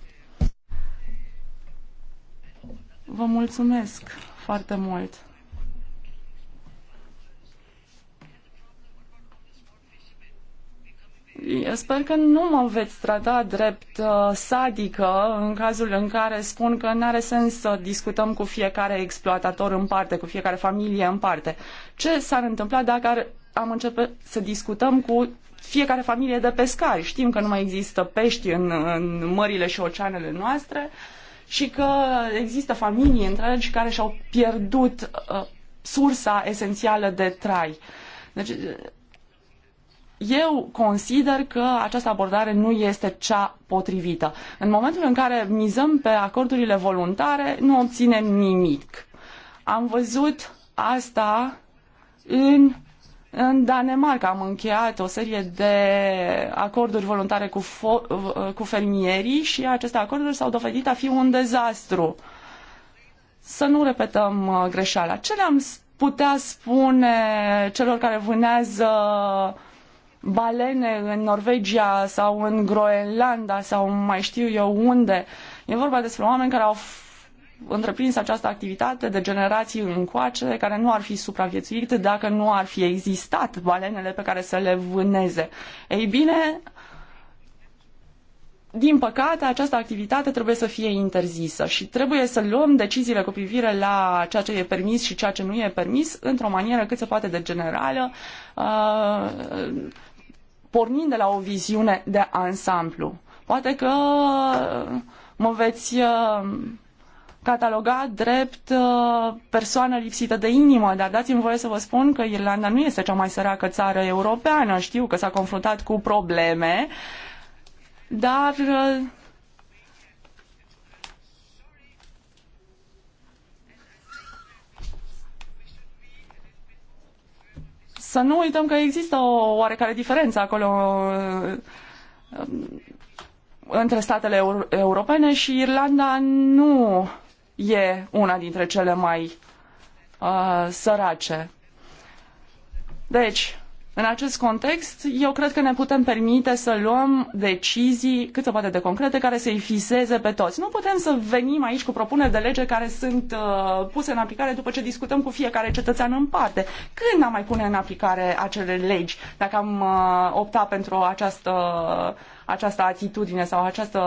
Vă mulțumesc foarte mult. Eu sper că nu mă veți trata drept uh, sadică în cazul în care spun că nu are sens să discutăm cu fiecare exploatator în parte, cu fiecare familie în parte. Ce s-ar întâmpla dacă ar, am începe să discutăm cu fiecare familie de pescari? Știm că nu mai există pești în, în mările și oceanele noastre și că există familii întregi care și-au pierdut uh, sursa esențială de trai. Deci eu consider că această abordare nu este cea potrivită. În momentul în care mizăm pe acordurile voluntare, nu obținem nimic. Am văzut asta în, în Danemarca. Am încheiat o serie de acorduri voluntare cu, fo, cu fermierii și aceste acorduri s-au dovedit a fi un dezastru. Să nu repetăm uh, greșeala. Ce le-am putea spune celor care vânează uh, balene în Norvegia sau în Groenlanda sau mai știu eu unde. E vorba despre oameni care au întreprins această activitate de generații încoace, care nu ar fi supraviețuit dacă nu ar fi existat balenele pe care să le vâneze. Ei bine, din păcate, această activitate trebuie să fie interzisă și trebuie să luăm deciziile cu privire la ceea ce e permis și ceea ce nu e permis într-o manieră cât se poate de generală, uh, pornind de la o viziune de ansamblu. Poate că mă veți uh, cataloga drept uh, persoană lipsită de inimă, dar dați-mi voie să vă spun că Irlanda nu este cea mai săracă țară europeană. Știu că s-a confruntat cu probleme, dar uh, Să nu uităm că există o oarecare diferență acolo um, între statele europene și Irlanda nu e una dintre cele mai uh, sărace. Deci, în acest context, eu cred că ne putem permite să luăm decizii cât se poate de concrete care să-i fizeze pe toți. Nu putem să venim aici cu propuneri de lege care sunt uh, puse în aplicare după ce discutăm cu fiecare cetățean în parte. Când am mai pune în aplicare acele legi, dacă am uh, opta pentru această, această atitudine sau această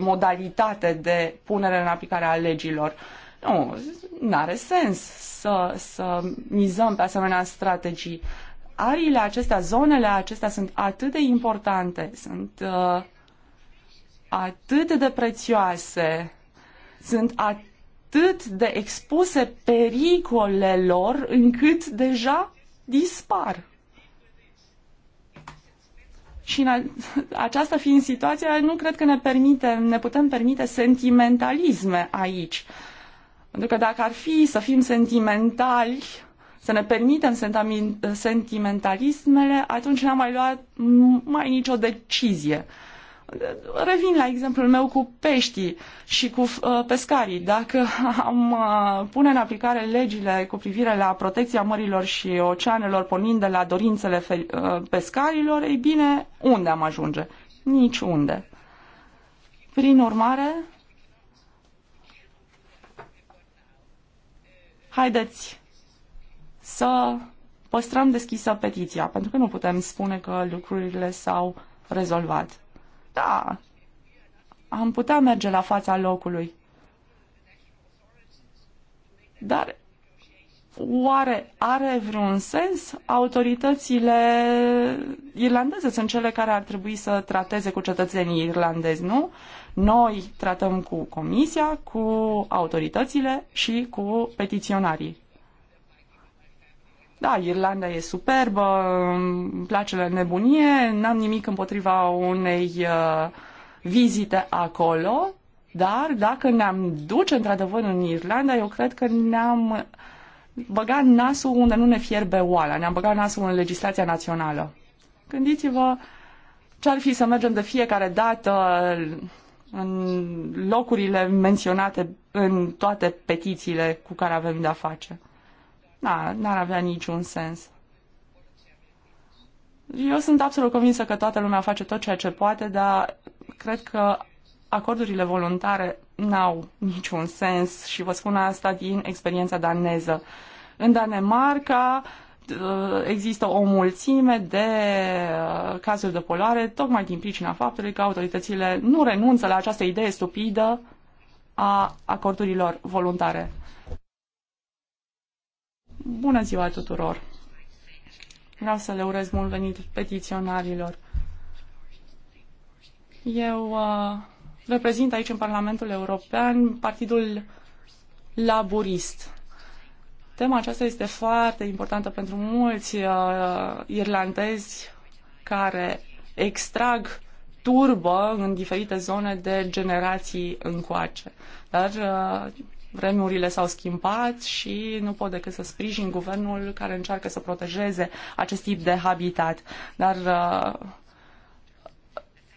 modalitate de punere în aplicare a legilor? Nu, nu are sens să, să mizăm pe asemenea strategii ariile acestea, zonele acestea sunt atât de importante, sunt uh, atât de prețioase, sunt atât de expuse pericolelor încât deja dispar. Și în a, aceasta fiind situația, nu cred că ne, permite, ne putem permite sentimentalisme aici. Pentru că dacă ar fi să fim sentimentali, să ne permitem sentimentalismele, atunci n-am mai luat mai nicio decizie. Revin la exemplul meu cu peștii și cu uh, pescarii. Dacă am uh, pune în aplicare legile cu privire la protecția mărilor și oceanelor, pornind de la dorințele uh, pescarilor, ei bine, unde am ajunge? Niciunde. Prin urmare, haideți să păstrăm deschisă petiția, pentru că nu putem spune că lucrurile s-au rezolvat. Da, am putea merge la fața locului. Dar oare are vreun sens? Autoritățile irlandeze sunt cele care ar trebui să trateze cu cetățenii irlandezi, nu? Noi tratăm cu comisia, cu autoritățile și cu petiționarii. Da, Irlanda e superbă, îmi place la nebunie, n-am nimic împotriva unei uh, vizite acolo, dar dacă ne-am duce într-adevăr în Irlanda, eu cred că ne-am uh, băgat nasul unde nu ne fierbe oala, ne-am băgat nasul în legislația națională. Gândiți-vă ce ar fi să mergem de fiecare dată uh, în locurile menționate în toate petițiile cu care avem de-a face. Da, n-ar avea niciun sens. Eu sunt absolut convinsă că toată lumea face tot ceea ce poate, dar cred că acordurile voluntare n-au niciun sens și vă spun asta din experiența daneză. În Danemarca uh, există o mulțime de uh, cazuri de poluare, tocmai din pricina faptului că autoritățile nu renunță la această idee stupidă a acordurilor voluntare. Bună ziua tuturor! Vreau să le urez mult venit petiționarilor. Eu uh, reprezint aici în Parlamentul European Partidul Laburist. Tema aceasta este foarte importantă pentru mulți uh, irlandezi care extrag turbă în diferite zone de generații încoace. Dar uh, Vremurile s-au schimbat și nu pot decât să sprijin guvernul care încearcă să protejeze acest tip de habitat. Dar uh,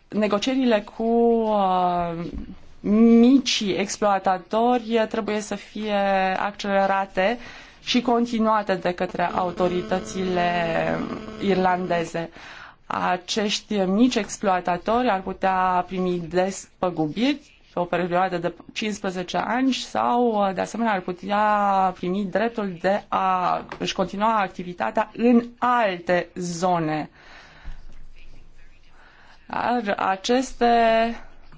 negocierile cu mici uh, micii exploatatori trebuie să fie accelerate și continuate de către autoritățile irlandeze. Acești mici exploatatori ar putea primi despăgubiri o perioadă de 15 ani sau, de asemenea, ar putea primi dreptul de a își continua activitatea în alte zone. Dar aceste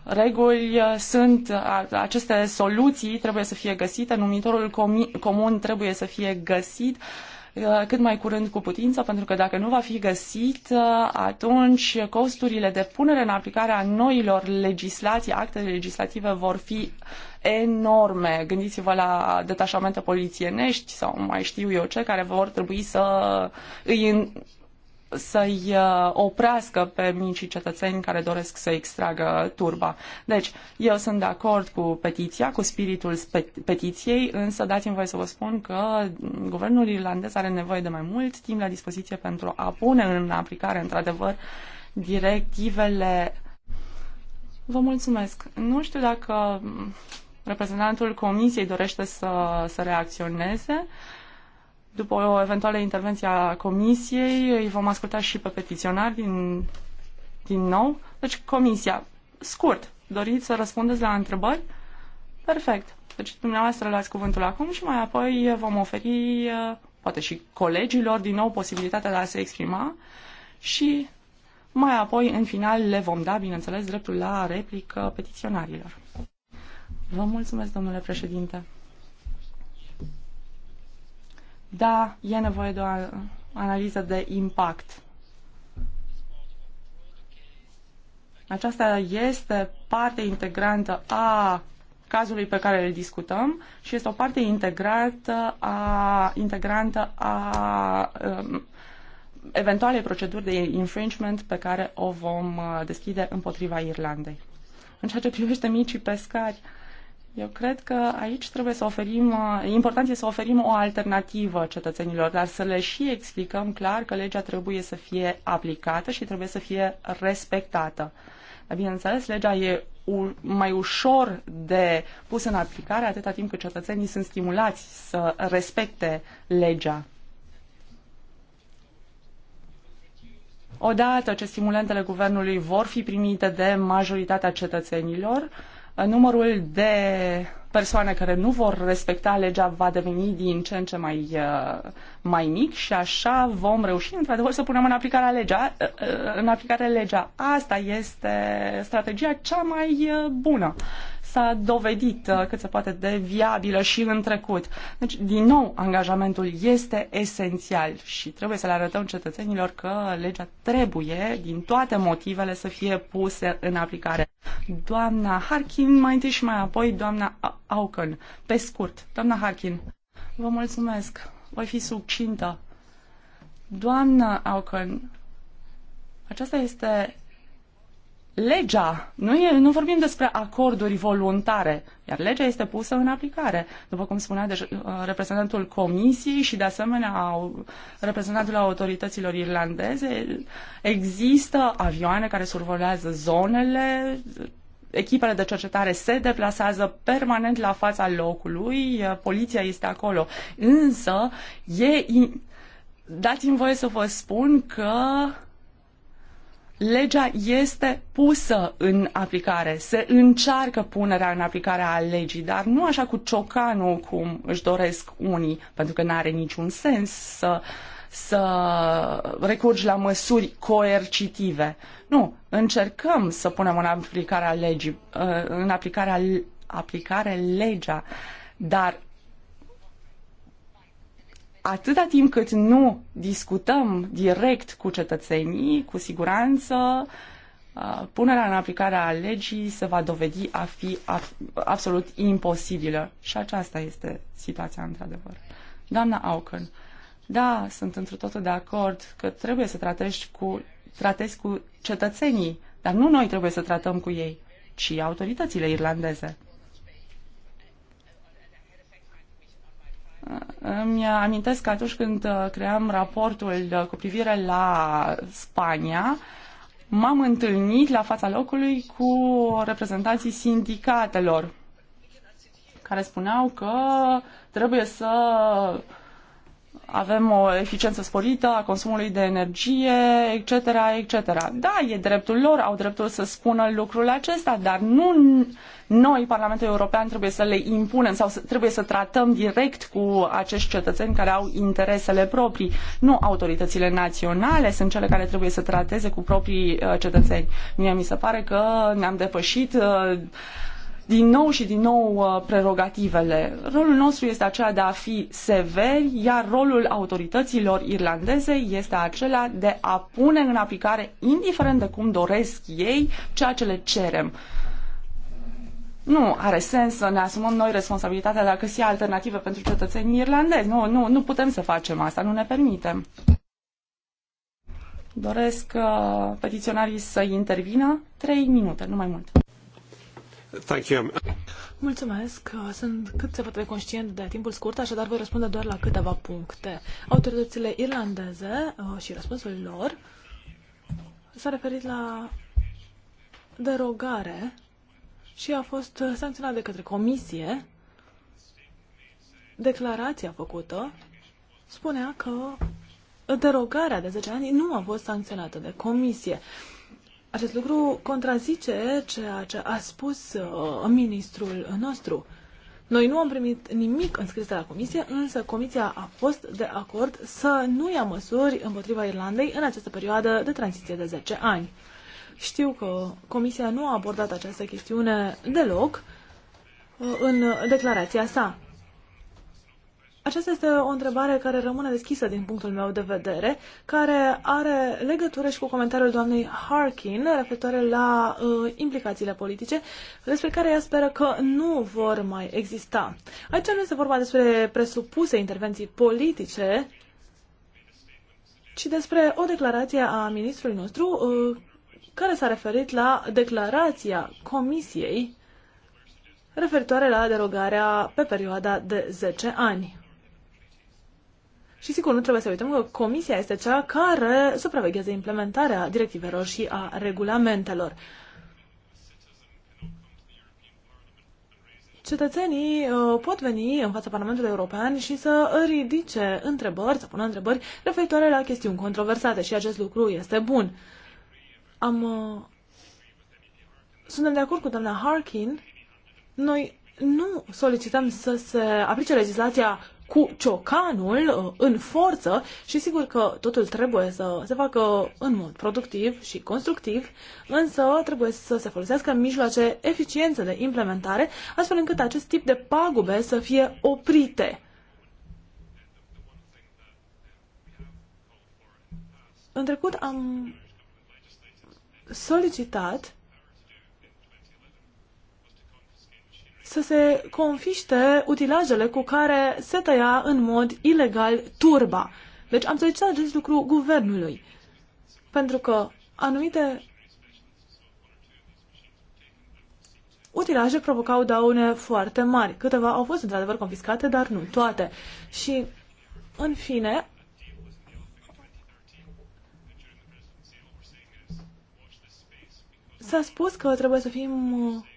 reguli sunt, aceste soluții trebuie să fie găsite, numitorul comun trebuie să fie găsit Uh, cât mai curând cu putință, pentru că dacă nu va fi găsit, uh, atunci costurile de punere în aplicare a noilor legislații, acte legislative vor fi enorme. Gândiți-vă la detașamente polițienești sau mai știu eu ce, care vor trebui să îi să-i uh, oprească pe micii cetățeni care doresc să extragă turba. Deci, eu sunt de acord cu petiția, cu spiritul petiției, însă dați-mi voie să vă spun că guvernul irlandez are nevoie de mai mult timp la dispoziție pentru a pune în aplicare, într-adevăr, directivele. Vă mulțumesc. Nu știu dacă reprezentantul Comisiei dorește să, să reacționeze. Uh, după o eventuală intervenție a comisiei, îi vom asculta și pe petiționari din, din nou. Deci, comisia, scurt, doriți să răspundeți la întrebări? Perfect. Deci, dumneavoastră luați cuvântul acum și mai apoi vom oferi, poate și colegilor, din nou posibilitatea de a se exprima și mai apoi, în final, le vom da, bineînțeles, dreptul la replică petiționarilor. Vă mulțumesc, domnule președinte. Da, e nevoie de o analiză de impact. Aceasta este parte integrantă a cazului pe care îl discutăm și este o parte integrantă a, integrantă a um, eventualei proceduri de infringement pe care o vom uh, deschide împotriva Irlandei. În ceea ce privește micii pescari, uh, eu cred că aici trebuie să oferim, uh, important este să oferim o alternativă cetățenilor, dar să le și explicăm clar că legea trebuie să fie aplicată și trebuie să fie respectată. Bineînțeles, legea e mai ușor de pus în aplicare atâta timp cât cetățenii sunt stimulați să respecte legea. Odată ce stimulentele guvernului vor fi primite de majoritatea cetățenilor, uh, numărul de persoane care nu vor respecta legea va deveni din ce în ce mai, uh, mai mic și așa vom reuși într-adevăr să punem în aplicare legea. Uh, uh, în aplicare legea. Asta este strategia cea mai bună s-a dovedit uh, cât se poate de viabilă și în trecut. Deci, din nou, angajamentul este esențial și trebuie să le arătăm cetățenilor că legea trebuie, din toate motivele, să fie puse în aplicare. Doamna Harkin, mai întâi și mai apoi doamna Auken. Pe scurt, doamna Harkin, vă mulțumesc. Voi fi succintă. Doamna Auken, aceasta este legea, nu, e, nu vorbim despre acorduri voluntare, iar legea este pusă în aplicare, după cum spunea deci, reprezentantul Comisiei și, de asemenea, reprezentantul autorităților irlandeze. Există avioane care survolează zonele, echipele de cercetare se deplasează permanent la fața locului, uh, poliția este acolo, însă e... In... Dați-mi voie să vă spun că legea este pusă în aplicare, se încearcă punerea în aplicare a legii, dar nu așa cu ciocanul cum își doresc unii, pentru că nu are niciun sens să, să recurgi la măsuri coercitive. Nu, încercăm să punem în aplicare legii, în aplicarea, aplicare legea, dar atâta timp cât nu discutăm direct cu cetățenii, cu siguranță, uh, punerea în aplicare a legii se va dovedi a fi absolut imposibilă. Și aceasta este situația, într-adevăr. Doamna Auken, da, sunt într totul de acord că trebuie să tratești cu, tratezi cu cetățenii, dar nu noi trebuie să tratăm cu ei, ci autoritățile irlandeze. Îmi amintesc că atunci când uh, cream raportul uh, cu privire la Spania, m-am întâlnit la fața locului cu reprezentanții sindicatelor care spuneau că trebuie să avem o eficiență sporită a consumului de energie, etc., etc. Da, e dreptul lor, au dreptul să spună lucrul acesta, dar nu noi, Parlamentul European, trebuie să le impunem sau să, trebuie să tratăm direct cu acești cetățeni care au interesele proprii. Nu autoritățile naționale sunt cele care trebuie să trateze cu proprii uh, cetățeni. Mie mi se pare că ne-am depășit uh, din nou și din nou uh, prerogativele. Rolul nostru este acela de a fi severi, iar rolul autorităților irlandeze este acela de a pune în aplicare, indiferent de cum doresc ei, ceea ce le cerem. Nu are sens să ne asumăm noi responsabilitatea dacă se alternative pentru cetățenii irlandezi. Nu, nu, nu putem să facem asta, nu ne permitem. Doresc uh, petiționarii să intervină. Trei minute, nu mai mult. Mulțumesc. Sunt cât se poate de conștient de timpul scurt, așadar voi răspunde doar la câteva puncte. Autoritățile irlandeze uh, și răspunsul lor s-a referit la derogare și a fost sancționat de către comisie. Declarația făcută spunea că derogarea de 10 ani nu a fost sancționată de comisie. Acest lucru contrazice ceea ce a spus uh, ministrul nostru. Noi nu am primit nimic înscris de la comisie, însă comisia a fost de acord să nu ia măsuri împotriva Irlandei în această perioadă de tranziție de 10 ani. Știu că comisia nu a abordat această chestiune deloc uh, în declarația sa. Aceasta este o întrebare care rămâne deschisă din punctul meu de vedere, care are legătură și cu comentariul doamnei Harkin referitoare la uh, implicațiile politice, despre care ea speră că nu vor mai exista. Aici nu este vorba despre presupuse intervenții politice, ci despre o declarație a ministrului nostru uh, care s-a referit la declarația Comisiei referitoare la derogarea pe perioada de 10 ani. Și sigur, nu trebuie să uităm că Comisia este cea care supraveghează implementarea directivelor și a regulamentelor. Cetățenii uh, pot veni în fața Parlamentului European și să ridice întrebări, să pună întrebări referitoare la chestiuni controversate și acest lucru este bun. Am, uh, suntem de acord cu doamna Harkin. Noi nu solicităm să se aplice legislația cu ciocanul uh, în forță și sigur că totul trebuie să se facă în mod productiv și constructiv, însă trebuie să se folosească mijloace eficiențe de implementare, astfel încât acest tip de pagube să fie oprite. În trecut am solicitat să se confiște utilajele cu care se tăia în mod ilegal turba. Deci am solicitat acest lucru guvernului, pentru că anumite utilaje provocau daune foarte mari. Câteva au fost într-adevăr confiscate, dar nu toate. Și, în fine, s-a spus că trebuie să fim uh,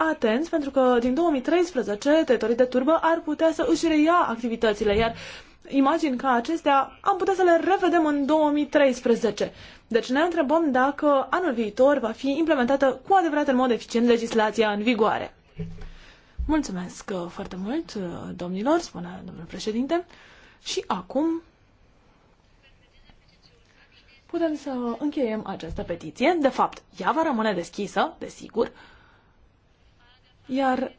atenți pentru că din 2013 teritorii de turbă ar putea să își reia activitățile, iar imagini ca acestea am putea să le revedem în 2013. Deci ne întrebăm dacă anul viitor va fi implementată cu adevărat în mod eficient legislația în vigoare. Mulțumesc uh, foarte mult, uh, domnilor, spune domnul președinte. Și acum putem să încheiem această petiție. De fapt, ea va rămâne deschisă, desigur, iar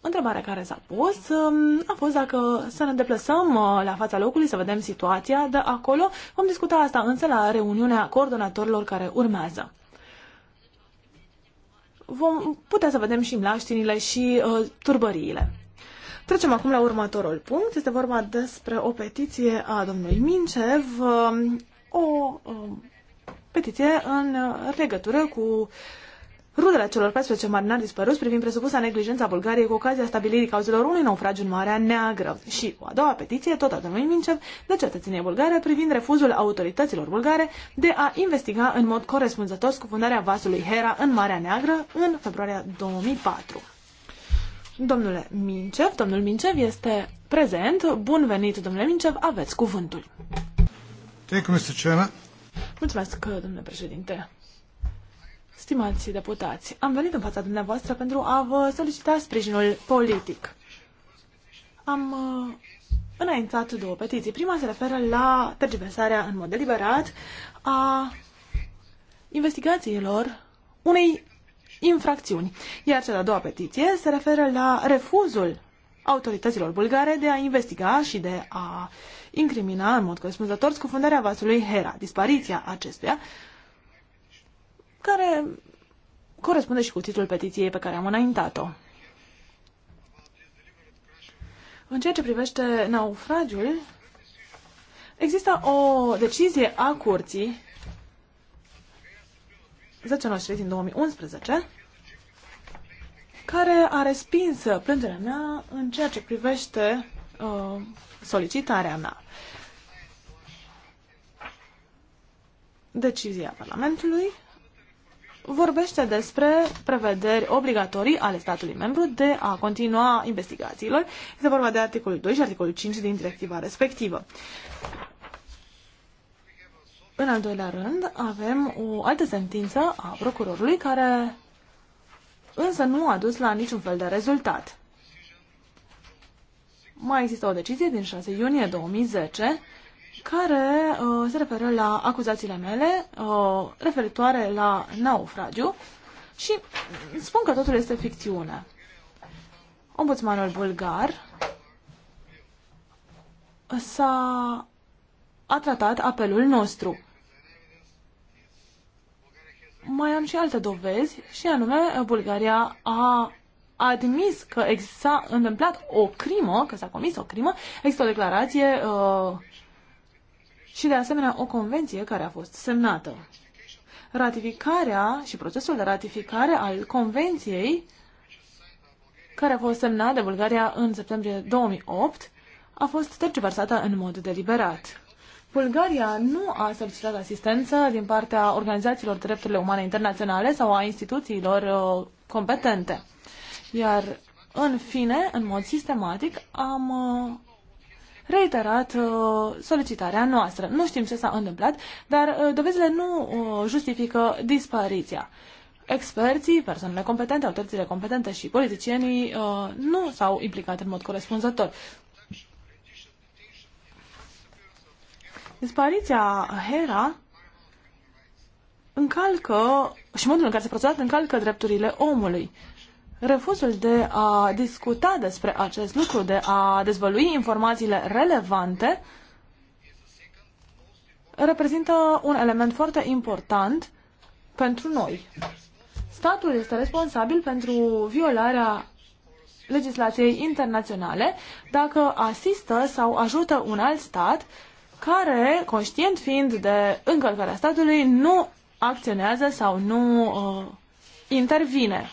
întrebarea care s-a pus um, a fost dacă să ne deplasăm uh, la fața locului, să vedem situația de acolo. Vom discuta asta însă la reuniunea coordonatorilor care urmează. Vom putea să vedem și mlaștinile și uh, turbăriile. Trecem acum la următorul punct. Este vorba despre o petiție a domnului Mincev, um, o um, petiție în uh, legătură cu Rudele celor 14 marinari dispăruți privind presupusa neglijența Bulgariei cu ocazia stabilirii cauzelor unui naufragiu în Marea Neagră și o a doua petiție, tot a domnului Mincev, de cetățenie bulgară privind refuzul autorităților bulgare de a investiga în mod corespunzător scufundarea vasului Hera în Marea Neagră în februarie 2004. Domnule Mincev, domnul Mincev este prezent. Bun venit, domnule Mincev, aveți cuvântul. Mulțumesc, domnule președinte. Stimați deputați, am venit în fața dumneavoastră pentru a vă solicita sprijinul politic. Am uh, înaintat două petiții. Prima se referă la tergiversarea în mod deliberat a investigațiilor unei infracțiuni. Iar cea de-a doua petiție se referă la refuzul autorităților bulgare de a investiga și de a incrimina în mod corespunzător scufundarea vasului Hera, dispariția acestuia care corespunde și cu titlul petiției pe care am înaintat-o. În ceea ce privește naufragiul, există o decizie a curții 10 din 2011 care a respins plângerea mea în ceea ce privește uh, solicitarea mea. Decizia Parlamentului vorbește despre prevederi obligatorii ale statului membru de a continua investigațiilor. Este vorba de articolul 2 și articolul 5 din directiva respectivă. În al doilea rând, avem o altă sentință a procurorului care însă nu a dus la niciun fel de rezultat. Mai există o decizie din 6 iunie 2010 care uh, se referă la acuzațiile mele uh, referitoare la naufragiu și spun că totul este ficțiune. Ombudsmanul bulgar s-a a tratat apelul nostru. Mai am și alte dovezi și anume uh, Bulgaria a admis că s-a întâmplat o crimă, că s-a comis o crimă, există o declarație uh, și de asemenea o convenție care a fost semnată. Ratificarea și procesul de ratificare al convenției care a fost semnată de Bulgaria în septembrie 2008 a fost tergiversată în mod deliberat. Bulgaria nu a solicitat asistență din partea organizațiilor drepturile umane internaționale sau a instituțiilor uh, competente. Iar, în fine, în mod sistematic, am uh, reiterat uh, solicitarea noastră. Nu știm ce s-a întâmplat, dar uh, dovezile nu uh, justifică dispariția experții, persoanele competente, autoritățile competente și politicienii uh, nu s-au implicat în mod corespunzător. Dispariția Hera încalcă și modul în care se procedat încalcă drepturile omului refuzul de a discuta despre acest lucru, de a dezvălui informațiile relevante, reprezintă un element foarte important pentru noi. Statul este responsabil pentru violarea legislației internaționale dacă asistă sau ajută un alt stat care, conștient fiind de încălcarea statului, nu acționează sau nu uh, intervine.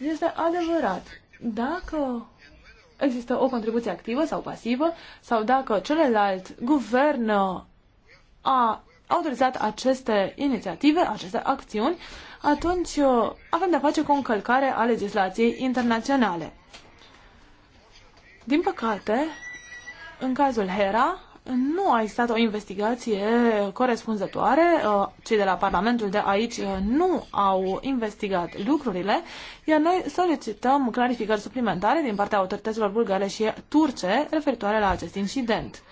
Este adevărat. Dacă există o contribuție activă sau pasivă, sau dacă celălalt guvern a autorizat aceste inițiative, aceste acțiuni, atunci uh, avem de-a face cu o încălcare a legislației internaționale. Din păcate, în cazul Hera, nu a existat o investigație corespunzătoare. Uh, cei de la Parlamentul de aici uh, nu au investigat lucrurile, iar noi solicităm clarificări suplimentare din partea autorităților bulgare și turce referitoare la acest incident.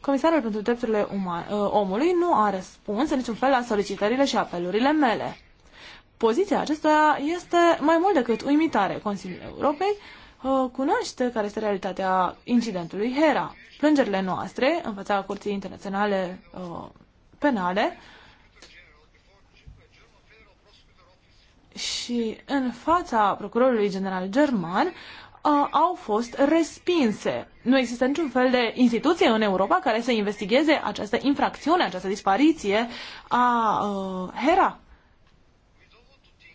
Comisarul pentru drepturile uh, omului nu a răspuns în niciun fel la solicitările și apelurile mele. Poziția acestuia este mai mult decât uimitare. Consiliul Europei cunoaște care este realitatea incidentului Hera plângerile noastre în fața Curții Internaționale uh, Penale și în fața Procurorului General German uh, au fost respinse. Nu există niciun fel de instituție în Europa care să investigheze această infracțiune, această dispariție a uh, Hera.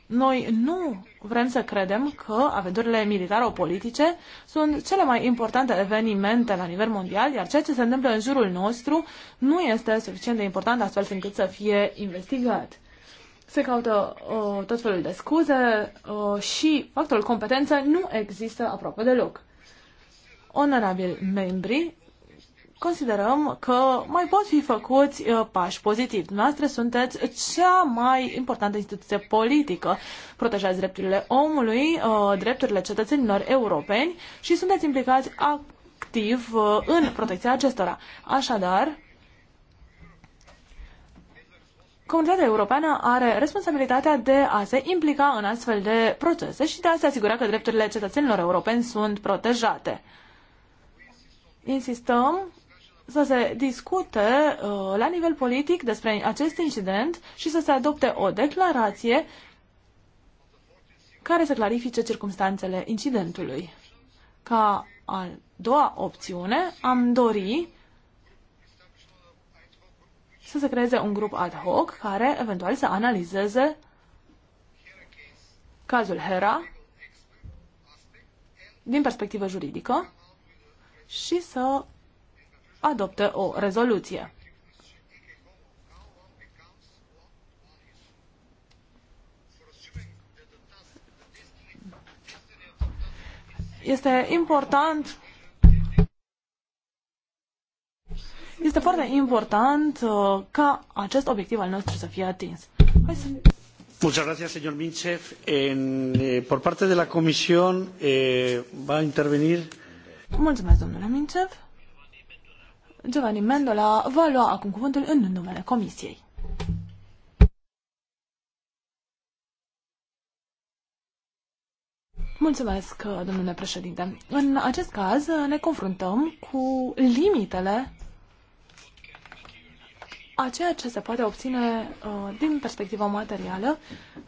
Noi nu vrem să credem că aventurile militaro-politice sunt cele mai importante evenimente la nivel mondial, iar ceea ce se întâmplă în jurul nostru nu este suficient de important astfel încât să fie investigat. Se caută uh, tot felul de scuze uh, și factorul competență nu există aproape deloc. Onorabil membri, considerăm că mai pot fi făcuți uh, pași pozitivi. Dumneavoastră sunteți cea mai importantă instituție politică. Protejați drepturile omului, uh, drepturile cetățenilor europeni și sunteți implicați activ uh, în protecția acestora. Așadar, Comunitatea europeană are responsabilitatea de a se implica în astfel de procese și de a se asigura că drepturile cetățenilor europeni sunt protejate. Insistăm să se discute uh, la nivel politic despre acest incident și să se adopte o declarație care să clarifice circumstanțele incidentului. Ca a doua opțiune, am dori să se creeze un grup ad hoc care eventual să analizeze cazul Hera din perspectivă juridică și să adoptă o rezoluție. Este important este foarte important uh, ca acest obiectiv al nostru să fie atins. Hai să... Muchas gracias, señor Minchev. En, eh, por parte de la Comisión eh, va a intervenir. Mulțumesc, domnule Minchev. Giovanni Mendola va lua acum cuvântul în numele Comisiei. Mulțumesc, domnule președinte. În acest caz ne confruntăm cu limitele a ceea ce se poate obține uh, din perspectiva materială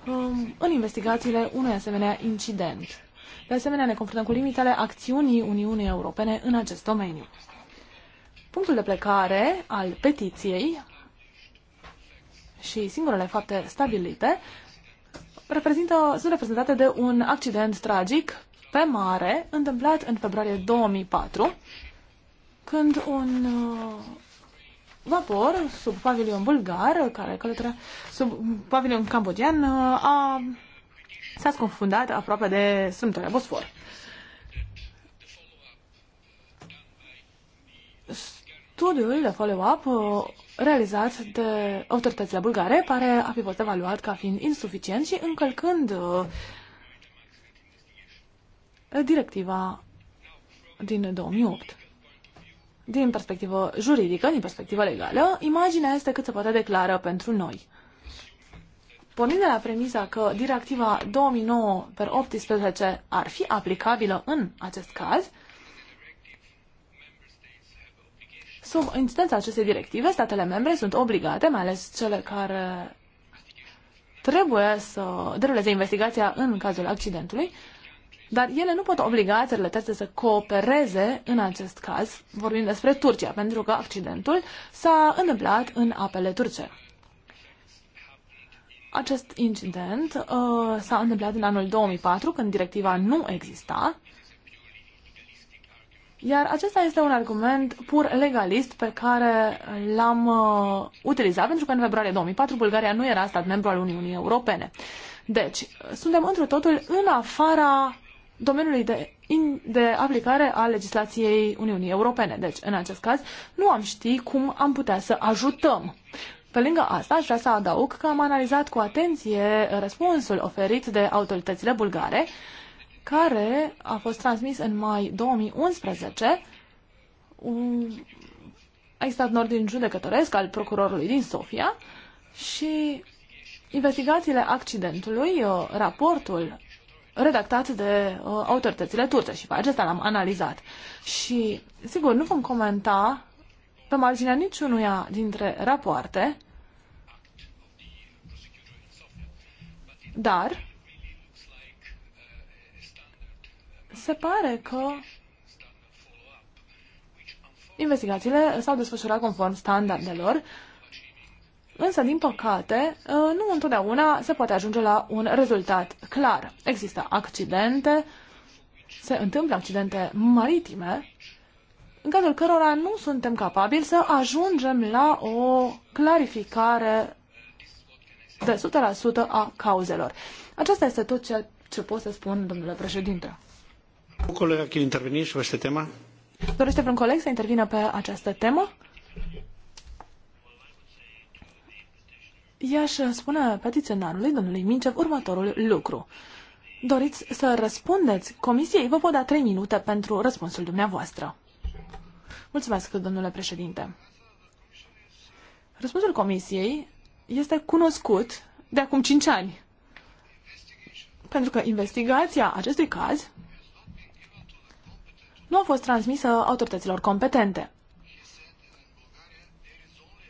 um, în investigațiile unui asemenea incident. De asemenea, ne confruntăm cu limitele acțiunii Uniunii Europene în acest domeniu. Punctul de plecare al petiției și singurele fapte stabilite reprezintă, sunt reprezentate de un accident tragic pe mare întâmplat în februarie 2004 când un uh, vapor sub pavilion bulgar, care călătorea sub pavilion cambodian uh, a, s-a scufundat aproape de strâmtoarea Bosfor. Studiul de follow-up uh, realizat de autoritățile bulgare pare a fi fost evaluat ca fiind insuficient și încălcând uh, directiva din 2008. Din perspectivă juridică, din perspectivă legală, imaginea este cât se poate declară pentru noi. Pornind de la premisa că directiva 2009 per 18 ar fi aplicabilă în acest caz, Sub instanța acestei directive, statele membre sunt obligate, mai ales cele care trebuie să deruleze investigația în cazul accidentului, dar ele nu pot obliga țările terțe să coopereze în acest caz, vorbim despre Turcia, pentru că accidentul s-a întâmplat în apele turce. Acest incident uh, s-a întâmplat în anul 2004, când directiva nu exista iar acesta este un argument pur legalist pe care l-am uh, utilizat pentru că în februarie 2004 Bulgaria nu era stat membru al Uniunii Europene. Deci, suntem într totul în afara domeniului de, in, de aplicare a legislației Uniunii Europene. Deci, în acest caz, nu am ști cum am putea să ajutăm. Pe lângă asta, aș vrea să adaug că am analizat cu atenție răspunsul oferit de autoritățile bulgare uh, care a fost transmis în mai 2011. A existat un ordin judecătoresc al procurorului din Sofia și investigațiile accidentului, uh, raportul redactat de uh, autoritățile turce și pe acesta l-am analizat. Și, sigur, nu vom comenta pe marginea niciunuia dintre rapoarte, dar se pare că investigațiile s-au desfășurat conform standardelor, însă, din păcate, ă, nu întotdeauna se poate ajunge la un rezultat clar. Există accidente, se întâmplă accidente maritime, în cazul cărora nu suntem capabili să ajungem la o clarificare de 100% a cauzelor. Aceasta este tot ce pot să spun, domnule președinte. Un coleg care interveni și este tema? Dorește vreun coleg să intervină pe această temă? I-aș spune petiționarului, domnului Mincev, următorul lucru. Doriți să răspundeți comisiei? Vă pot da trei minute pentru răspunsul dumneavoastră. Mulțumesc, domnule președinte. Răspunsul comisiei este cunoscut de acum cinci ani. Pentru că investigația acestui caz nu a fost transmisă autorităților competente.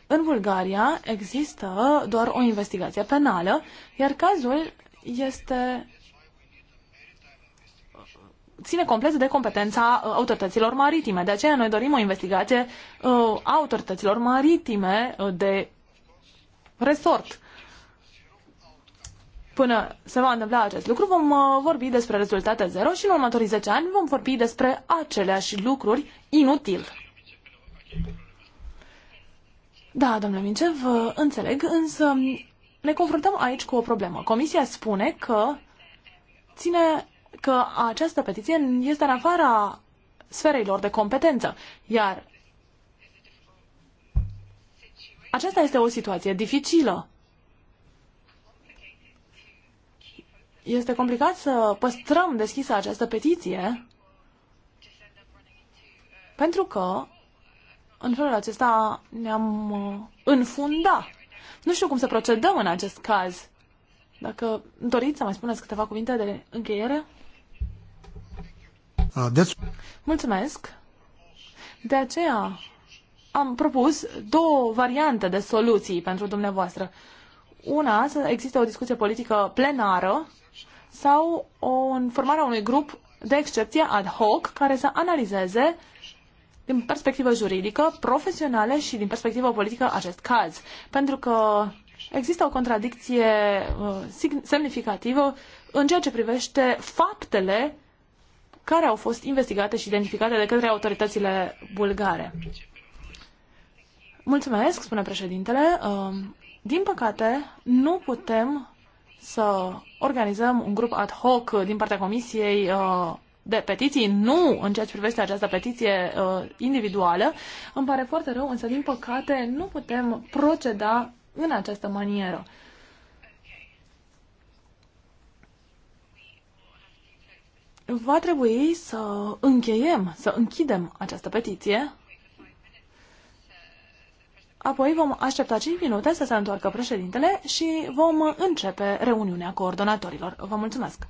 În Bulgaria există doar o investigație penală, iar cazul este ține complet de competența uh, autorităților maritime. De aceea noi dorim o investigație uh, a autorităților maritime uh, de resort Până se va întâmpla acest lucru, vom uh, vorbi despre rezultate zero și în următorii 10 ani vom vorbi despre aceleași lucruri inutil. Da, domnule Mincev, uh, înțeleg, însă um, ne confruntăm aici cu o problemă. Comisia spune că ține că această petiție este în afara sferei lor de competență, iar aceasta este o situație dificilă. este complicat să păstrăm deschisă această petiție pentru că în felul acesta ne-am uh, înfunda. Nu știu cum să procedăm în acest caz. Dacă doriți să mai spuneți câteva cuvinte de încheiere? Uh, Mulțumesc. De aceea am propus două variante de soluții pentru dumneavoastră. Una, să existe o discuție politică plenară sau o formarea unui grup de excepție ad hoc care să analizeze din perspectivă juridică, profesională și din perspectivă politică acest caz. Pentru că există o contradicție uh, semnificativă în ceea ce privește faptele care au fost investigate și identificate de către autoritățile bulgare. Mulțumesc, spune președintele. Uh, din păcate, nu putem să organizăm un grup ad hoc uh, din partea Comisiei uh, de petiții, nu în ceea ce privește această petiție uh, individuală. Îmi pare foarte rău, însă din păcate nu putem proceda în această manieră. Va trebui să încheiem, să închidem această petiție Apoi vom aștepta 5 minute să se întoarcă președintele și vom începe reuniunea coordonatorilor. Vă mulțumesc!